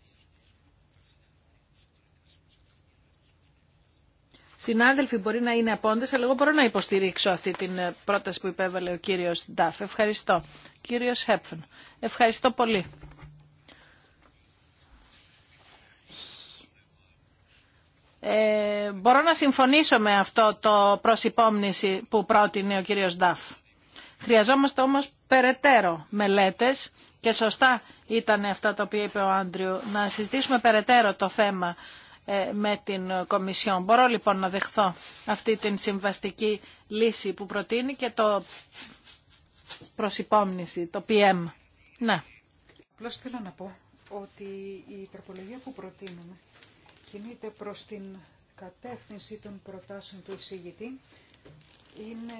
συνάδελφοι μπορεί να είναι απόντες, αλλά εγώ μπορώ να υποστηρίξω αυτή την ε, πρόταση που υπέβαλε ο κύριος Νταφ. Ευχαριστώ. Κύριος Χέπφεν. Ευχαριστώ πολύ. Ε, μπορώ να συμφωνήσω με αυτό το προσυπόμνηση που πρότεινε ο κύριος Νταφ. Χρειαζόμαστε όμως περαιτέρω μελέτες και σωστά ήταν αυτά τα οποία είπε ο Άντριου. Να συζητήσουμε περαιτέρω το θέμα ε, με την Κομισιόν. Μπορώ λοιπόν να δεχθώ αυτή την συμβαστική λύση που προτείνει και το προσυπόμνηση, το PM. Ναι. Απλώς θέλω να πω ότι η τροπολογία που προτείνουμε κινείται προς την κατεύθυνση των προτάσεων του εισηγητή. Είναι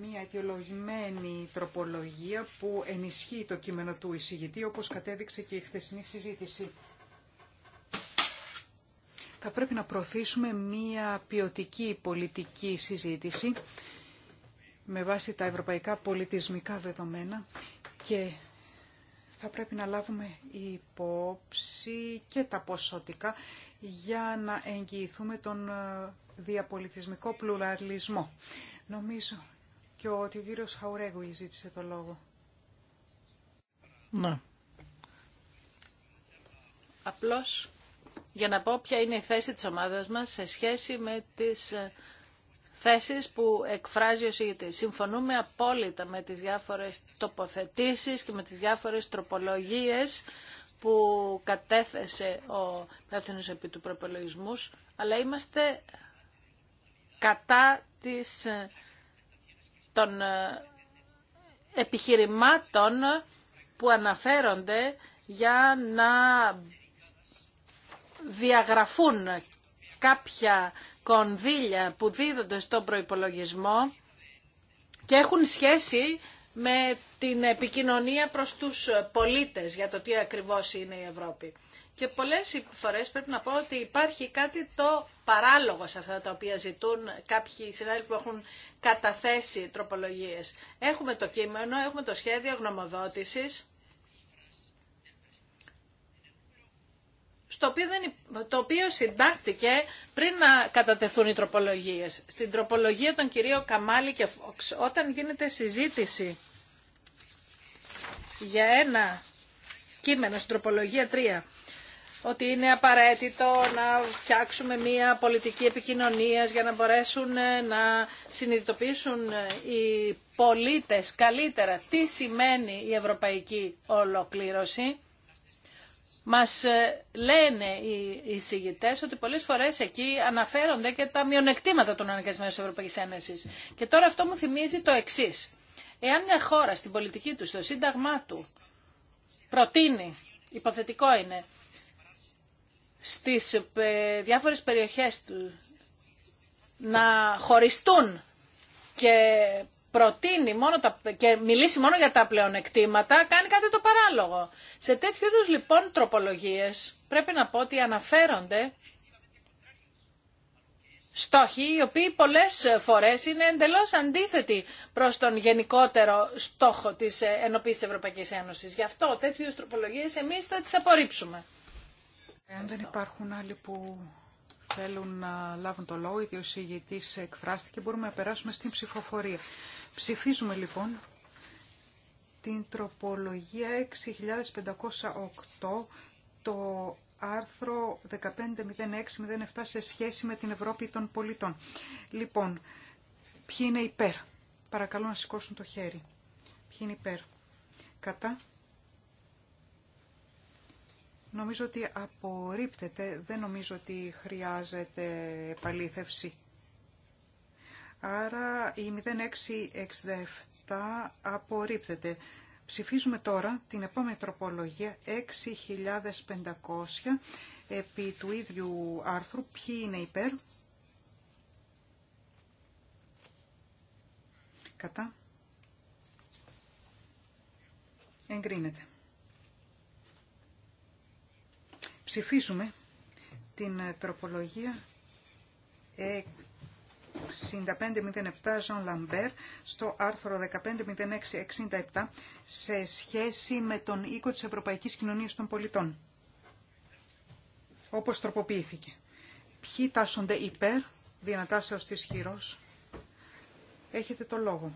μια αιτιολογημένη τροπολογία που ενισχύει το κείμενο του εισηγητή, όπως κατέδειξε και η χθεσινή συζήτηση θα πρέπει να προωθήσουμε μία ποιοτική πολιτική συζήτηση με βάση τα ευρωπαϊκά πολιτισμικά δεδομένα και θα πρέπει να λάβουμε υπόψη και τα ποσοτικά για να εγγυηθούμε τον ε, διαπολιτισμικό πλουραλισμό. Νομίζω και ότι ο κύριος Χαουρέγου ζήτησε το λόγο. Ναι. Απλώς για να πω ποια είναι η θέση της ομάδας μας σε σχέση με τις ε, θέσεις που εκφράζει ο συγητής. Συμφωνούμε απόλυτα με τις διάφορες τοποθετήσεις και με τις διάφορες τροπολογίες που κατέθεσε ο Πέθυνος επί του προπολογισμού, αλλά είμαστε κατά της, ε, των ε, επιχειρημάτων που αναφέρονται για να διαγραφούν κάποια κονδύλια που δίδονται στον προϋπολογισμό και έχουν σχέση με την επικοινωνία προς τους πολίτες για το τι ακριβώς είναι η Ευρώπη. Και πολλές φορές πρέπει να πω ότι υπάρχει κάτι το παράλογο σε αυτά τα οποία ζητούν κάποιοι συνάδελφοι που έχουν καταθέσει τροπολογίες. Έχουμε το κείμενο, έχουμε το σχέδιο γνωμοδότησης στο δεν, το οποίο συντάχθηκε πριν να κατατεθούν οι τροπολογίες. Στην τροπολογία των κυρίων Καμάλη και Φόξ, όταν γίνεται συζήτηση για ένα κείμενο στην τροπολογία 3, ότι είναι απαραίτητο να φτιάξουμε μια πολιτική επικοινωνίας για να μπορέσουν ε, να συνειδητοποιήσουν ε, οι πολίτες καλύτερα τι σημαίνει η ευρωπαϊκή ολοκλήρωση. Μας ε, λένε οι εισηγητές ότι πολλές φορές εκεί αναφέρονται και τα μειονεκτήματα των αναγκασμένων της Ευρωπαϊκής Ένωσης. Και τώρα αυτό μου θυμίζει το εξή. Εάν μια χώρα στην πολιτική του, στο σύνταγμά του, προτείνει, υποθετικό είναι, στις ε, διάφορες περιοχές του να χωριστούν και προτείνει μόνο τα, και μιλήσει μόνο για τα πλεονεκτήματα, κάνει κάτι το παράλογο. Σε τέτοιου είδου λοιπόν τροπολογίες πρέπει να πω ότι αναφέρονται στόχοι οι οποίοι πολλές φορές είναι εντελώς αντίθετοι προς τον γενικότερο στόχο της ε, Ενωπής Ευρωπαϊκής Ένωσης. Γι' αυτό τέτοιου είδους τροπολογίες εμείς θα τις απορρίψουμε. Εάν δεν υπάρχουν άλλοι που θέλουν να λάβουν το λόγο, ιδίω η ηγετή εκφράστηκε, μπορούμε να περάσουμε στην ψηφοφορία. Ψηφίζουμε λοιπόν την τροπολογία 6508, το αρθρο 150607 σε σχέση με την Ευρώπη των πολιτών. Λοιπόν, ποιοι είναι υπέρ. Παρακαλώ να σηκώσουν το χέρι. Ποιοι είναι υπέρ. Κατά. Νομίζω ότι απορρίπτεται, δεν νομίζω ότι χρειάζεται επαλήθευση. Άρα η 0667 απορρίπτεται. Ψηφίζουμε τώρα την επόμενη τροπολογία 6500 επί του ίδιου άρθρου. Ποιοι είναι υπέρ. Κατά. Εγκρίνεται. Ψηφίζουμε την τροπολογία 6507 Ζων Λαμπέρ στο άρθρο 150667 σε σχέση με τον οίκο της Ευρωπαϊκής Κοινωνίας των Πολιτών. Όπως τροποποιήθηκε. Ποιοι τάσσονται υπέρ, δυνατάσεως της χειρός. Έχετε το λόγο.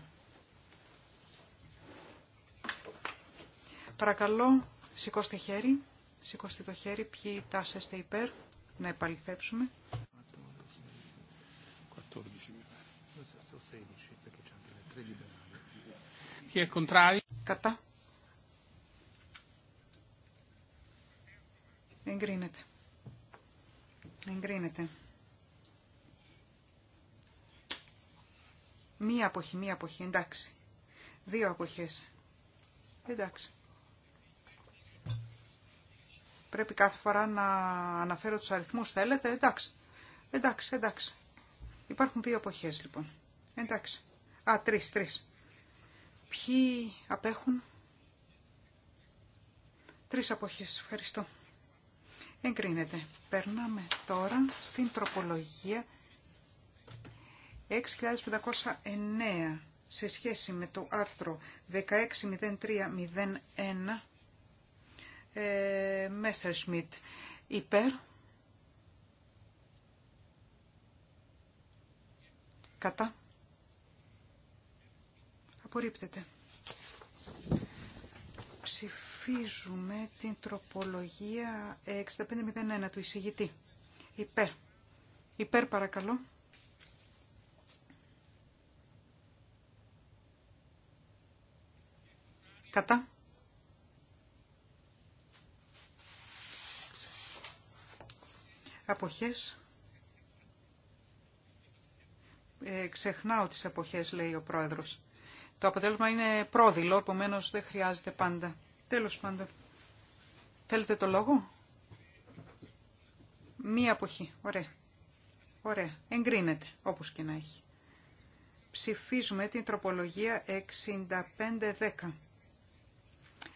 Παρακαλώ, σηκώστε χέρι. Σηκώστε το χέρι. Ποιοι τάσσεστε υπέρ. Να επαληθεύσουμε. Κατά. Εγκρίνεται. Εγκρίνεται. Μία αποχή, μία αποχή, εντάξει. Δύο αποχές. Εντάξει. Πρέπει κάθε φορά να αναφέρω τους αριθμούς, θέλετε, εντάξει. Εντάξει, εντάξει. Υπάρχουν δύο αποχές, λοιπόν. Εντάξει. Α, τρεις, τρεις. Ποιοι απέχουν. Τρεις αποχές. Ευχαριστώ. Εγκρίνεται. Περνάμε τώρα στην τροπολογία 6.509 σε σχέση με το άρθρο 16.03.01 ε, Messerschmitt υπέρ κατά Απορρίπτεται. Ψηφίζουμε την τροπολογία 6501 του εισηγητή. Υπέρ. Υπέρ παρακαλώ. Κατά. Αποχές. Ε, ξεχνάω τις αποχές λέει ο πρόεδρος. Το αποτέλεσμα είναι πρόδειλο, επομένω δεν χρειάζεται πάντα. Τέλος πάντων. Θέλετε το λόγο? Μία αποχή. Ωραία. Ωραία. Εγκρίνεται, όπως και να έχει. Ψηφίζουμε την τροπολογία 6510.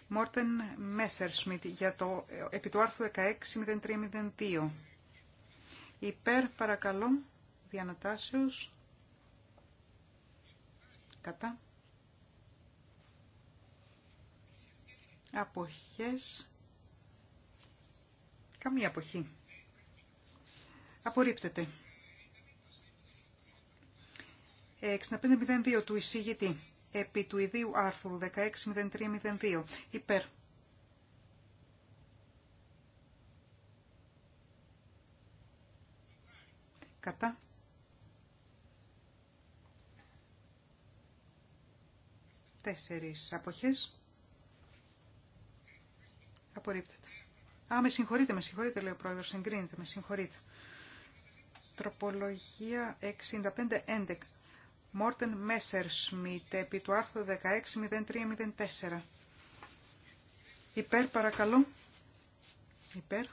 Μόρτεν Μέσερσμιτ για το επί του άρθρου 160302. Υπέρ, παρακαλώ, διανατάσεως. Κατά. Αποχές. Καμία αποχή. Απορρίπτεται. 6502 του εισηγητή. Επί του ιδίου άρθρου 160302. Υπέρ. Κατά. Τέσσερις αποχές. Απορρίπτεται. Α, με συγχωρείτε, με συγχωρείτε, λέει ο πρόεδρος, εγκρίνεται, με συγχωρείτε. Τροπολογία 6511. Μόρτεν Μέσσερ Σμιτ, επί του άρθρου 160304. Υπέρ, παρακαλώ. Υπέρ.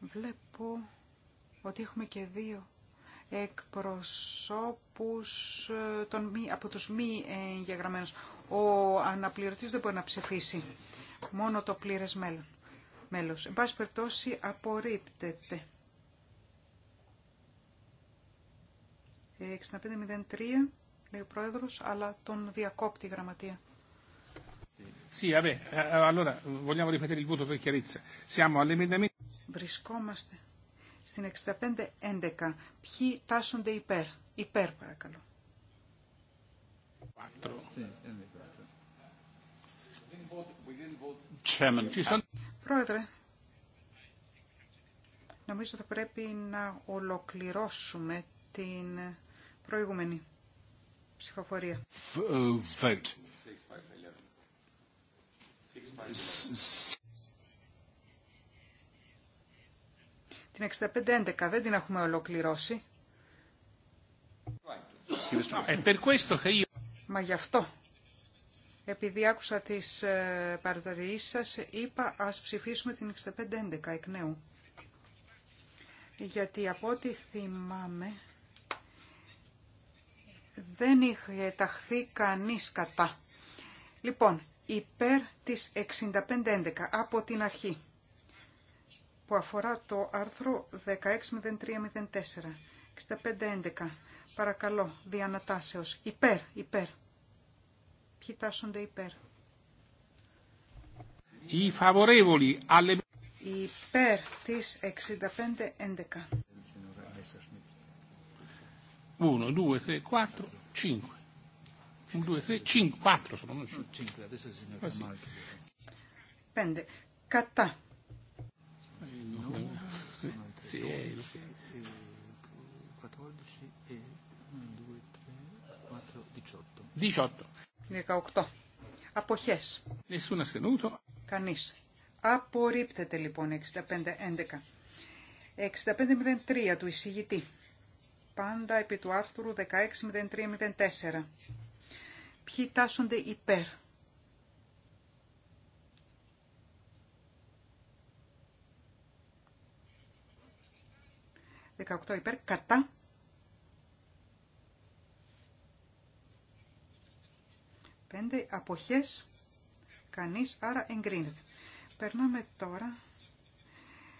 Βλέπω ότι έχουμε και δύο εκπροσώπους ε, των μη, από τους μη εγγεγραμμένους. Ο αναπληρωτής δεν μπορεί να ψηφίσει, μόνο το πλήρες μέλος. Εν πάση περιπτώσει απορρίπτεται. 6503 ε, λέει ο πρόεδρος, αλλά τον διακόπτει η γραμματεία. Sì, vabbè, allora vogliamo ripetere il voto per chiarezza. Siamo all'emendamento. Βρισκόμαστε στην 65-11, ποιοι τάσσονται υπέρ. Υπέρ, παρακαλώ. Πρόεδρε, νομίζω θα πρέπει να ολοκληρώσουμε την προηγούμενη ψηφοφορία. Uh, Την 6511 δεν την έχουμε ολοκληρώσει. Ε, Μα γι' αυτό, επειδή άκουσα τις ε, παρατηρήσεις σας, είπα ας ψηφίσουμε την 6511 εκ νέου. Γιατί από ό,τι θυμάμαι, δεν είχε ταχθεί κανείς κατά. Λοιπόν, υπέρ της 6511 από την αρχή που αφορά το άρθρο 16.03.04. 65.11. Παρακαλώ, διανατάσεως. Υπέρ, υπέρ. Ποιοι τάσσονται υπέρ. Οι φαβορεύολοι... Υπέρ της 65.11. 1, 2, 3, 4, 5. 1, 2, 3, 5, 4 sono, 5. 5, eh Κατά. 18. Αποχές. Nessuno astenuto. Κανείς. Απορρίπτεται λοιπόν 65-11. 65-03 του εισηγητή. Πάντα επί του άρθρου 16-03-04. Ποιοι τάσσονται υπέρ. 18 υπέρ κατά πέντε αποχές κανείς, άρα εγκρίνεται. Περνάμε τώρα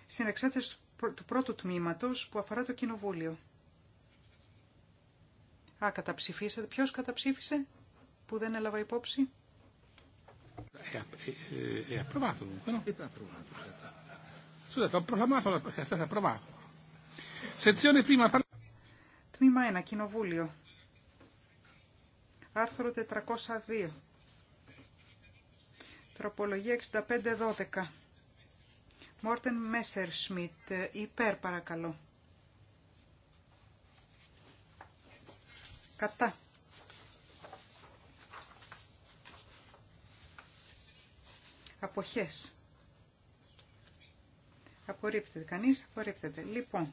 στην εξέταση του πρώτου τμήματος που αφορά το Κοινοβούλιο. Α, καταψηφίσατε. Ποιος καταψήφισε που δεν έλαβα υπόψη. Ε, ε, ε, ε, ε, ναι. ε, ε, ε, ε, ε, ε, ε, ε πρίμα Τμήμα 1. Κοινοβούλιο. Άρθρο 402. Τροπολογία 6512. Μόρτεν Μέσερ Σμιτ. Υπέρ παρακαλώ. Κατά. Αποχές. Απορρίπτεται. Κανείς απορρίπτεται. Λοιπόν,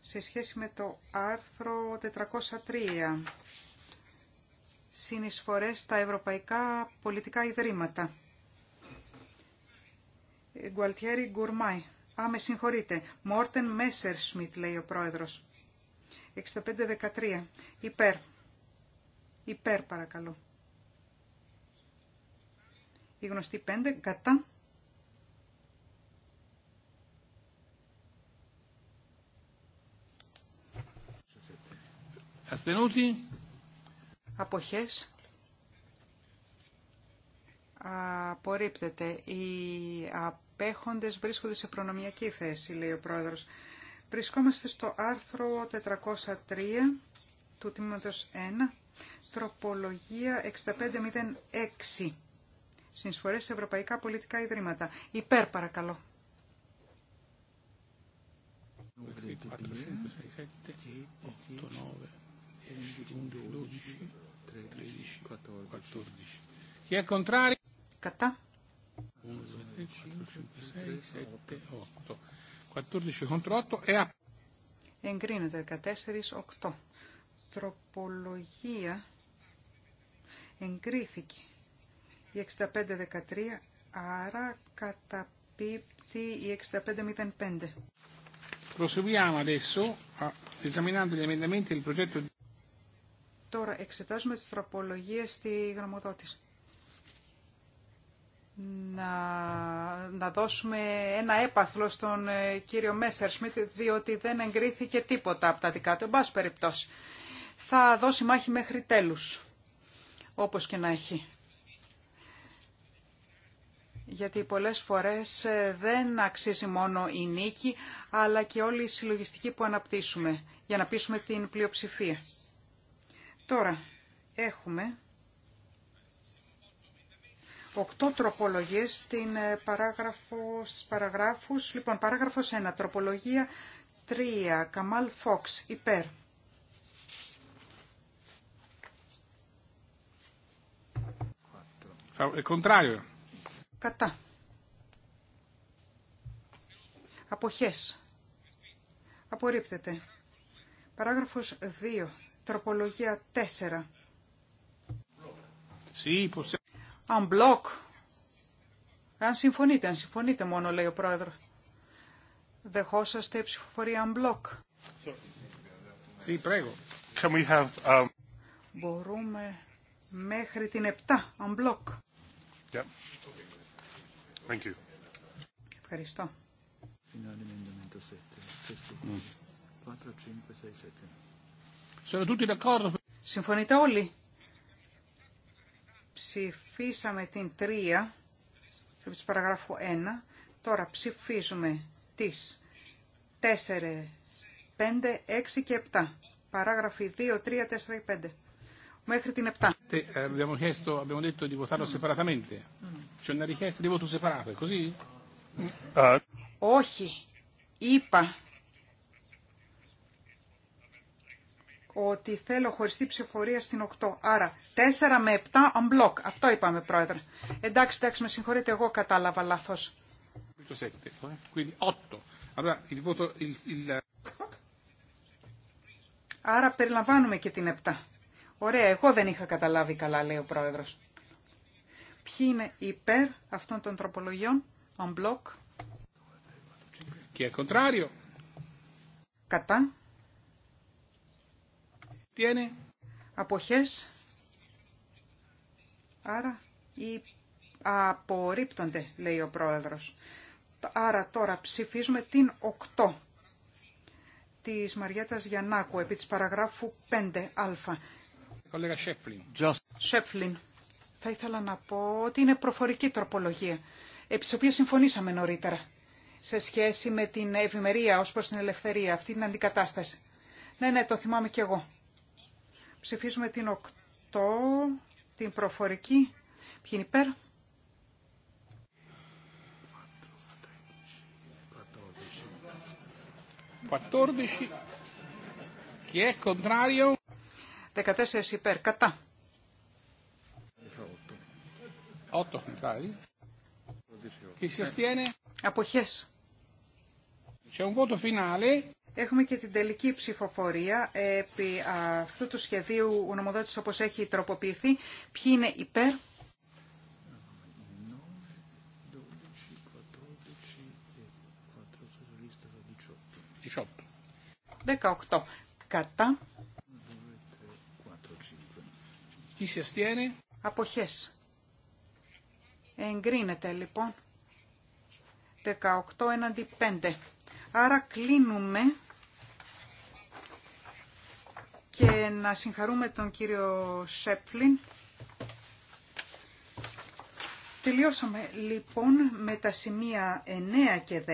σε σχέση με το άρθρο 403 συνεισφορές στα ευρωπαϊκά πολιτικά ιδρύματα. Γκουαλτιέρη Γκουρμάι, Α, με συγχωρείτε. Μόρτεν Μέσερ Σμιτ, λέει ο πρόεδρος. 65-13. Υπέρ. Υπέρ, παρακαλώ. Η γνωστή 5. Κατά. ασθενούτη. Αποχές. Απορρίπτεται. Οι απέχοντες βρίσκονται σε προνομιακή θέση, λέει ο πρόεδρος. Βρισκόμαστε στο άρθρο 403 του τμήματος 1, τροπολογία 6506. Συνσφορές σε Ευρωπαϊκά Πολιτικά Ιδρύματα. Υπέρ παρακαλώ. Chi è contrario? 8. 14 contro 8 e a... Εγκρίνεται 14-8. Τροπολογία εγκρίθηκε. Η 65-13, άρα καταπίπτει η 65-05. Proseguiamo adesso esaminando gli emendamenti del progetto di... Τώρα εξετάζουμε τις τροπολογίες στη γραμμοδότηση. Να, να δώσουμε ένα έπαθλο στον ε, κύριο Μέσσερ Σμιτ, διότι δεν εγκρίθηκε τίποτα από τα δικά του. Εν πάση περιπτώσει, θα δώσει μάχη μέχρι τέλους, όπως και να έχει γιατί πολλές φορές ε, δεν αξίζει μόνο η νίκη, αλλά και όλη η συλλογιστική που αναπτύσσουμε για να πείσουμε την πλειοψηφία. Τώρα έχουμε οκτώ τροπολογίες στην ε, παράγραφος, παραγράφους, λοιπόν παράγραφος 1, τροπολογία 3, Καμάλ Φόξ, υπέρ. Ε, Κατά. Αποχές. Απορρίπτεται. Παράγραφος 2. Τροπολογία 4. Αν μπλοκ. Αν συμφωνείτε, αν συμφωνείτε μόνο, λέει ο πρόεδρος. Δεχόσαστε ψηφοφορία αν μπλοκ. Um, Μπορούμε μέχρι την 7 αν μπλοκ. 7. Ευχαριστώ. Συμφωνείτε όλοι. Ψηφίσαμε την 3 της παραγράφου 1. Τώρα ψηφίζουμε τις 4, 5, 6 και 7. Παράγραφοι 2, 3, 4 και 5. Μέχρι την 7. Ε, abbiamo chiesto, abbiamo detto di votarlo separatamente. Mm. C'è una richiesta di voto separato, così? Ah. Όχι. Είπα ότι θέλω χωριστή ψηφορία στην 8. Άρα 4 με 7 on block. Αυτό είπαμε πρόεδρε. Εντάξει, εντάξει, με συγχωρείτε, εγώ κατάλαβα λάθο. Eh? Άρα περιλαμβάνουμε και την 7. Ωραία, εγώ δεν είχα καταλάβει καλά, λέει ο πρόεδρο. Ποιοι είναι υπέρ αυτών των τροπολογιών, on block. Και contrario. Κατά είναι Αποχές. Άρα ή απορρίπτονται, λέει ο πρόεδρος. Άρα τώρα ψηφίζουμε την 8 της Μαριέτας Γιαννάκου επί της παραγράφου 5α. Κολέγα Σέφλιν. Σέφλιν. Θα ήθελα να πω ότι είναι προφορική τροπολογία, επί της οποίας συμφωνήσαμε νωρίτερα, σε σχέση με την ευημερία ως προς την ελευθερία, αυτή την αντικατάσταση. Ναι, ναι, το θυμάμαι κι εγώ. Ψηφίζουμε την 8, την προφορική. Ποιοι είναι υπέρ. και κοντράριο. 14 υπέρ, κατά. 8 κοντράριο. Και συστήνε. Αποχές. C'è un voto finale. Έχουμε και την τελική ψηφοφορία επί αυτού του σχεδίου νομοδότης όπως έχει τροποποιηθεί. Ποιοι είναι υπέρ. 18. Κατά. Αποχές. Εγκρίνεται λοιπόν. 18 έναντι 5. Άρα κλείνουμε και να συγχαρούμε τον κύριο Σέπφλιν. Τελειώσαμε λοιπόν με τα σημεία 9 και 10.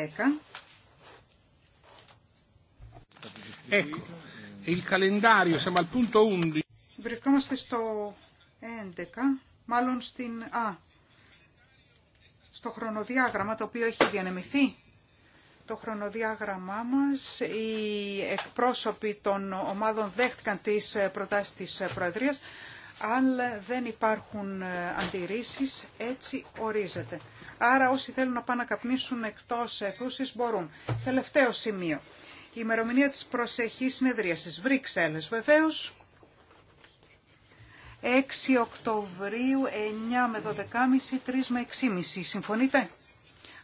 Ecco, 11. Βρισκόμαστε στο 11, μάλλον στην, α, στο χρονοδιάγραμμα το οποίο έχει διανεμηθεί το χρονοδιάγραμμά μας. Οι εκπρόσωποι των ομάδων δέχτηκαν τις προτάσεις της Προεδρίας. Αν δεν υπάρχουν αντιρρήσεις, έτσι ορίζεται. Άρα όσοι θέλουν να πάνε να καπνίσουν εκτός αιθούσης μπορούν. Τελευταίο σημείο. Η ημερομηνία της προσεχής συνεδρίασης. Βρυξέλλες βεβαίως. 6 Οκτωβρίου, 9 με 12.30, 3 με 6.30. Συμφωνείτε?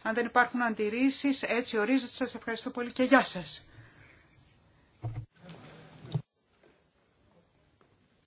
Αν δεν υπάρχουν αντιρρήσεις, έτσι ορίζεται. Σας ευχαριστώ πολύ και γεια σας.